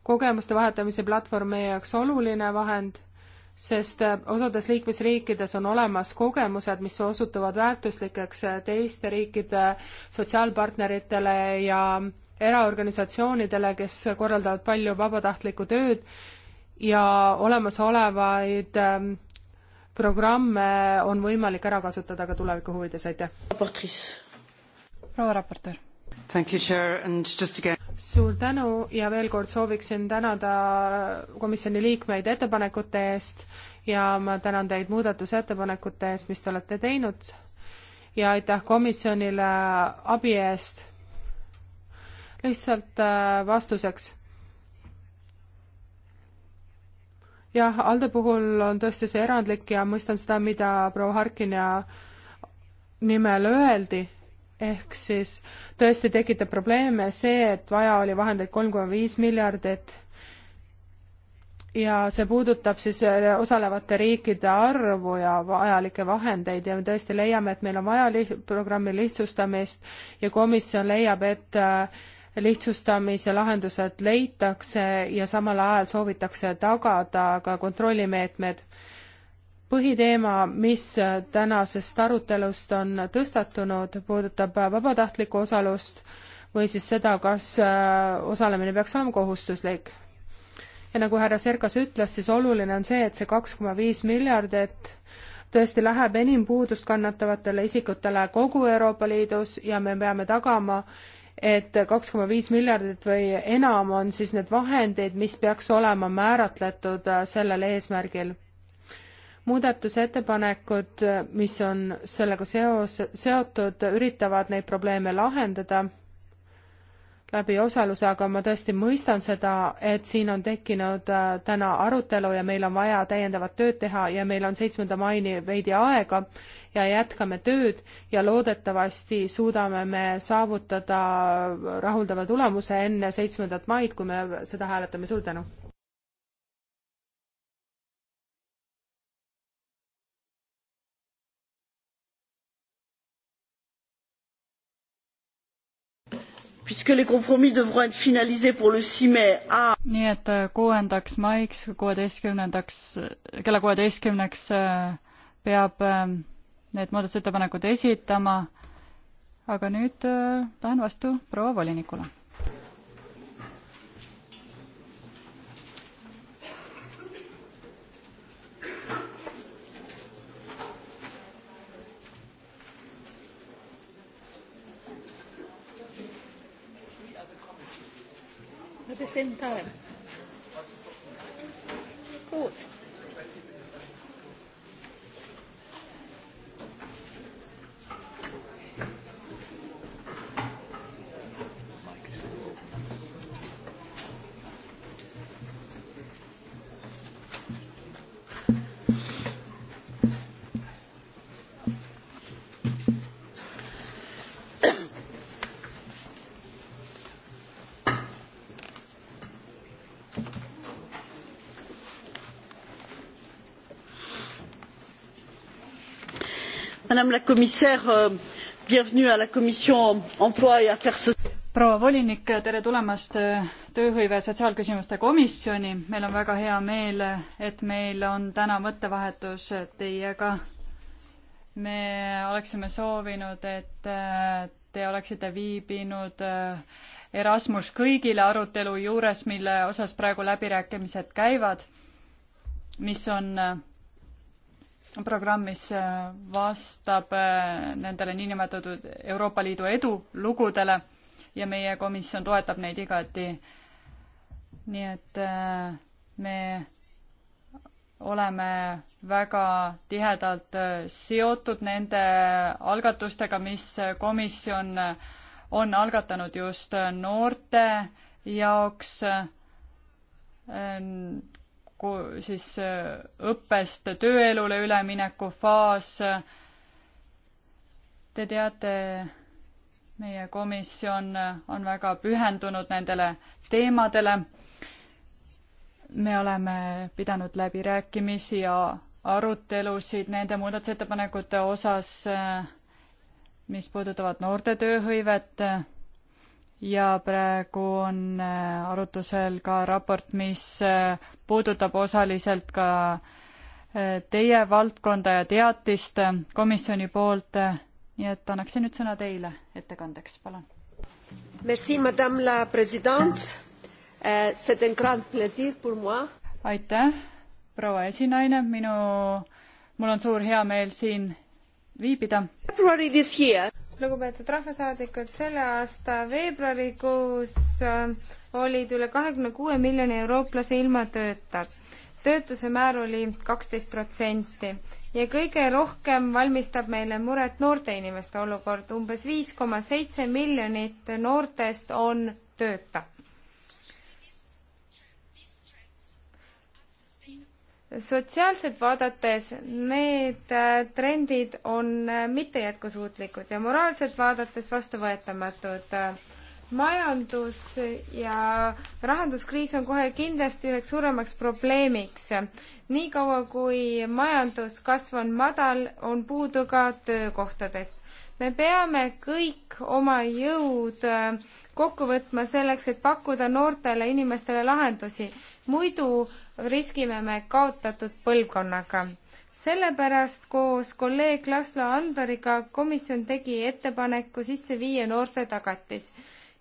kogemuste vahetamise platvorm meie jaoks oluline vahend, sest äh, osades liikmesriikides on olemas kogemused, mis osutuvad väärtuslikeks äh, teiste riikide sotsiaalpartneritele ja eraorganisatsioonidele, kes korraldavad palju vabatahtlikku tööd ja olemasolevaid ähm, programme on võimalik ära kasutada ka tuleviku huvides, aitäh! proua raportöör suur tänu ja veel kord sooviksin tänada komisjoni liikmeid ettepanekute eest ja ma tänan teid muudatusettepanekute eest, mis te olete teinud ja aitäh komisjonile abi eest. lihtsalt äh, vastuseks. jah, Alde puhul on tõesti see erandlik ja mõistan seda, mida proua Harkin ja nimel öeldi ehk siis tõesti tekitab probleeme see, et vaja oli vahendeid kolm koma viis miljardit ja see puudutab siis äh, osalevate riikide arvu ja vajalikke vahendeid ja me tõesti leiame, et meil on vaja li-, programmi lihtsustamist ja komisjon leiab, et äh, lihtsustamise lahendused leitakse ja samal ajal soovitakse tagada ka kontrollimeetmed põhiteema, mis tänasest arutelust on tõstatunud, puudutab vabatahtlikku osalust või siis seda, kas äh, osalemine peaks olema kohustuslik. ja nagu härra Sergas ütles, siis oluline on see, et see kaks koma viis miljardit tõesti läheb enim puudust kannatavatele isikutele kogu Euroopa Liidus ja me peame tagama, et kaks koma viis miljardit või enam on siis need vahendid, mis peaks olema määratletud äh, sellel eesmärgil muudatusettepanekud, mis on sellega seos, seotud, üritavad neid probleeme lahendada läbi osaluse, aga ma tõesti mõistan seda, et siin on tekkinud äh, täna arutelu ja meil on vaja täiendavat tööd teha ja meil on seitsmenda maini veidi aega ja jätkame tööd ja loodetavasti suudame me saavutada rahuldava tulemuse enne seitsmendat maid, kui me seda hääletame. suur tänu! puisque les compromis devront être finalisés pour le 6 mai à nii et euh, kuuendaks maiks, kuueteistkümnendaks, kella kuueteistkümneks äh, peab äh, need muudatusettepanekud esitama, aga nüüd äh, lähen vastu proua volinikule same time. Good. madame la commissaire euh, bienvenue à la commission emploi et affaires sociales. proua volinik tere tulemast äh, tööhõive ja sotsiaalküsimuste komisjoni meil on väga hea meel et meil on täna mõttevahetus teiega me oleksime soovinud et äh, te oleksite viibinud äh, Erasmus kõigile arutelu juures mille osas praegu läbirääkimised käivad mis on programm, mis äh, vastab äh, nendele niinimetatud Euroopa Liidu edulugudele ja meie komisjon toetab neid igati. nii et äh, me oleme väga tihedalt seotud nende algatustega, mis komisjon on algatanud just noorte jaoks siis äh, õppest tööelule ülemineku faas. Te teate, meie komisjon on väga pühendunud nendele teemadele. me oleme pidanud läbirääkimisi ja arutelusid nende muudatusettepanekute osas, äh, mis puudutavad noorte tööhõivet ja praegu on äh, arutusel ka raport, mis äh, puudutab osaliselt ka äh, teie valdkonda ja teatist komisjoni poolt. nii et annaksin nüüd sõna teile ettekandeks, palun. Merci, madame la president. Euh, c'est un grand plaisir pour moi. aitäh, proua esinaine, minu, mul on suur heameel siin viibida. February this year lugupeetud rahvasaadikud, selle aasta veebruarikuus äh, olid üle kahekümne kuue miljoni eurooplase ilma tööta. töötuse määr oli kaksteist protsenti ja kõige rohkem valmistab meile muret noorte inimeste olukord. umbes viis koma seitse miljonit noortest on tööta. sotsiaalselt vaadates need äh, trendid on äh, mittejätkusuutlikud ja moraalselt vaadates vastuvõetamatud. majandus ja rahanduskriis on kohe kindlasti üheks suuremaks probleemiks. niikaua, kui majanduskasv on madal, on puudu ka töökohtadest. me peame kõik oma jõud äh, kokku võtma selleks, et pakkuda noortele inimestele lahendusi. muidu riskime me kaotatud põlvkonnaga. sellepärast koos kolleeg Laslo Andoriga komisjon tegi ettepaneku sisse viia noorte tagatis.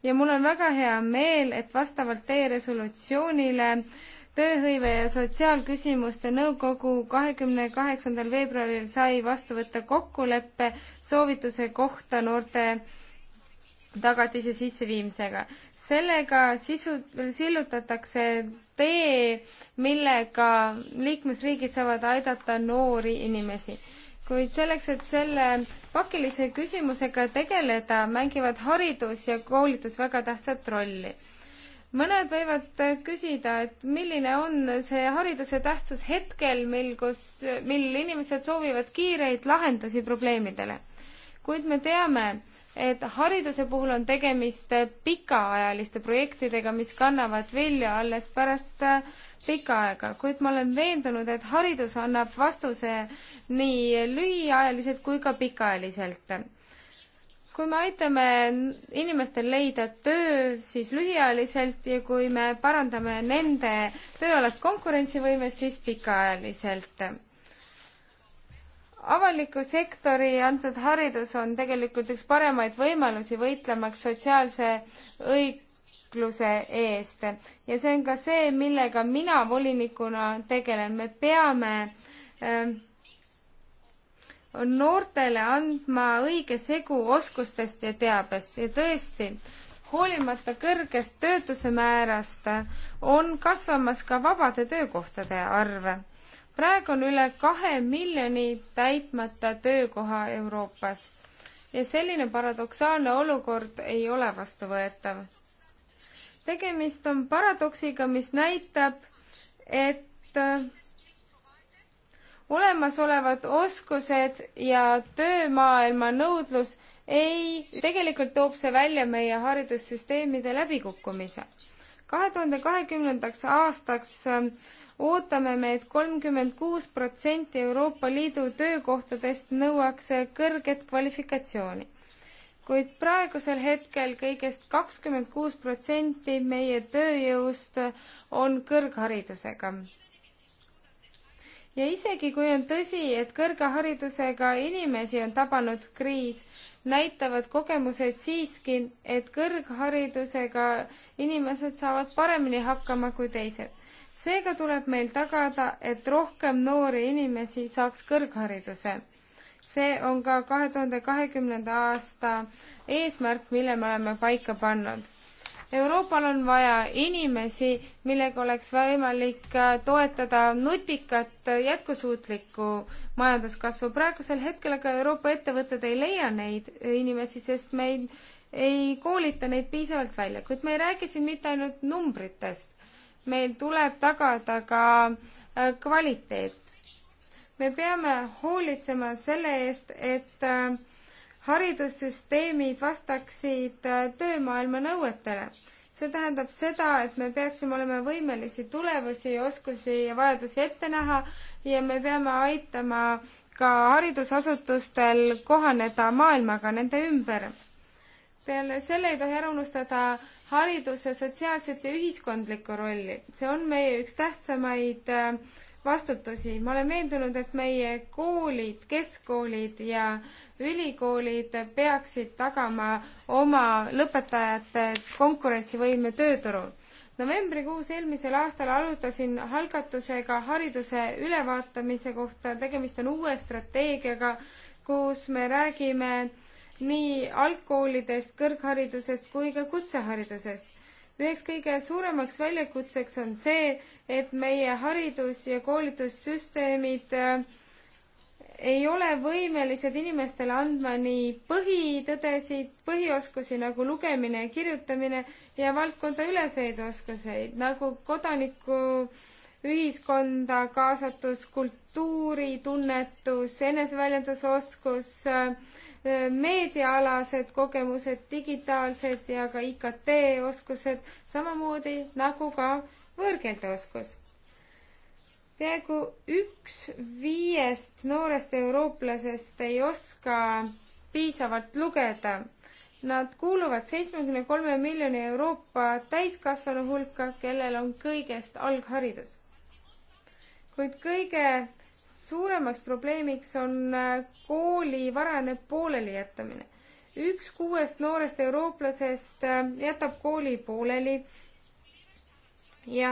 ja mul on väga hea meel, et vastavalt teie resolutsioonile tööhõive ja sotsiaalküsimuste nõukogu kahekümne kaheksandal veebruaril sai vastu võtta kokkuleppe soovituse kohta noorte tagatise sisseviimisega. sellega sisu, sillutatakse tee, millega liikmesriigid saavad aidata noori inimesi. kuid selleks, et selle pakilise küsimusega tegeleda, mängivad haridus ja koolitus väga tähtsat rolli. mõned võivad küsida, et milline on see hariduse tähtsus hetkel, mil, kus, mil inimesed soovivad kiireid lahendusi probleemidele. kuid me teame, et hariduse puhul on tegemist pikaajaliste projektidega, mis kannavad vilja alles pärast äh, pikka aega, kuid ma olen veendunud, et haridus annab vastuse nii lühiajaliselt kui ka pikaajaliselt. kui me aitame inimestel leida töö, siis lühiajaliselt ja kui me parandame nende tööalast konkurentsivõimet, siis pikaajaliselt avaliku sektori antud haridus on tegelikult üks paremaid võimalusi võitlemaks sotsiaalse õigluse eest ja see on ka see, millega mina volinikuna tegelen, me peame äh, noortele andma õige segu oskustest ja teabest ja tõesti, hoolimata kõrgest töötuse määrast on kasvamas ka vabade töökohtade arv praegu on üle kahe miljoni täitmata töökoha Euroopas ja selline paradoksaalne olukord ei ole vastuvõetav. tegemist on paradoksiga, mis näitab, et äh, olemasolevad oskused ja töömaailma nõudlus ei, tegelikult toob see välja meie haridussüsteemide läbikukkumise. kahe tuhande kahekümnendaks aastaks äh, ootame me et, et kolmkümmend kuus protsenti Euroopa Liidu töökohtadest nõuaks kõrget kvalifikatsiooni. kuid praegusel hetkel kõigest kakskümmend kuus protsenti meie tööjõust on kõrgharidusega. ja isegi kui on tõsi, et kõrge haridusega inimesi on tabanud kriis, näitavad kogemused siiski, et kõrgharidusega inimesed saavad paremini hakkama kui teised seega tuleb meil tagada, et rohkem noori inimesi saaks kõrghariduse. see on ka kahe tuhande kahekümnenda aasta eesmärk, mille me oleme paika pannud. Euroopal on vaja inimesi, millega oleks võimalik äh, toetada nutikat äh, jätkusuutlikku majanduskasvu. praegusel hetkel aga Euroopa ettevõtted ei leia neid äh, inimesi, sest meil ei koolita neid piisavalt välja, kuid me ei räägi siin mitte ainult numbritest meil tuleb tagada ka äh, kvaliteet. me peame hoolitsema selle eest, et äh, haridussüsteemid vastaksid äh, töömaailma nõuetele. see tähendab seda, et me peaksime olema võimelisi tulevusi, oskusi ja vajadusi ette näha ja me peame aitama ka haridusasutustel kohaneda maailmaga nende ümber. peale selle ei tohi ära unustada hariduse sotsiaalset ja ühiskondlikku rolli. see on meie üks tähtsamaid äh, vastutusi. ma olen veendunud, et meie koolid, keskkoolid ja ülikoolid peaksid tagama oma lõpetajate konkurentsivõime tööturul novembrikuus eelmisel aastal alustasin algatusega hariduse ülevaatamise kohta, tegemist on uue strateegiaga, kus me räägime äh, nii algkoolidest, kõrgharidusest kui ka kutseharidusest. üheks kõige suuremaks väljakutseks on see, et meie haridus- ja koolitussüsteemid äh, ei ole võimelised inimestele andma nii põhitõdesid, põhioskusi nagu lugemine ja kirjutamine ja valdkonda üleseid oskuseid nagu kodaniku ühiskonda kaasatus, kultuuritunnetus, eneseväljendusoskus äh,, meediaalased kogemused, digitaalsed ja ka IKT oskused, samamoodi nagu ka võõrkeelte oskus. peaaegu üks viiest noorest eurooplasest ei oska piisavalt lugeda. Nad kuuluvad seitsmekümne kolme miljoni Euroopa täiskasvanu hulka, kellel on kõigest algharidus. kuid kõige suuremaks probleemiks on äh, kooli varajane pooleli jättamine. üks kuuest noorest eurooplasest äh, jätab kooli pooleli ja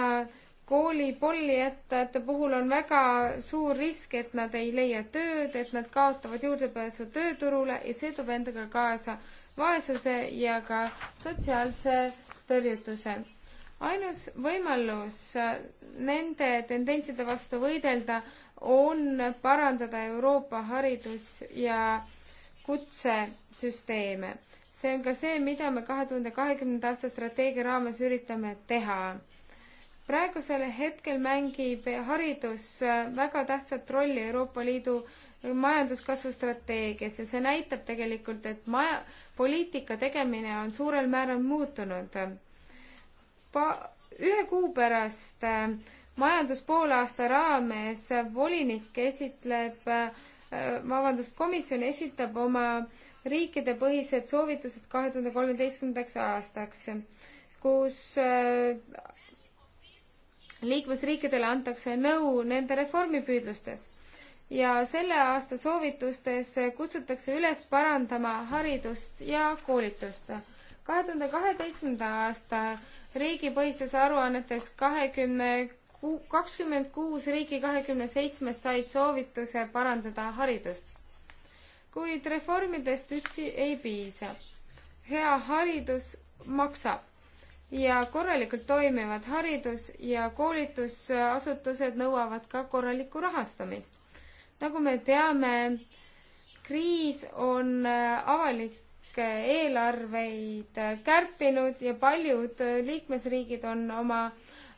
kooli polli jättajate puhul on väga suur risk, et nad ei leia tööd, et nad kaotavad juurdepääsu tööturule ja see toob endaga kaasa vaesuse ja ka sotsiaalse tõrjutuse ainus võimalus äh, nende tendentside vastu võidelda on parandada Euroopa haridus- ja kutsesüsteeme. see on ka see, mida me kahe tuhande kahekümnenda aasta strateegia raames üritame teha. praegusel hetkel mängib haridus väga tähtsat rolli Euroopa Liidu majanduskasvu strateegias ja see näitab tegelikult, et maja, poliitika tegemine on suurel määral muutunud. Pa-, ühe kuu pärast äh, majanduspoolaasta raames volinik esitleb, äh, vabandust, komisjon esitab oma riikidepõhised soovitused kahe tuhande kolmeteistkümnendaks aastaks, kus äh, liikmesriikidele antakse nõu nende reformipüüdlustes ja selle aasta soovitustes kutsutakse üles parandama haridust ja koolitust. kahe tuhande kaheteistkümnenda aasta riigipõhistes aruannetes kahekümne kakskümmend kuus riiki kahekümne seitsmest said soovituse parandada haridust. kuid reformidest üksi ei piisa. hea haridus maksab ja korralikult toimivad haridus- ja koolitusasutused nõuavad ka korralikku rahastamist. nagu me teame, kriis on äh, avalikke eelarveid äh, kärpinud ja paljud äh, liikmesriigid on oma äh,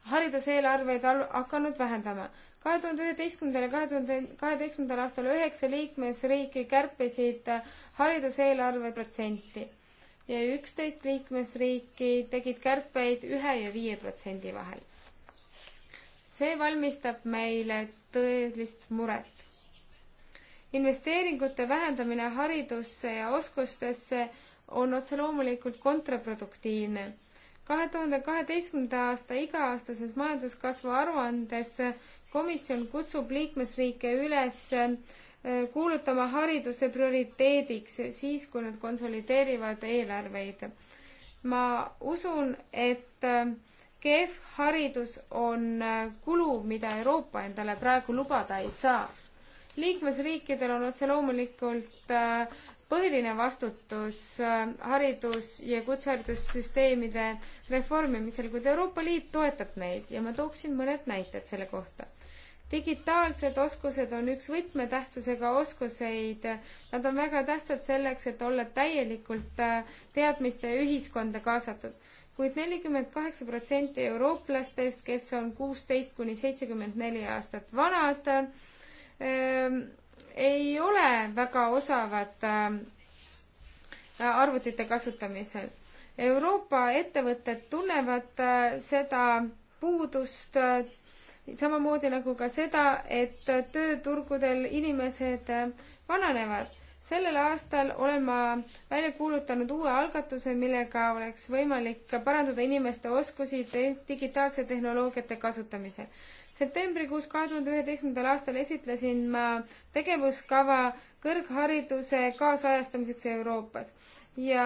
hariduseelarveid hakanud vähendama. kahe tuhande üheteistkümnendal ja kahe tuhande kaheteistkümnendal aastal üheksa liikmesriiki kärpisid hariduseelarve protsenti ja üksteist liikmesriiki tegid kärpeid ühe ja viie protsendi vahel. see valmistab meile tõelist muret. investeeringute vähendamine haridusse ja oskustesse on otse loomulikult kontraproduktiivne kahe tuhande kaheteistkümnenda aasta iga-aastases majanduskasvu aruandes komisjon kutsub liikmesriike üles äh, kuulutama hariduse prioriteediks siis, kui nad konsolideerivad eelarveid. ma usun, et äh, kehv haridus on äh, kulu, mida Euroopa endale praegu lubada ei saa liikmesriikidel on otse loomulikult põhiline vastutus äh, haridus- ja kutseharidussüsteemide reformimisel, kuid Euroopa Liit toetab neid ja ma tooksin mõned näited selle kohta. digitaalsed oskused on üks võtmetähtsusega oskuseid, nad on väga tähtsad selleks, et olla täielikult äh, teadmiste ühiskonda kaasatud kuid nelikümmend kaheksa protsenti eurooplastest, kes on kuusteist kuni seitsekümmend neli aastat vanad ähm,, ei ole väga osavad äh, arvutite kasutamisel. Euroopa ettevõtted tunnevad äh, seda puudust äh, samamoodi nagu ka seda, et tööturgudel inimesed vananevad. sellel aastal olen ma välja kuulutanud uue algatuse, millega oleks võimalik parandada inimeste oskusi digitaalse tehnoloogiate kasutamisel septembrikuus kahe tuhande üheteistkümnendal aastal esitlesin ma tegevuskava kõrghariduse kaasajastamiseks Euroopas ja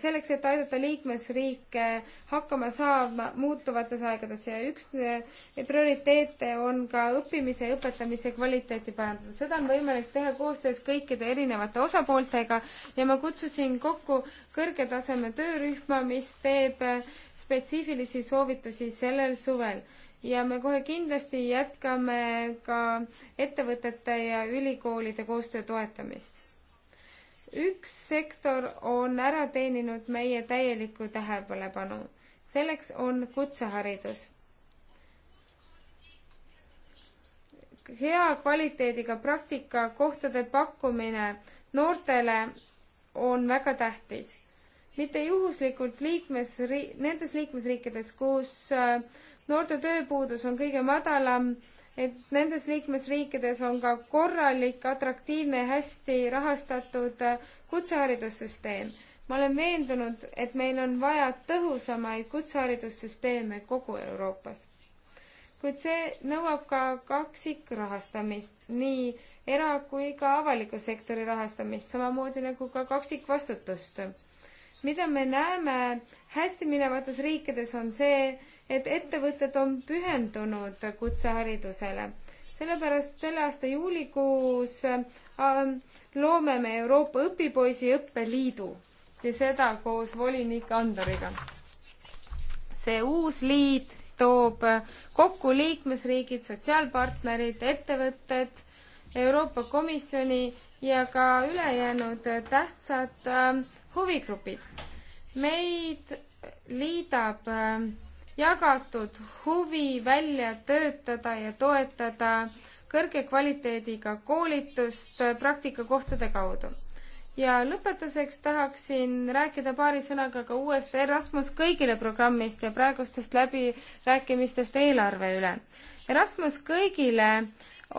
selleks, et aidata liikmesriike hakkama saama muutuvates aegades ja üks eh, prioriteete on ka õppimise ja õpetamise kvaliteeti parandada. seda on võimalik teha koostöös kõikide erinevate osapooltega ja ma kutsusin kokku kõrge taseme töörühma, mis teeb eh, spetsiifilisi soovitusi sellel suvel ja me kohe kindlasti jätkame ka ettevõtete ja ülikoolide koostöö toetamist. üks sektor on ära teeninud meie täielikku tähelepanu, selleks on kutseharidus. hea kvaliteediga praktikakohtade pakkumine noortele on väga tähtis mitte juhuslikult liikmesri-, nendes liikmesriikides, kus äh, noorte tööpuudus on kõige madalam, et nendes liikmesriikides on ka korralik, atraktiivne ja hästi rahastatud äh, kutseharidussüsteem. ma olen veendunud, et meil on vaja tõhusamaid kutseharidussüsteeme kogu Euroopas. kuid see nõuab ka kaksikrahastamist, nii era- kui ka avaliku sektori rahastamist, samamoodi nagu ka kaksikvastutust. mida me näeme hästi minevates riikides, on see, et ettevõtted on pühendunud kutseharidusele. sellepärast selle aasta juulikuus ähm, loome me Euroopa õpipoisi õppeliidu ja seda koos volinik Andoriga. see uus liit toob kokku liikmesriigid, sotsiaalpartnerid, ettevõtted, Euroopa Komisjoni ja ka ülejäänud tähtsad ähm, huvigrupid. meid liidab äh, jagatud huvi välja töötada ja toetada kõrge kvaliteediga koolitust praktikakohtade kaudu. ja lõpetuseks tahaksin rääkida paari sõnaga ka uuest Erasmus kõigile programmist ja praegustest läbirääkimistest eelarve üle. Erasmus kõigile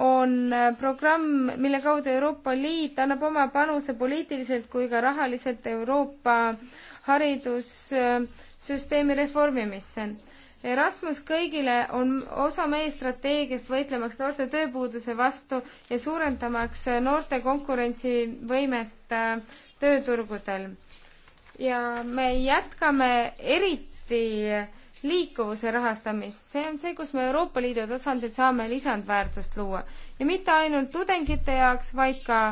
on programm, mille kaudu Euroopa Liit annab oma panuse poliitiliselt kui ka rahaliselt Euroopa haridussüsteemi reformimisse Erasmus kõigile on osa meie strateegiast võitlemaks noorte tööpuuduse vastu ja suurendamaks noorte konkurentsivõimet äh, tööturgudel. ja me jätkame eriti liikuvuse rahastamist, see on see, kus me Euroopa Liidu tasandil saame lisandväärtust luua ja mitte ainult tudengite jaoks, vaid ka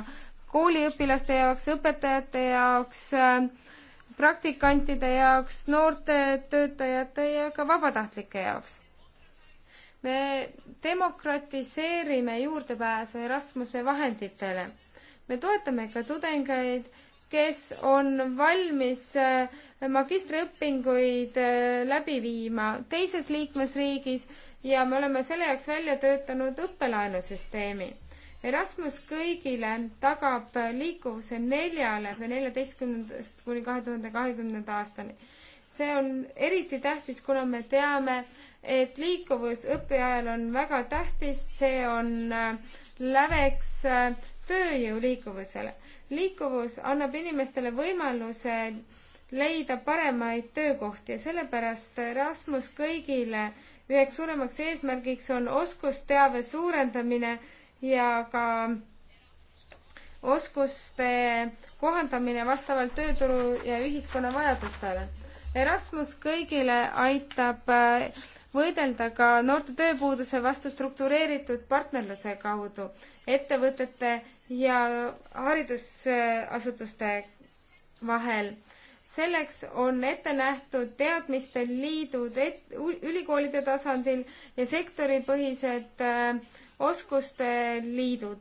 kooliõpilaste jaoks, õpetajate jaoks äh,, praktikantide jaoks, noorte töötajate ja ka vabatahtlike jaoks. me demokratiseerime juurdepääsu Erasmuse vahenditele. me toetame ka tudengeid, kes on valmis äh, magistriõpinguid äh, läbi viima teises liikmesriigis ja me oleme selle jaoks välja töötanud õppelaenusüsteemi Erasmus kõigile tagab liikuvuse neljale või neljateistkümnendast kuni kahe tuhande kahekümnenda aastani. see on eriti tähtis, kuna me teame, et liikuvus õpiajal on väga tähtis, see on äh, läveks äh, tööjõu liikuvusele. liikuvus annab inimestele võimaluse leida paremaid töökohti ja sellepärast Erasmus kõigile üheks suuremaks eesmärgiks on oskusteave suurendamine ja ka oskuste kohandamine vastavalt tööturu ja ühiskonna vajadustele. Erasmus kõigile aitab äh, võidelda ka noorte tööpuuduse vastu struktureeritud partnerluse kaudu ettevõtete ja haridusasutuste vahel selleks on ette nähtud teadmiste liidud et, ülikoolide tasandil ja sektoripõhised äh, oskuste liidud.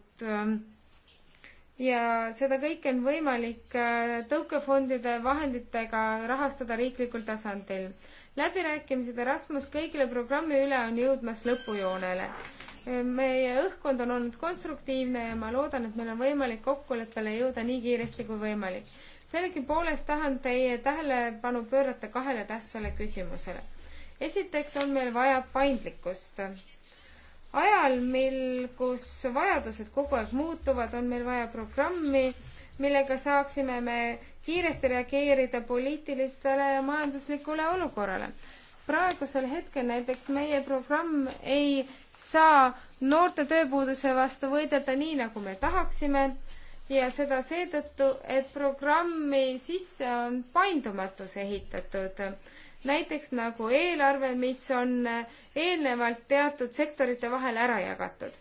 ja seda kõike on võimalik äh, tõukefondide vahenditega rahastada riiklikul tasandil. läbirääkimised Erasmus kõigile programmi üle on jõudmas lõpujoonele äh, meie õhkkond on olnud konstruktiivne ja ma loodan, et meil on võimalik kokkuleppele jõuda nii kiiresti kui võimalik. sellegipoolest tahan teie tähelepanu pöörata kahele tähtsale küsimusele. esiteks on meil vaja paindlikkust ajal, mil, kus vajadused kogu aeg muutuvad, on meil vaja programmi, millega saaksime me kiiresti reageerida poliitilistele ja majanduslikule olukorrale. praegusel hetkel näiteks meie programm ei saa noorte tööpuuduse vastu võidelda nii, nagu me tahaksime ja seda seetõttu, et programmi sisse on paindumatus ehitatud näiteks nagu eelarve, mis on eelnevalt teatud sektorite vahel ära jagatud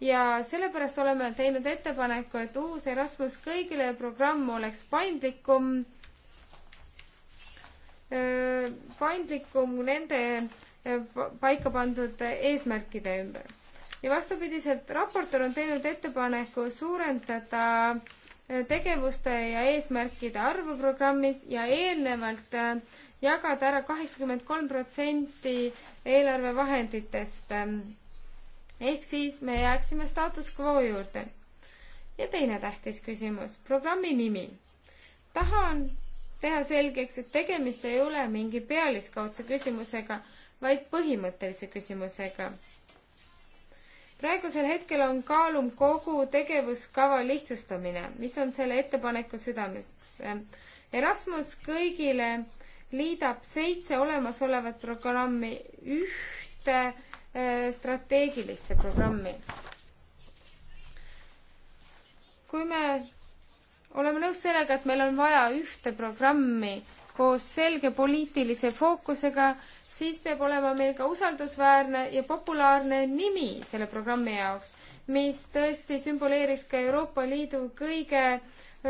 ja sellepärast oleme teinud ettepaneku, et uus Erasmus kõigile programm oleks paindlikum, paindlikum nende paika pandud eesmärkide ümber. ja vastupidiselt, raportöör on teinud ettepaneku suurendada tegevuste ja eesmärkide arvu programmis ja eelnevalt jagada ära kaheksakümmend kolm protsenti eelarvevahenditest. ehk siis me jääksime status quo juurde. ja teine tähtis küsimus, programmi nimi. tahan teha selgeks, et tegemist ei ole mingi pealiskaudse küsimusega, vaid põhimõttelise küsimusega. praegusel hetkel on kaalum kogu tegevuskava lihtsustamine, mis on selle ettepaneku südameks. Erasmus kõigile liidab seitse olemasolevat programmi ühte äh, strateegilisse programmi. kui me oleme nõus sellega, et meil on vaja ühte programmi koos selge poliitilise fookusega, siis peab olema meil ka usaldusväärne ja populaarne nimi selle programmi jaoks, mis tõesti sümboleeriks ka Euroopa Liidu kõige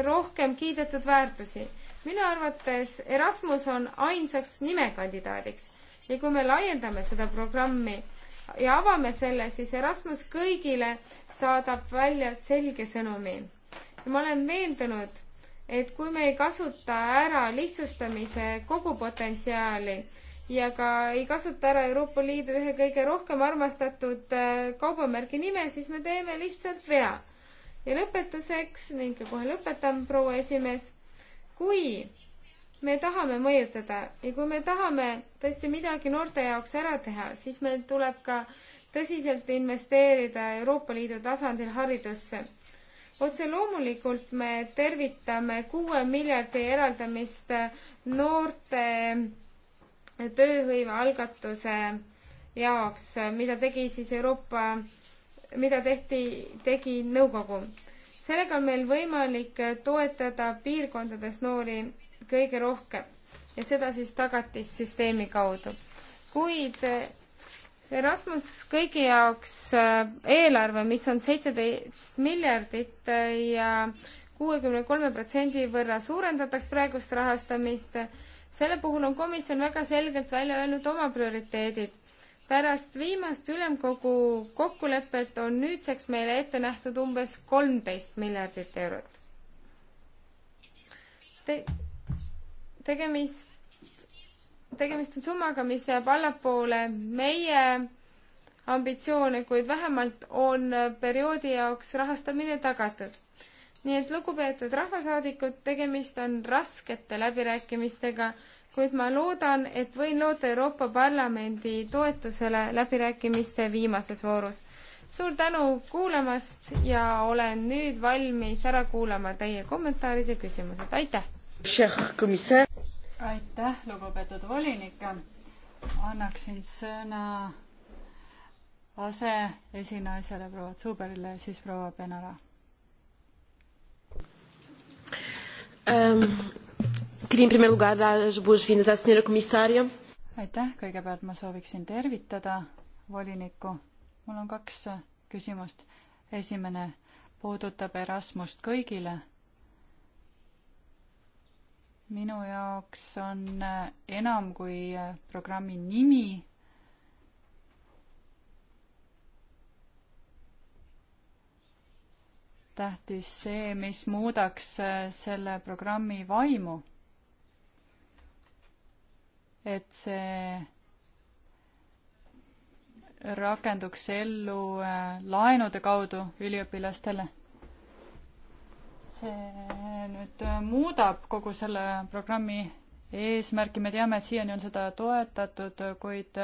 rohkem kiidetud väärtusi minu arvates Erasmus on ainsaks nimekandidaadiks ja kui me laiendame seda programmi ja avame selle, siis Erasmus kõigile saadab välja selge sõnumi. ma olen veendunud, et kui me ei kasuta ära lihtsustamise kogu potentsiaali ja ka ei kasuta ära Euroopa Liidu ühe kõige rohkem armastatud äh, kaubamärgi nime, siis me teeme lihtsalt vea. ja lõpetuseks ning kohe lõpetan, proua esimees kui me tahame mõjutada ja kui me tahame tõesti midagi noorte jaoks ära teha, siis meil tuleb ka tõsiselt investeerida Euroopa Liidu tasandil haridusse. otse loomulikult me tervitame kuue miljardi eraldamist noorte tööhõive algatuse jaoks, mida tegi siis Euroopa, mida tehti, tegi nõukogu sellega on meil võimalik toetada piirkondades noori kõige rohkem ja seda siis tagatissüsteemi kaudu. kuid eh, Erasmus kõigi jaoks eh, eelarve, mis on seitseteist miljardit eh, ja kuuekümne kolme protsendi võrra suurendatakse praegust rahastamist, selle puhul on komisjon väga selgelt välja öelnud oma prioriteedid pärast viimast ülemkogu kokkulepet on nüüdseks meile ette nähtud umbes kolmteist miljardit eurot Te. tegemist, tegemist on summaga, mis jääb allapoole meie ambitsioone, kuid vähemalt on perioodi jaoks rahastamine tagatud. nii et lugupeetud rahvasaadikud, tegemist on raskete läbirääkimistega kuid ma loodan, et võin loota Euroopa Parlamendi toetusele läbirääkimiste viimases voorus. suur tänu kuulamast ja olen nüüd valmis ära kuulama teie kommentaarid ja küsimused, aitäh! aitäh, lugupeetud volinik! annaksin sõna aseesinaisele proua Zuberile ja siis proua Penara um,. Ähm, Queria, em primeiro lugar, dar as boas-vindas à senhora comissária. aitäh, kõigepealt ma sooviksin tervitada volinikku. mul on kaks küsimust. esimene puudutab Erasmust kõigile. minu jaoks on enam kui programmi nimi tähtis see, mis muudaks selle programmi vaimu et see rakenduks ellu äh, laenude kaudu üliõpilastele. see äh, nüüd äh, muudab kogu selle programmi eesmärki, me teame, et siiani on seda toetatud, kuid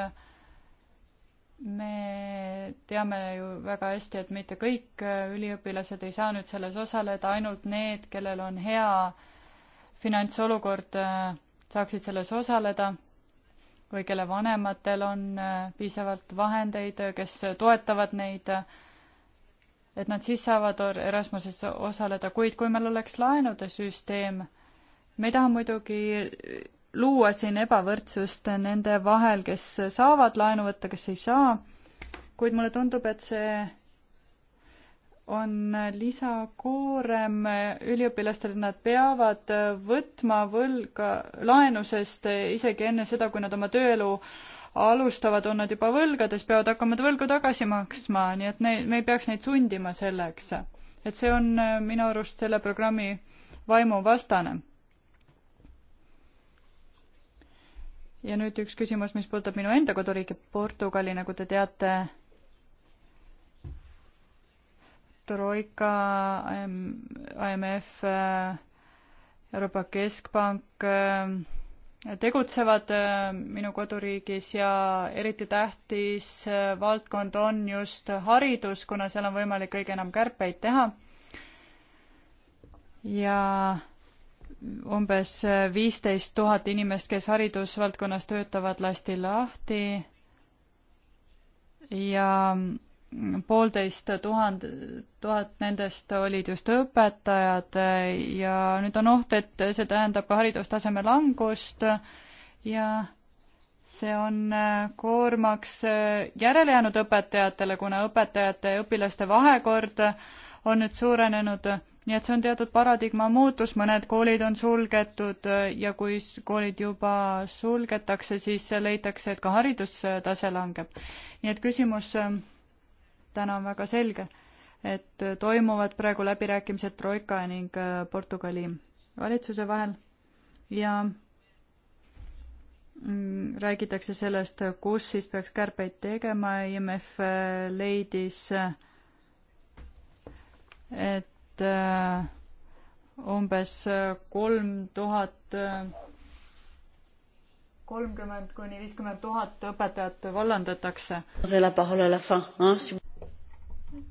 me teame ju väga hästi, et mitte kõik üliõpilased ei saa nüüd selles osaleda, ainult need, kellel on hea finantsolukord, saaksid selles osaleda või kelle vanematel on äh, piisavalt vahendeid, äh, kes toetavad neid, et nad siis saavad Erasmuses osaleda, kuid kui meil oleks laenude süsteem, me ei taha muidugi äh, luua siin ebavõrdsust nende vahel, kes saavad laenu võtta, kes ei saa, kuid mulle tundub, et see on lisakoorem üliõpilastel, et nad peavad võtma võlga laenusest isegi enne seda, kui nad oma tööelu alustavad, on nad juba võlgades, peavad hakkama võlgu tagasi maksma, nii et ne-, me ei peaks neid sundima selleks. et see on äh, minu arust selle programmi vaimuvastane. ja nüüd üks küsimus, mis puudutab minu enda koduriiki Portugali, nagu te teate Troika, IMF, äh, Euroopa Keskpank äh, tegutsevad äh, minu koduriigis ja eriti tähtis valdkond on just haridus, kuna seal on võimalik kõige enam kärpeid teha. ja umbes viisteist tuhat inimest, kes haridusvaldkonnas töötavad, lasti lahti ja poolteist tuhand-, tuhat nendest olid just õpetajad ja nüüd on oht, et see tähendab ka haridustaseme langust ja see on äh, koormaks äh, järelejäänud õpetajatele, kuna õpetajate ja õpilaste vahekord on nüüd suurenenud, nii et see on teatud paradigma muutus, mõned koolid on sulgetud äh, ja kui koolid juba sulgetakse, siis leitakse, et ka haridustase langeb. nii et küsimus täna on väga selge, et toimuvad praegu läbirääkimised Troika ning äh, Portugali valitsuse vahel ja mm, räägitakse sellest, kus siis peaks kärpeid tegema, IMF äh, leidis, äh, et umbes kolm tuhat, kolmkümmend kuni viiskümmend tuhat õpetajat vallandatakse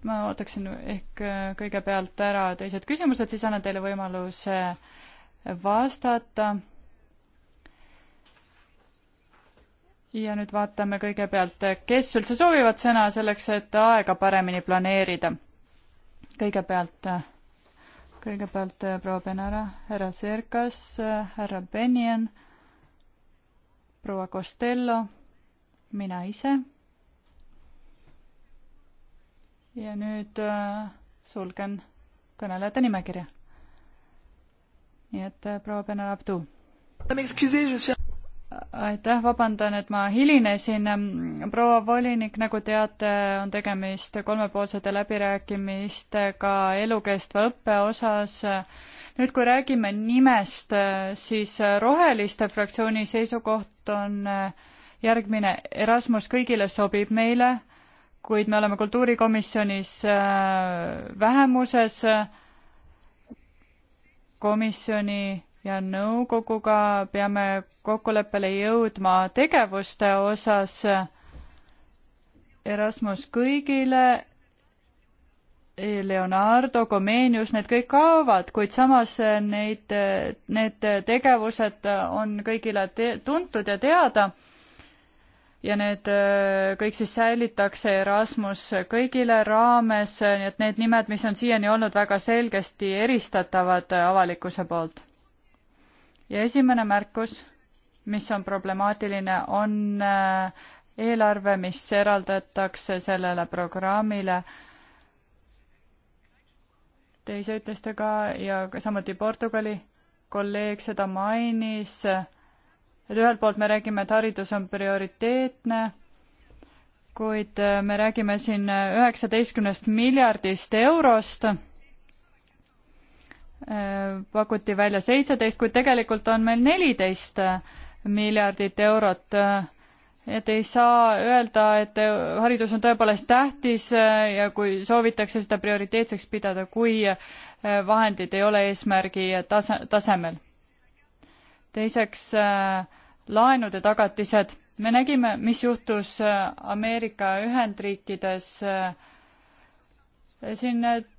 ma ootaksin ehk äh, kõigepealt ära teised küsimused, siis annan teile võimaluse vastata. ja nüüd vaatame kõigepealt, kes üldse soovivad sõna selleks, et aega paremini planeerida. kõigepealt, kõigepealt äh, proua Benara, härra Serkas, äh, härra Benjen, proua Costello, mina ise ja nüüd äh, sulgen kõnelejate nimekirja. nii et äh, proua Benel-Abdu. aitäh, vabandan, et ma hilinesin. proua volinik, nagu teate, on tegemist kolmepoolsete läbirääkimistega elukestva õppe osas. nüüd, kui räägime nimest, siis Roheliste fraktsiooni seisukoht on järgmine. Erasmus kõigile sobib meile kuid me oleme kultuurikomisjonis äh, vähemuses komisjoni ja nõukoguga peame kokkuleppele jõudma tegevuste osas Erasmus kõigile, Leonardo, Comenius, need kõik kaovad, kuid samas neid, need tegevused on kõigile te tuntud ja teada ja need äh, kõik siis säilitakse Erasmus kõigile raames, äh, nii et need nimed, mis on siiani olnud väga selgesti eristatavad äh, avalikkuse poolt. ja esimene märkus, mis on problemaatiline, on eelarve, mis eraldatakse sellele programmile. Te ise ütlesite ka ja samuti Portugali kolleeg seda mainis et ühelt poolt me räägime, et haridus on prioriteetne, kuid äh, me räägime siin äh, üheksateistkümnest miljardist eurost, äh, pakuti välja seitseteist, kuid tegelikult on meil neliteist miljardit eurot. et ei saa öelda, et haridus on tõepoolest tähtis ja kui soovitakse seda prioriteetseks pidada, kui vahendid ei ole eesmärgi tase, tasemel teiseks äh, laenude tagatised. me nägime, mis juhtus äh, Ameerika Ühendriikides. Äh, siin need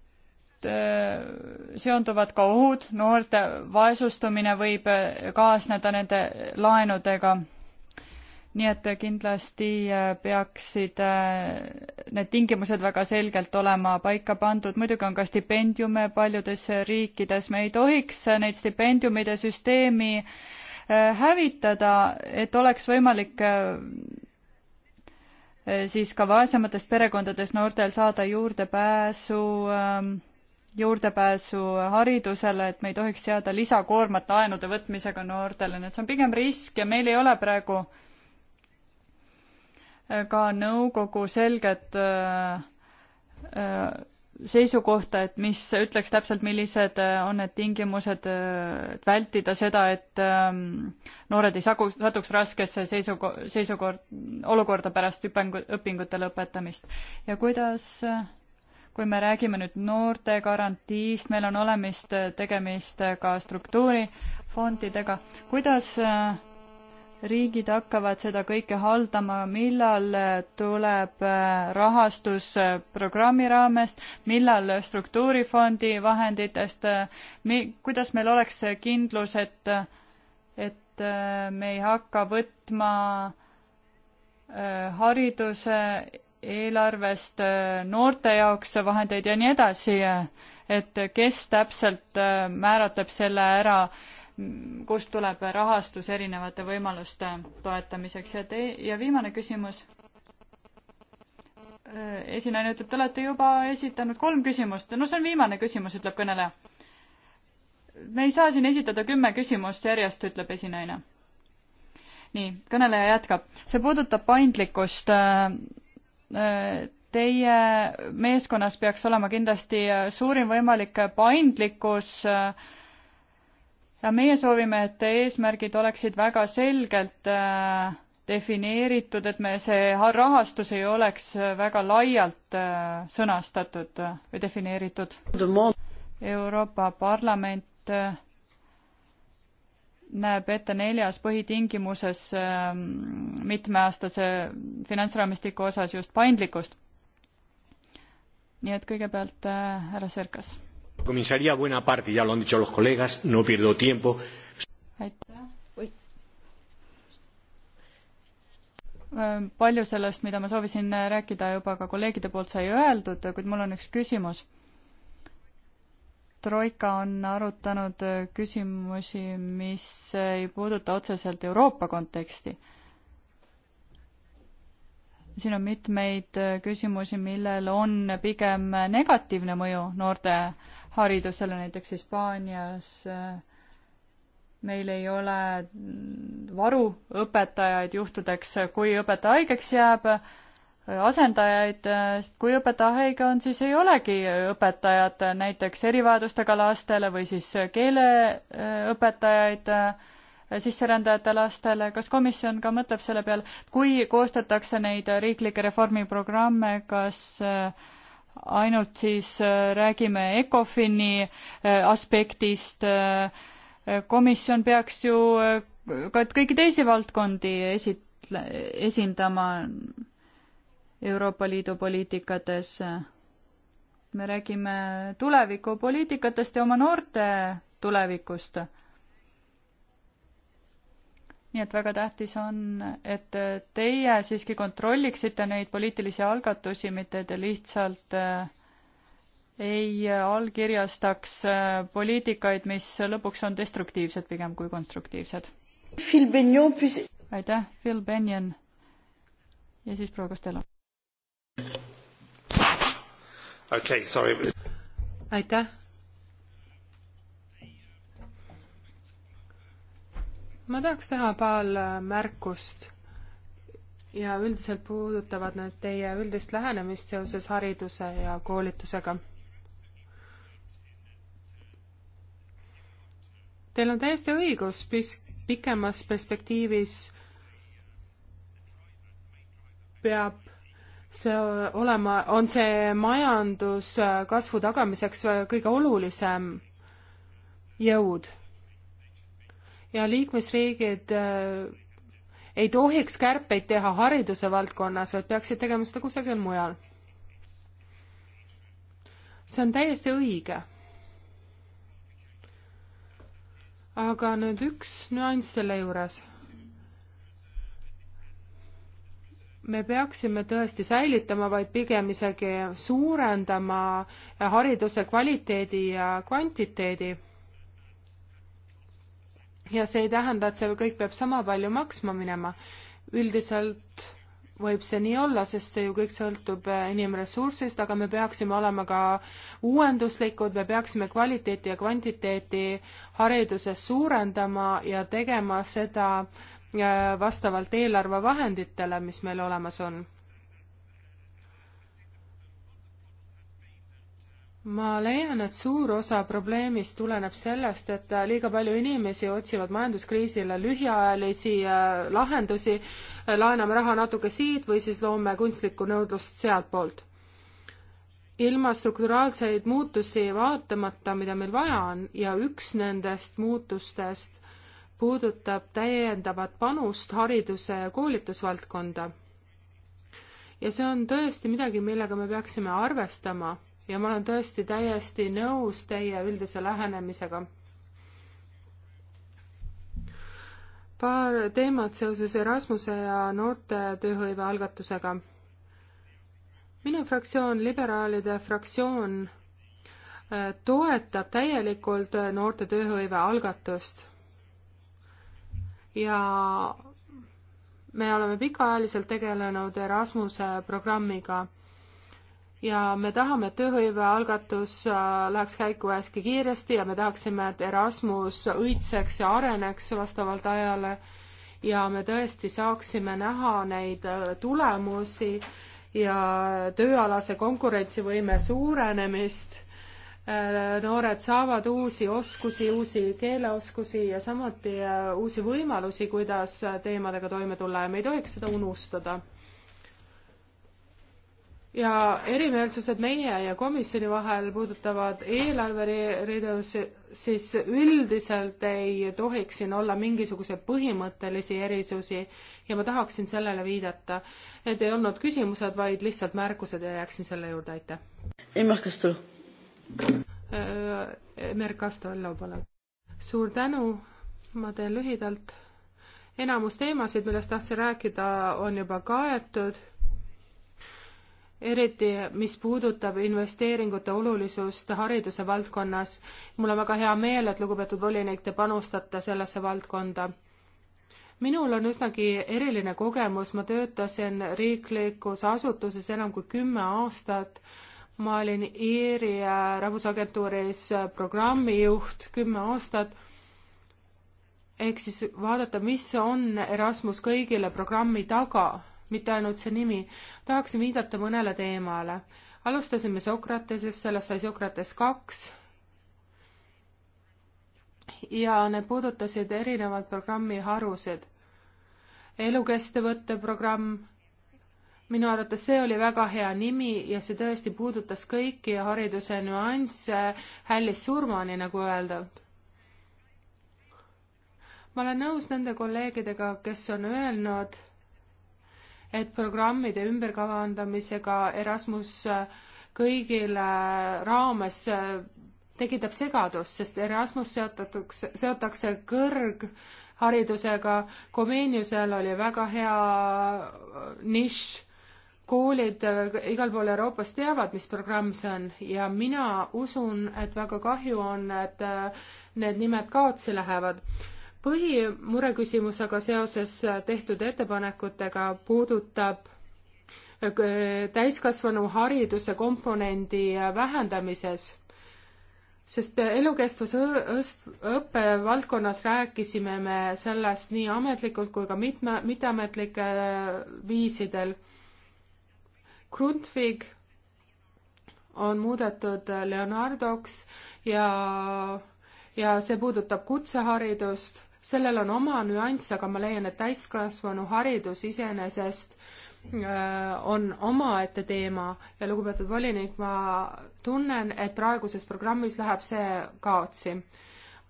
seonduvad ka ohud, noorte vaesustumine võib kaasneda nende laenudega nii et kindlasti äh, peaksid äh, need tingimused väga selgelt olema paika pandud, muidugi on ka stipendiume paljudes riikides, me ei tohiks äh, neid stipendiumide süsteemi hävitada, et oleks võimalik siis ka vaesematest perekondadest noortel saada juurdepääsu, ähm, juurdepääsu haridusele, et me ei tohiks seada lisakoormat laenude võtmisega noortele, nii et see on pigem risk ja meil ei ole praegu äh, ka nõukogu selget äh, äh, seisukohta, et mis ütleks täpselt, millised äh, on need tingimused, et vältida seda, et ähm, noored ei sagu, satuks raskesse seisuko-, seisukord, olukorda pärast õpingu, õpingute lõpetamist. ja kuidas, kui me räägime nüüd noorte garantiist, meil on olemist tegemist ka struktuurifondidega, kuidas äh, riigid hakkavad seda kõike haldama, millal tuleb äh, rahastus äh, programmi raamest, millal struktuurifondi vahenditest, äh, mi-, kuidas meil oleks kindlus, et, et me ei hakka võtma hariduse eelarvest noorte jaoks vahendeid ja nii edasi, et kes täpselt määratleb selle ära kust tuleb rahastus erinevate võimaluste toetamiseks ja te, ja viimane küsimus. Äh, esinaine ütleb, te olete juba esitanud kolm küsimust, no see on viimane küsimus, ütleb kõneleja. me ei saa siin esitada kümme küsimust järjest, ütleb esinaine. nii, kõneleja jätkab, see puudutab paindlikkust äh, äh, teie meeskonnas peaks olema kindlasti suurim võimalik paindlikkus äh, ja meie soovime, et eesmärgid oleksid väga selgelt äh, defineeritud, et me, see rahastus ei oleks väga laialt äh, sõnastatud või defineeritud. Euroopa Parlament äh, näeb ette neljas põhitingimuses ähm, mitmeaastase finantsraamistiku osas just paindlikkust. nii et kõigepealt härra Serkas komissaria buena parte, ya lo han dicho los colegas, no pierdo tiempo. aitäh. Ähm, palju sellest, mida ma soovisin äh, rääkida, juba ka kolleegide poolt sai öeldud, kuid mul on üks küsimus. troika on arutanud äh, küsimusi, mis äh, ei puuduta otseselt Euroopa konteksti. siin on mitmeid küsimusi, millel on pigem negatiivne mõju noorte äh, haridusele, näiteks Hispaanias äh, meil ei ole varu õpetajaid juhtudeks, kui õpetaja haigeks jääb, äh, asendajaid, sest äh, kui õpetaja haige on, siis ei olegi õpetajat näiteks erivajadustega lastele või siis keeleõpetajaid sisserändajate lastele, kas komisjon ka mõtleb selle peale, kui koostatakse neid riiklikke reformiprogramme, kas äh, ainult siis äh, räägime ECOFIN-i äh, aspektist, äh, komisjon peaks ju ka kõiki teisi valdkondi esitle-, esindama Euroopa Liidu poliitikates. me räägime tulevikupoliitikatest ja oma noorte tulevikust nii et väga tähtis on, et teie siiski kontrolliksite neid poliitilisi algatusi, mitte te lihtsalt äh, ei allkirjastaks äh, poliitikaid, mis lõpuks on destruktiivsed pigem kui konstruktiivsed. aitäh, Phil Benjon. ja siis proua Costello. aitäh ma tahaks teha paar märkust ja üldiselt puudutavad need teie üldist lähenemist seoses hariduse ja koolitusega. Teil on täiesti õigus, pikemas perspektiivis peab see olema, on see majanduskasvu tagamiseks kõige olulisem jõud ja liikmesriigid äh, ei tohiks kärpeid teha hariduse valdkonnas, vaid peaksid tegema seda kusagil mujal. see on täiesti õige. aga nüüd üks nüanss selle juures. me peaksime tõesti säilitama, vaid pigem isegi suurendama hariduse kvaliteedi ja kvantiteedi ja see ei tähenda, et see kõik peab sama palju maksma minema. üldiselt võib see nii olla, sest see ju kõik sõltub eh, inimressursist, aga me peaksime olema ka uuenduslikud, me peaksime kvaliteeti ja kvantiteeti hariduses suurendama ja tegema seda eh, vastavalt eelarvevahenditele, mis meil olemas on ma leian, et suur osa probleemist tuleneb sellest, et liiga palju inimesi otsivad majanduskriisile lühiajalisi äh, lahendusi, laename raha natuke siit või siis loome kunstlikku nõudlust sealtpoolt. ilma strukturaalseid muutusi vaatamata, mida meil vaja on, ja üks nendest muutustest puudutab täiendavat panust hariduse ja koolitusvaldkonda. ja see on tõesti midagi, millega me peaksime arvestama ja ma olen tõesti täiesti nõus teie üldise lähenemisega. paar teemat seoses Erasmuse ja noorte tööhõive algatusega. minu fraktsioon, liberaalide fraktsioon, äh, toetab täielikult noorte tööhõive algatust. ja me oleme pikaajaliselt tegelenud Erasmuse programmiga ja me tahame, et tööhõivealgatus äh, läheks käiku hästi kiiresti ja me tahaksime, et Erasmus õitseks ja areneks vastavalt ajale ja me tõesti saaksime näha neid äh, tulemusi ja tööalase konkurentsivõime suurenemist. Äh, noored saavad uusi oskusi, uusi keeleoskusi ja samuti uusi võimalusi, kuidas teemadega toime tulla ja me ei tohiks seda unustada ja erimeelsused meie ja komisjoni vahel puudutavad eelarveriidusid, siis üldiselt ei tohiks siin olla mingisuguseid põhimõttelisi erisusi ja ma tahaksin sellele viidata. Need ei olnud küsimused, vaid lihtsalt märkused ja jääksin selle juurde, aitäh. Emmer Kastu. Emmer Kastu, Ello, palun. suur tänu, ma teen lühidalt. enamus teemasid, millest tahtsin rääkida, on juba kaetud eriti mis puudutab investeeringute olulisust hariduse valdkonnas. mul on väga hea meel, et lugupeetud volinik, te panustate sellesse valdkonda. minul on üsnagi eriline kogemus, ma töötasin riiklikus asutuses enam kui kümme aastat. ma olin Iiri rahvusagentuuris programmijuht kümme aastat ehk siis vaadata, mis on Erasmus kõigile programmi taga mitte ainult see nimi. tahaksin viidata mõnele teemale. alustasime Sokratesest, sellest sai Sokrates kaks. ja need puudutasid erinevaid programmi harusid. elukestev õtteprogramm, minu arvates see oli väga hea nimi ja see tõesti puudutas kõiki hariduse nüansse hällist surmani, nagu öeldud ma olen nõus nende kolleegidega, kes on öelnud, et programmide ümberkavandamisega Erasmus äh, kõigile raames äh, tekitab segadust, sest Erasmus seotatakse, seotakse kõrgharidusega, Komeeniusel oli väga hea äh, nišš, koolid igal pool Euroopas teavad, mis programm see on ja mina usun, et väga kahju on, et need nimed kaotsi lähevad põhimureküsimusega seoses tehtud ettepanekutega puudutab äh, täiskasvanu hariduse komponendi vähendamises, sest elukestvas õppe valdkonnas rääkisime me sellest nii ametlikult kui ka mitme, mitteametlikel äh, viisidel. Grundtvig on muudetud Leonardoks ja, ja see puudutab kutseharidust sellel on oma nüanss, aga ma leian, et täiskasvanu haridus iseenesest äh, on omaette teema ja lugupeetud volinik, ma tunnen, et praeguses programmis läheb see kaotsi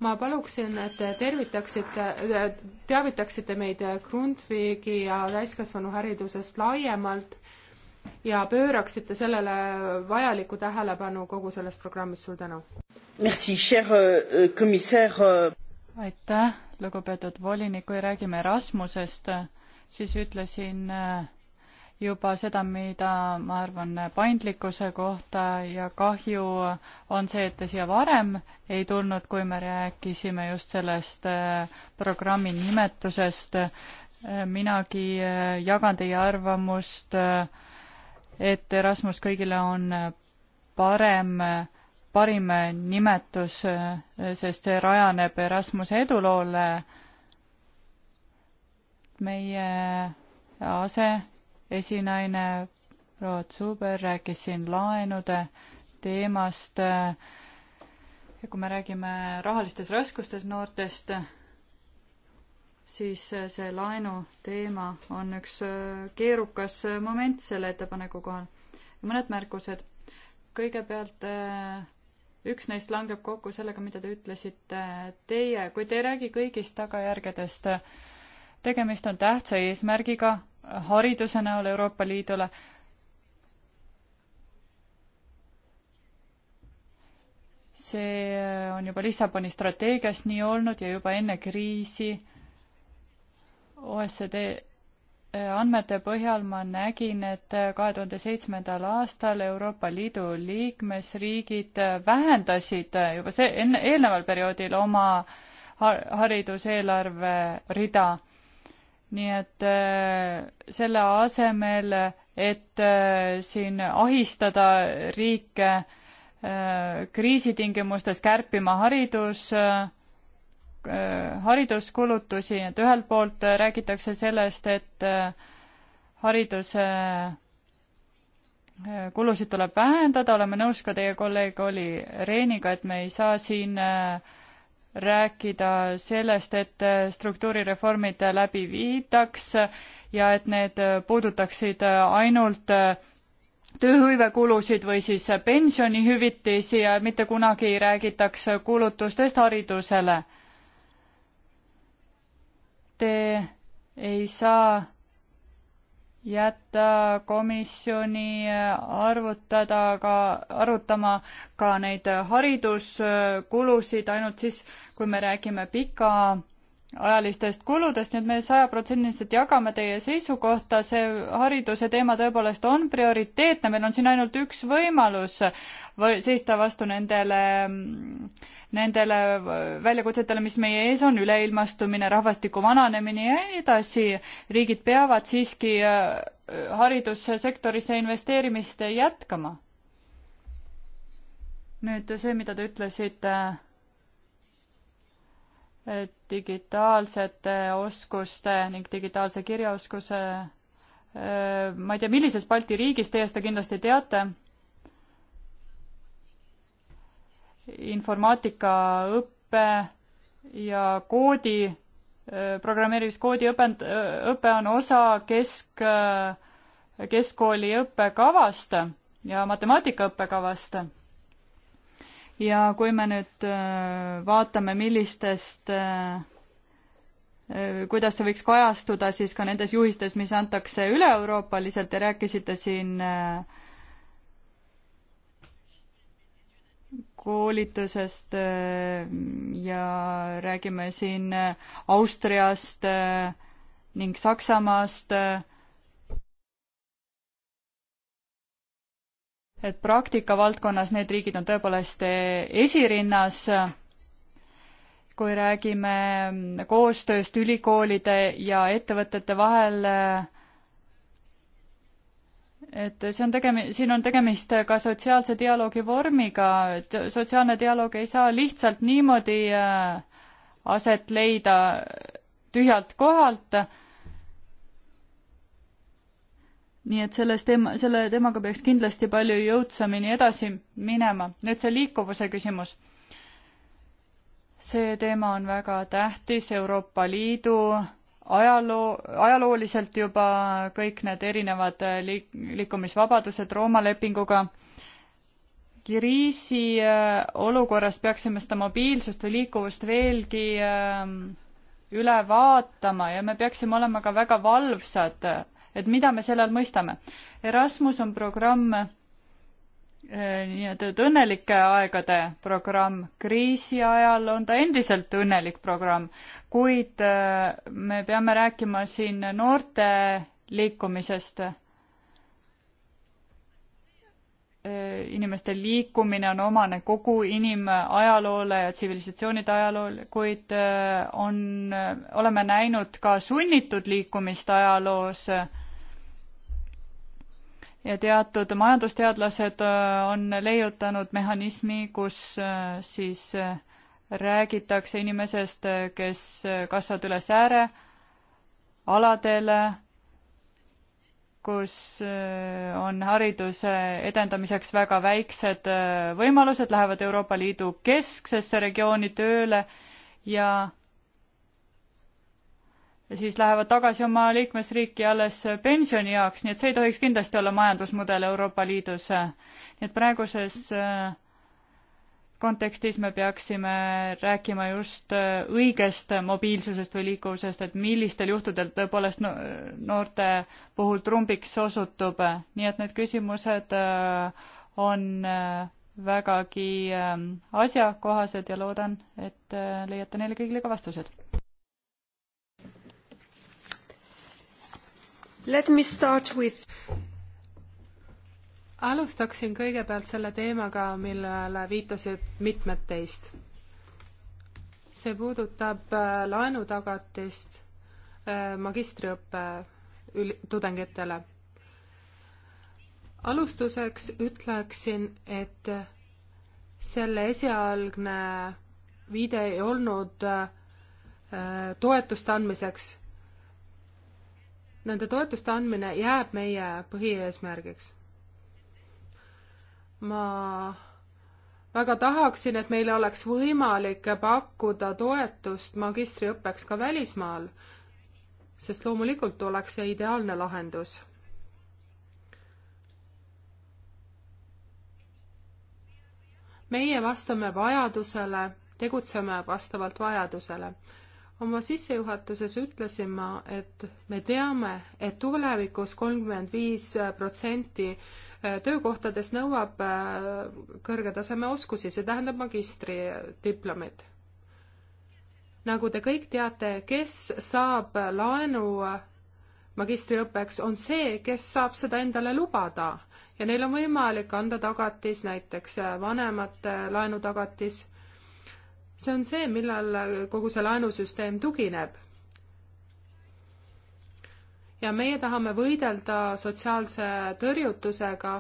ma paluksin, et te tervitaksite, äh, teavitaksite meid Grundtvigi ja täiskasvanuharidusest laiemalt ja pööraksite sellele vajalikku tähelepanu kogu selles programmis, suur tänu. Euh, euh. aitäh, lugupeetud volinik, kui räägime Erasmusest, siis ütlesin äh, juba seda, mida ma arvan äh, paindlikkuse kohta ja kahju on see, et te siia varem ei tulnud, kui me rääkisime just sellest äh, programmi nimetusest. minagi jagan teie arvamust, et Erasmus kõigile on parem parim nimetus, sest see rajaneb Erasmuse eduloole. meie aseesinaine proua Zuber rääkis siin laenude teemast. ja kui me räägime rahalistes raskustes noortest, siis see laenu teema on üks keerukas moment selle ettepaneku kohal. mõned märkused. kõigepealt üks neist langeb kokku sellega, mida te ütlesite teie, kuid te ei räägi kõigist tagajärgedest. tegemist on tähtsa eesmärgiga hariduse näol Euroopa Liidule. see on juba Lissaboni strateegias nii olnud ja juba enne kriisi OECD andmete põhjal ma nägin, et kahe tuhande seitsmendal aastal Euroopa Liidu liikmesriigid vähendasid juba see enne, eelneval perioodil oma hariduseelarve rida. nii et äh, selle asemel, et äh, siin ahistada riike äh, kriisitingimustes kärpima haridus, Äh, hariduskulutusi, et ühelt poolt äh, räägitakse sellest, et äh, hariduse kulusid tuleb vähendada, oleme nõus ka teie kolleeg Oli Reeniga, et me ei saa siin rääkida sellest, et struktuurireformid läbi viidaks ja et need puudutaksid ainult tööhõivekulusid või siis pensionihüvitisi ja mitte kunagi ei räägitaks kulutustest haridusele te ei saa jätta komisjoni arvutada ka, arutama ka neid hariduskulusid ainult siis, kui me räägime pika ajalistest kuludest, nii et me sajaprotsendiliselt jagame teie seisukohta, see hariduse teema tõepoolest on prioriteetne, meil on siin ainult üks võimalus või seista vastu nendele, nendele väljakutsetele, mis meie ees on, üleilmastumine, rahvastiku vananemine ja nii edasi. riigid peavad siiski äh, haridussektorisse investeerimist jätkama. nüüd see, mida te ütlesite digitaalsete oskuste ning digitaalse kirjaoskuse, ma ei tea, millises Balti riigis, teie seda kindlasti teate, informaatikaõpe ja koodi, programmeerimiskoodi õpend-, õpe on osa kesk, keskkooli õppekavast ja matemaatika õppekavast ja kui me nüüd äh, vaatame, millistest, äh, äh, kuidas see võiks kajastuda siis ka nendes juhistes, mis antakse üle-euroopaliselt ja rääkisite siin koolitusest ja räägime siin Austriast ning Saksamaast et praktika valdkonnas need riigid on tõepoolest esirinnas, kui räägime koostööst ülikoolide ja ettevõtete vahel, et see on tegemi-, siin on tegemist ka sotsiaalse dialoogi vormiga, et sotsiaalne dialoog ei saa lihtsalt niimoodi äh, aset leida tühjalt kohalt nii et selles teema, selle teemaga peaks kindlasti palju jõudsamini edasi minema. nüüd see liikuvuse küsimus. see teema on väga tähtis Euroopa Liidu ajaloo, ajalooliselt juba kõik need erinevad liik-, liikumisvabadused Rooma lepinguga. kriisi äh, olukorras peaksime seda mobiilsust või liikuvust veelgi äh, üle vaatama ja me peaksime olema ka väga valvsad et mida me selle all mõistame. Erasmus on programm, äh, nii-öelda õnnelike aegade programm, kriisi ajal on ta endiselt õnnelik programm, kuid äh, me peame rääkima siin noorte liikumisest. Äh, inimeste liikumine on omane kogu inimajaloole ja tsivilisatsioonide ajaloole, kuid on, oleme näinud ka sunnitud liikumist ajaloos ja teatud majandusteadlased äh, on leiutanud mehhanismi, kus äh, siis äh, räägitakse inimesest, kes kasvavad üles äärealadele, kus on hariduse edendamiseks väga väiksed võimalused, lähevad Euroopa Liidu kesksesse regiooni tööle ja siis lähevad tagasi oma liikmesriiki alles pensionieaks, nii et see ei tohiks kindlasti olla majandusmudel Euroopa Liidus. nii et praeguses äh, kontekstis me peaksime rääkima just äh, õigest mobiilsusest või liikuvusest, et millistel juhtudel tõepoolest noorte puhul trumbiks osutub, nii et need küsimused äh, on vägagi asjakohased ja loodan, et leiate neile kõigile ka vastused Let me start with alustaksin kõigepealt selle teemaga, millele viitasid mitmed teist. see puudutab äh, laenutagatist äh, magistriõppe üli-, tudengitele. alustuseks ütleksin, et selle esialgne viide ei olnud äh, toetuste andmiseks nende toetuste andmine jääb meie põhieesmärgiks. ma väga tahaksin, et meil oleks võimalik pakkuda toetust magistriõppeks ka välismaal, sest loomulikult oleks see ideaalne lahendus. meie vastame vajadusele, tegutseme vastavalt vajadusele oma sissejuhatuses ütlesin ma, et me teame et, et tulevikus kolmkümmend viis protsenti äh, töökohtadest nõuab äh, kõrge taseme oskusi, see tähendab magistridiplomit. nagu te kõik teate, kes saab laenu äh, magistriõppeks, on see, kes saab seda endale lubada ja neil on võimalik anda tagatis, näiteks vanemate laenutagatis see on see, millal kogu see laenusüsteem tugineb. ja meie tahame võidelda sotsiaalse tõrjutusega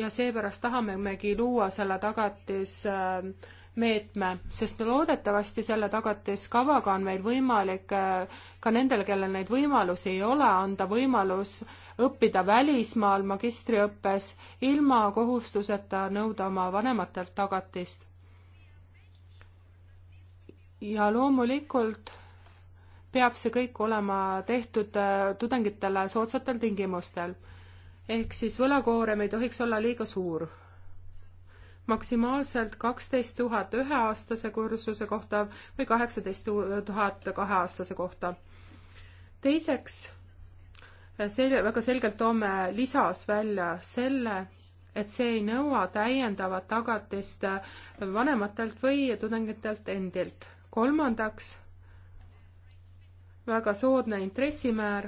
ja seepärast tahamegi luua selle tagatismeetme, äh, sest loodetavasti selle tagatiskavaga on meil võimalik äh, ka nendel, kellel neid võimalusi ei ole, anda võimalus õppida välismaal magistriõppes ilma kohustuseta nõuda oma vanematelt tagatist ja loomulikult peab see kõik olema tehtud äh, tudengitele soodsatel tingimustel. ehk siis võlakoorem ei tohiks olla liiga suur. maksimaalselt kaksteist tuhat üheaastase kursuse kohta või kaheksateist tuhat kaheaastase kohta. teiseks, äh, sel-, väga selgelt toome lisas välja selle, et see ei nõua täiendavat tagatist äh, vanematelt või tudengitelt endilt kolmandaks, väga soodne intressimäär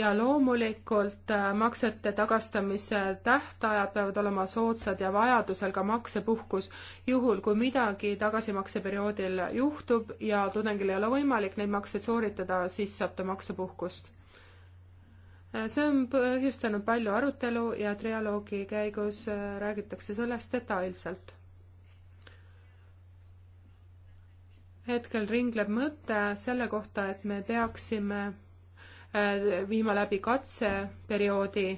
ja loomulikult äh, maksete tagastamise tähtajad peavad olema soodsad ja vajadusel ka maksepuhkus, juhul kui midagi tagasimakseperioodil juhtub ja tudengil ei ole võimalik neid makseid sooritada, siis saab ta maksepuhkust. Äh, see on põhjustanud palju arutelu ja trialoogi käigus äh, räägitakse sellest detailselt hetkel ringleb mõte selle kohta, et me peaksime äh, viima läbi katseperioodi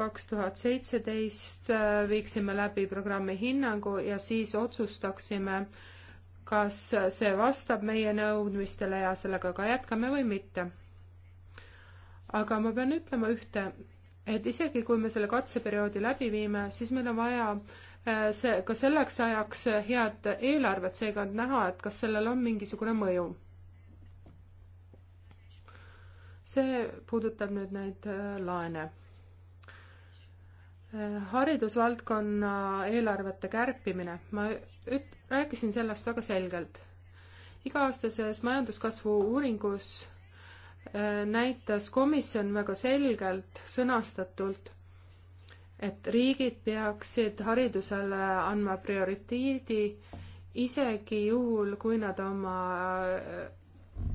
kaks tuhat seitseteist äh, viiksime läbi programmi hinnangu ja siis otsustaksime, kas see vastab meie nõudmistele ja sellega ka jätkame või mitte. aga ma pean ütlema ühte, et isegi kui me selle katseperioodi läbi viime, siis meil on vaja Äh, see, ka selleks ajaks äh, head eelarvet, seega on näha, et kas sellel on mingisugune mõju. see puudutab nüüd neid äh, laene. haridusvaldkonna eelarvete kärpimine, ma üt-, rääkisin sellest väga selgelt. iga-aastases majanduskasvu uuringus näitas komisjon väga selgelt, sõnastatult, et riigid peaksid haridusele andma prioriteedi isegi juhul, kui nad oma äh,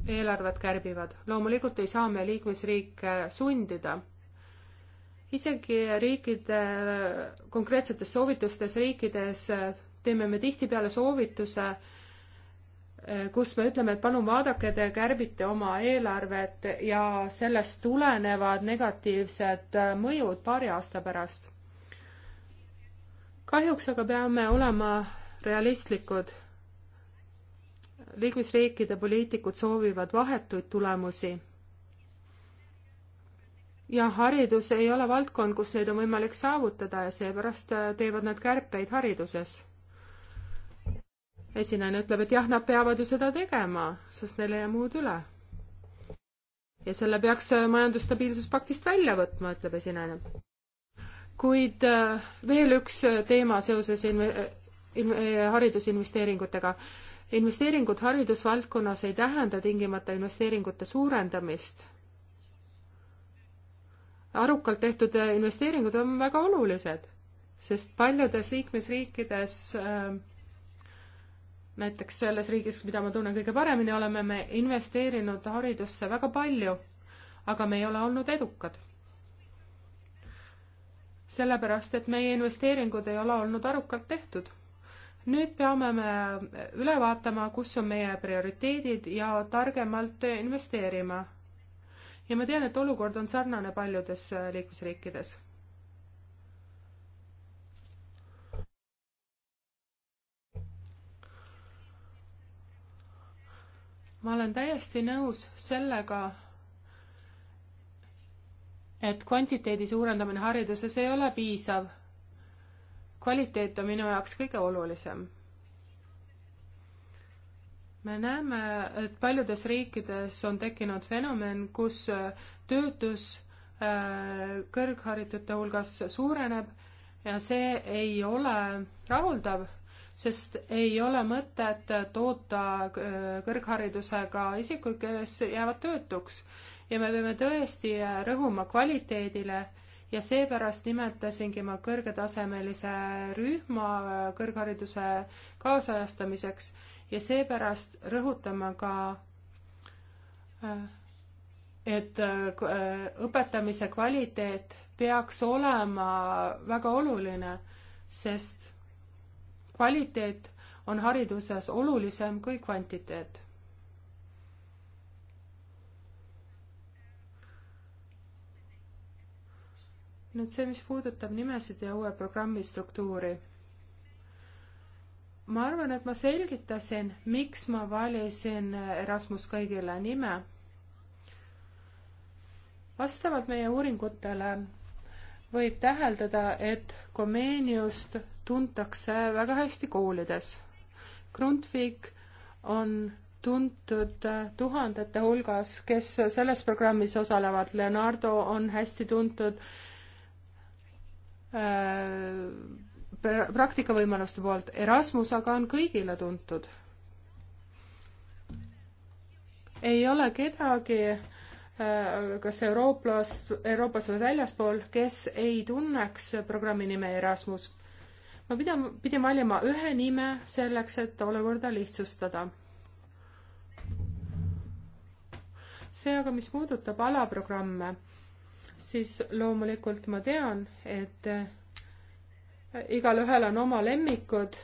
eelarvet kärbivad. loomulikult ei saa me liikmesriike sundida. isegi riikide, konkreetsetes soovitustes riikides äh, teeme me tihtipeale soovituse, Äh, kus me ütleme, et palun vaadake, te kärbite oma eelarvet ja sellest tulenevad negatiivsed äh, mõjud paari aasta pärast. kahjuks aga peame olema realistlikud. liikmesriikide poliitikud soovivad vahetuid tulemusi. ja haridus ei ole valdkond, kus neid on võimalik saavutada ja seepärast äh, teevad nad kärpeid hariduses esinaine ütleb, et jah, nad peavad ju seda tegema, sest neil ei jää muud üle. ja selle peaks äh, majandusstabiilsuspaktist välja võtma, ütleb esinaine. kuid äh, veel üks äh, teema seoses inv-, inv-, haridusinvesteeringutega. investeeringud haridusvaldkonnas ei tähenda tingimata investeeringute suurendamist. arukalt tehtud investeeringud on väga olulised, sest paljudes liikmesriikides äh, näiteks selles riigis, mida ma tunnen kõige paremini, oleme me investeerinud haridusse väga palju, aga me ei ole olnud edukad. sellepärast, et meie investeeringud ei ole olnud arukalt tehtud. nüüd peame me üle vaatama, kus on meie prioriteedid ja targemalt investeerima. ja ma tean, et olukord on sarnane paljudes liikmesriikides ma olen täiesti nõus sellega, et kvantiteedi suurendamine hariduses ei ole piisav. kvaliteet on minu jaoks kõige olulisem. me näeme, et paljudes riikides on tekkinud fenomen, kus äh, töötus äh, kõrgharitute hulgas suureneb ja see ei ole rahuldav sest ei ole mõtet toota äh, kõrgharidusega isikuid, kes jäävad töötuks. ja me peame tõesti äh, rõhuma kvaliteedile ja seepärast nimetasingi ma kõrgetasemelise rühma äh, kõrghariduse kaasajastamiseks ja seepärast rõhutame ka et õpetamise kvaliteet peaks olema väga oluline, sest kvaliteet on hariduses olulisem kui kvantiteet. nüüd see, mis puudutab nimesid ja uue programmi struktuuri. ma arvan, et ma selgitasin, miks ma valisin Erasmus kõigile nime. vastavalt meie uuringutele võib täheldada, et Komeeniust tuntakse väga hästi koolides. Grundtvig on tuntud tuhandete hulgas, kes selles programmis osalevad, Leonardo on hästi tuntud äh, praktikavõimaluste poolt, Erasmus aga on kõigile tuntud. ei ole kedagi äh, Äh, kas Euroopas, Euroopas või väljaspool, kes ei tunneks programmi nime Erasmus. ma pidin, pidin valima ühe nime selleks, et olukorda lihtsustada. see aga, mis puudutab alaprogramme, siis loomulikult ma tean, et äh, igalühel on oma lemmikud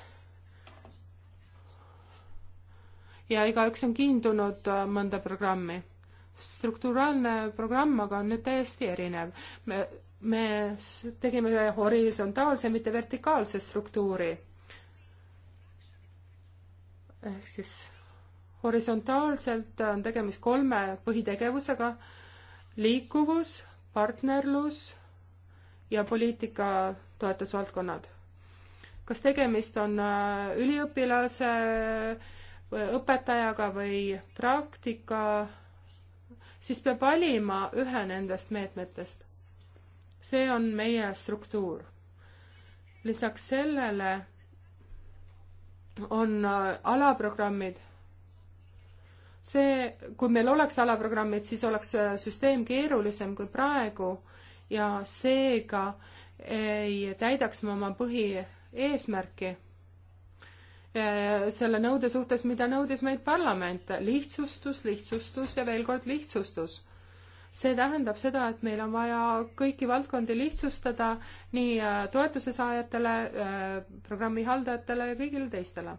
ja igaüks on kiindunud äh, mõnda programmi strukturaalne programm aga on nüüd täiesti erinev. me, me tegime ühe horisontaalse, mitte vertikaalse struktuuri. ehk siis horisontaalselt on tegemist kolme põhitegevusega, liikuvus, partnerlus ja poliitika toetusvaldkonnad. kas tegemist on äh, üliõpilase, äh, õpetajaga või praktika siis peab valima ühe nendest meetmetest. see on meie struktuur. lisaks sellele on äh, alaprogrammid. see, kui meil oleks alaprogrammid, siis oleks äh, süsteem keerulisem kui praegu ja seega ei täidaks me oma põhieesmärki Äh, selle nõude suhtes, mida nõudis meid parlament. lihtsustus, lihtsustus ja veel kord lihtsustus. see tähendab seda, et meil on vaja kõiki valdkondi lihtsustada nii äh, toetuse saajatele, äh, programmi haldajatele ja kõigile teistele.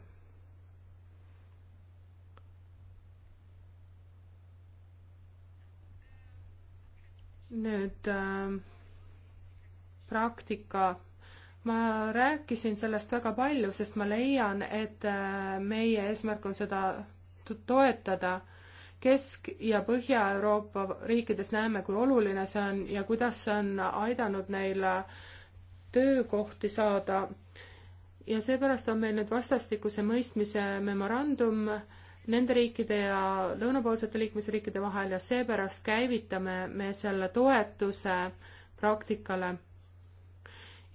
nüüd äh, praktika ma rääkisin sellest väga palju, sest ma leian, et äh, meie eesmärk on seda toetada. Kesk- ja Põhja-Euroopa riikides näeme, kui oluline see on ja kuidas see on aidanud neil töökohti saada. ja seepärast on meil nüüd vastastikuse mõistmise memorandum nende riikide ja lõunapoolsete liikmesriikide vahel ja seepärast käivitame me selle toetuse praktikale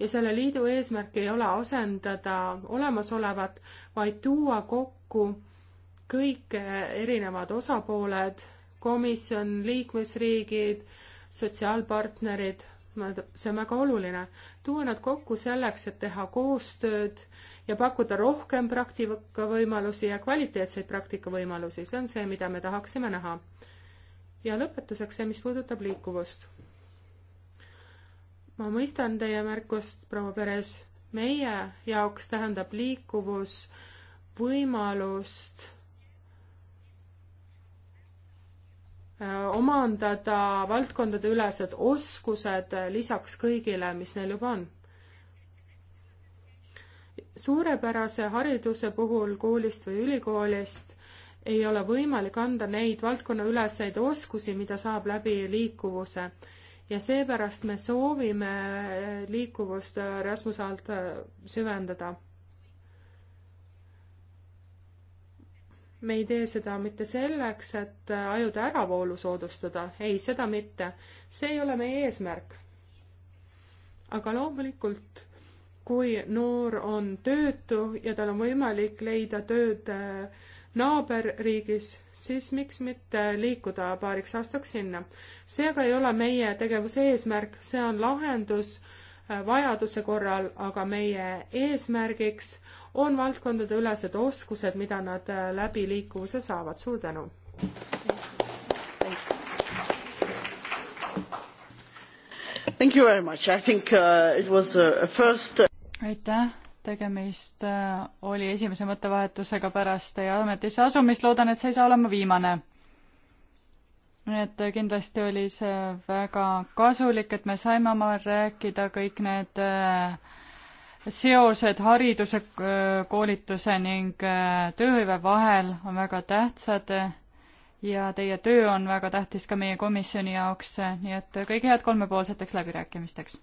ja selle liidu eesmärk ei ole asendada olemasolevat, vaid tuua kokku kõik erinevad osapooled, komisjon, liikmesriigid, sotsiaalpartnerid, see on väga oluline, tuua nad kokku selleks, et teha koostööd ja pakkuda rohkem praktikavõimalusi ja kvaliteetseid praktikavõimalusi, see on see, mida me tahaksime näha. ja lõpetuseks see, mis puudutab liikuvust ma mõistan teie märkust, proua Peres, meie jaoks tähendab liikuvus võimalust äh, omandada valdkondadeülesed oskused lisaks kõigile, mis neil juba on. suurepärase hariduse puhul koolist või ülikoolist ei ole võimalik anda neid valdkonnaüleseid oskusi, mida saab läbi liikuvuse ja seepärast me soovime liikuvust Rasmuse alt süvendada. me ei tee seda mitte selleks, et ajude äravoolu soodustada, ei, seda mitte. see ei ole meie eesmärk. aga loomulikult, kui noor on töötu ja tal on võimalik leida tööd äh, naaberriigis, siis miks mitte liikuda paariks aastaks sinna. seega ei ole meie tegevuse eesmärk, see on lahendus äh, vajaduse korral, aga meie eesmärgiks on valdkondadeülesed oskused, mida nad äh, läbi liikuvuse saavad. suur tänu! Thank you very much. I think uh, it was uh, a first. Uh, aitäh tegemist äh, oli esimese mõttevahetusega pärast teie ametisse asumist, loodan, et see ei saa olema viimane. et äh, kindlasti oli see väga kasulik, et me saime omavahel rääkida kõik need äh, seosed hariduse, koolituse ning tööhõive vahel on väga tähtsad ja teie töö on väga tähtis ka meie komisjoni jaoks, nii et kõige head kolmepoolseteks läbirääkimisteks!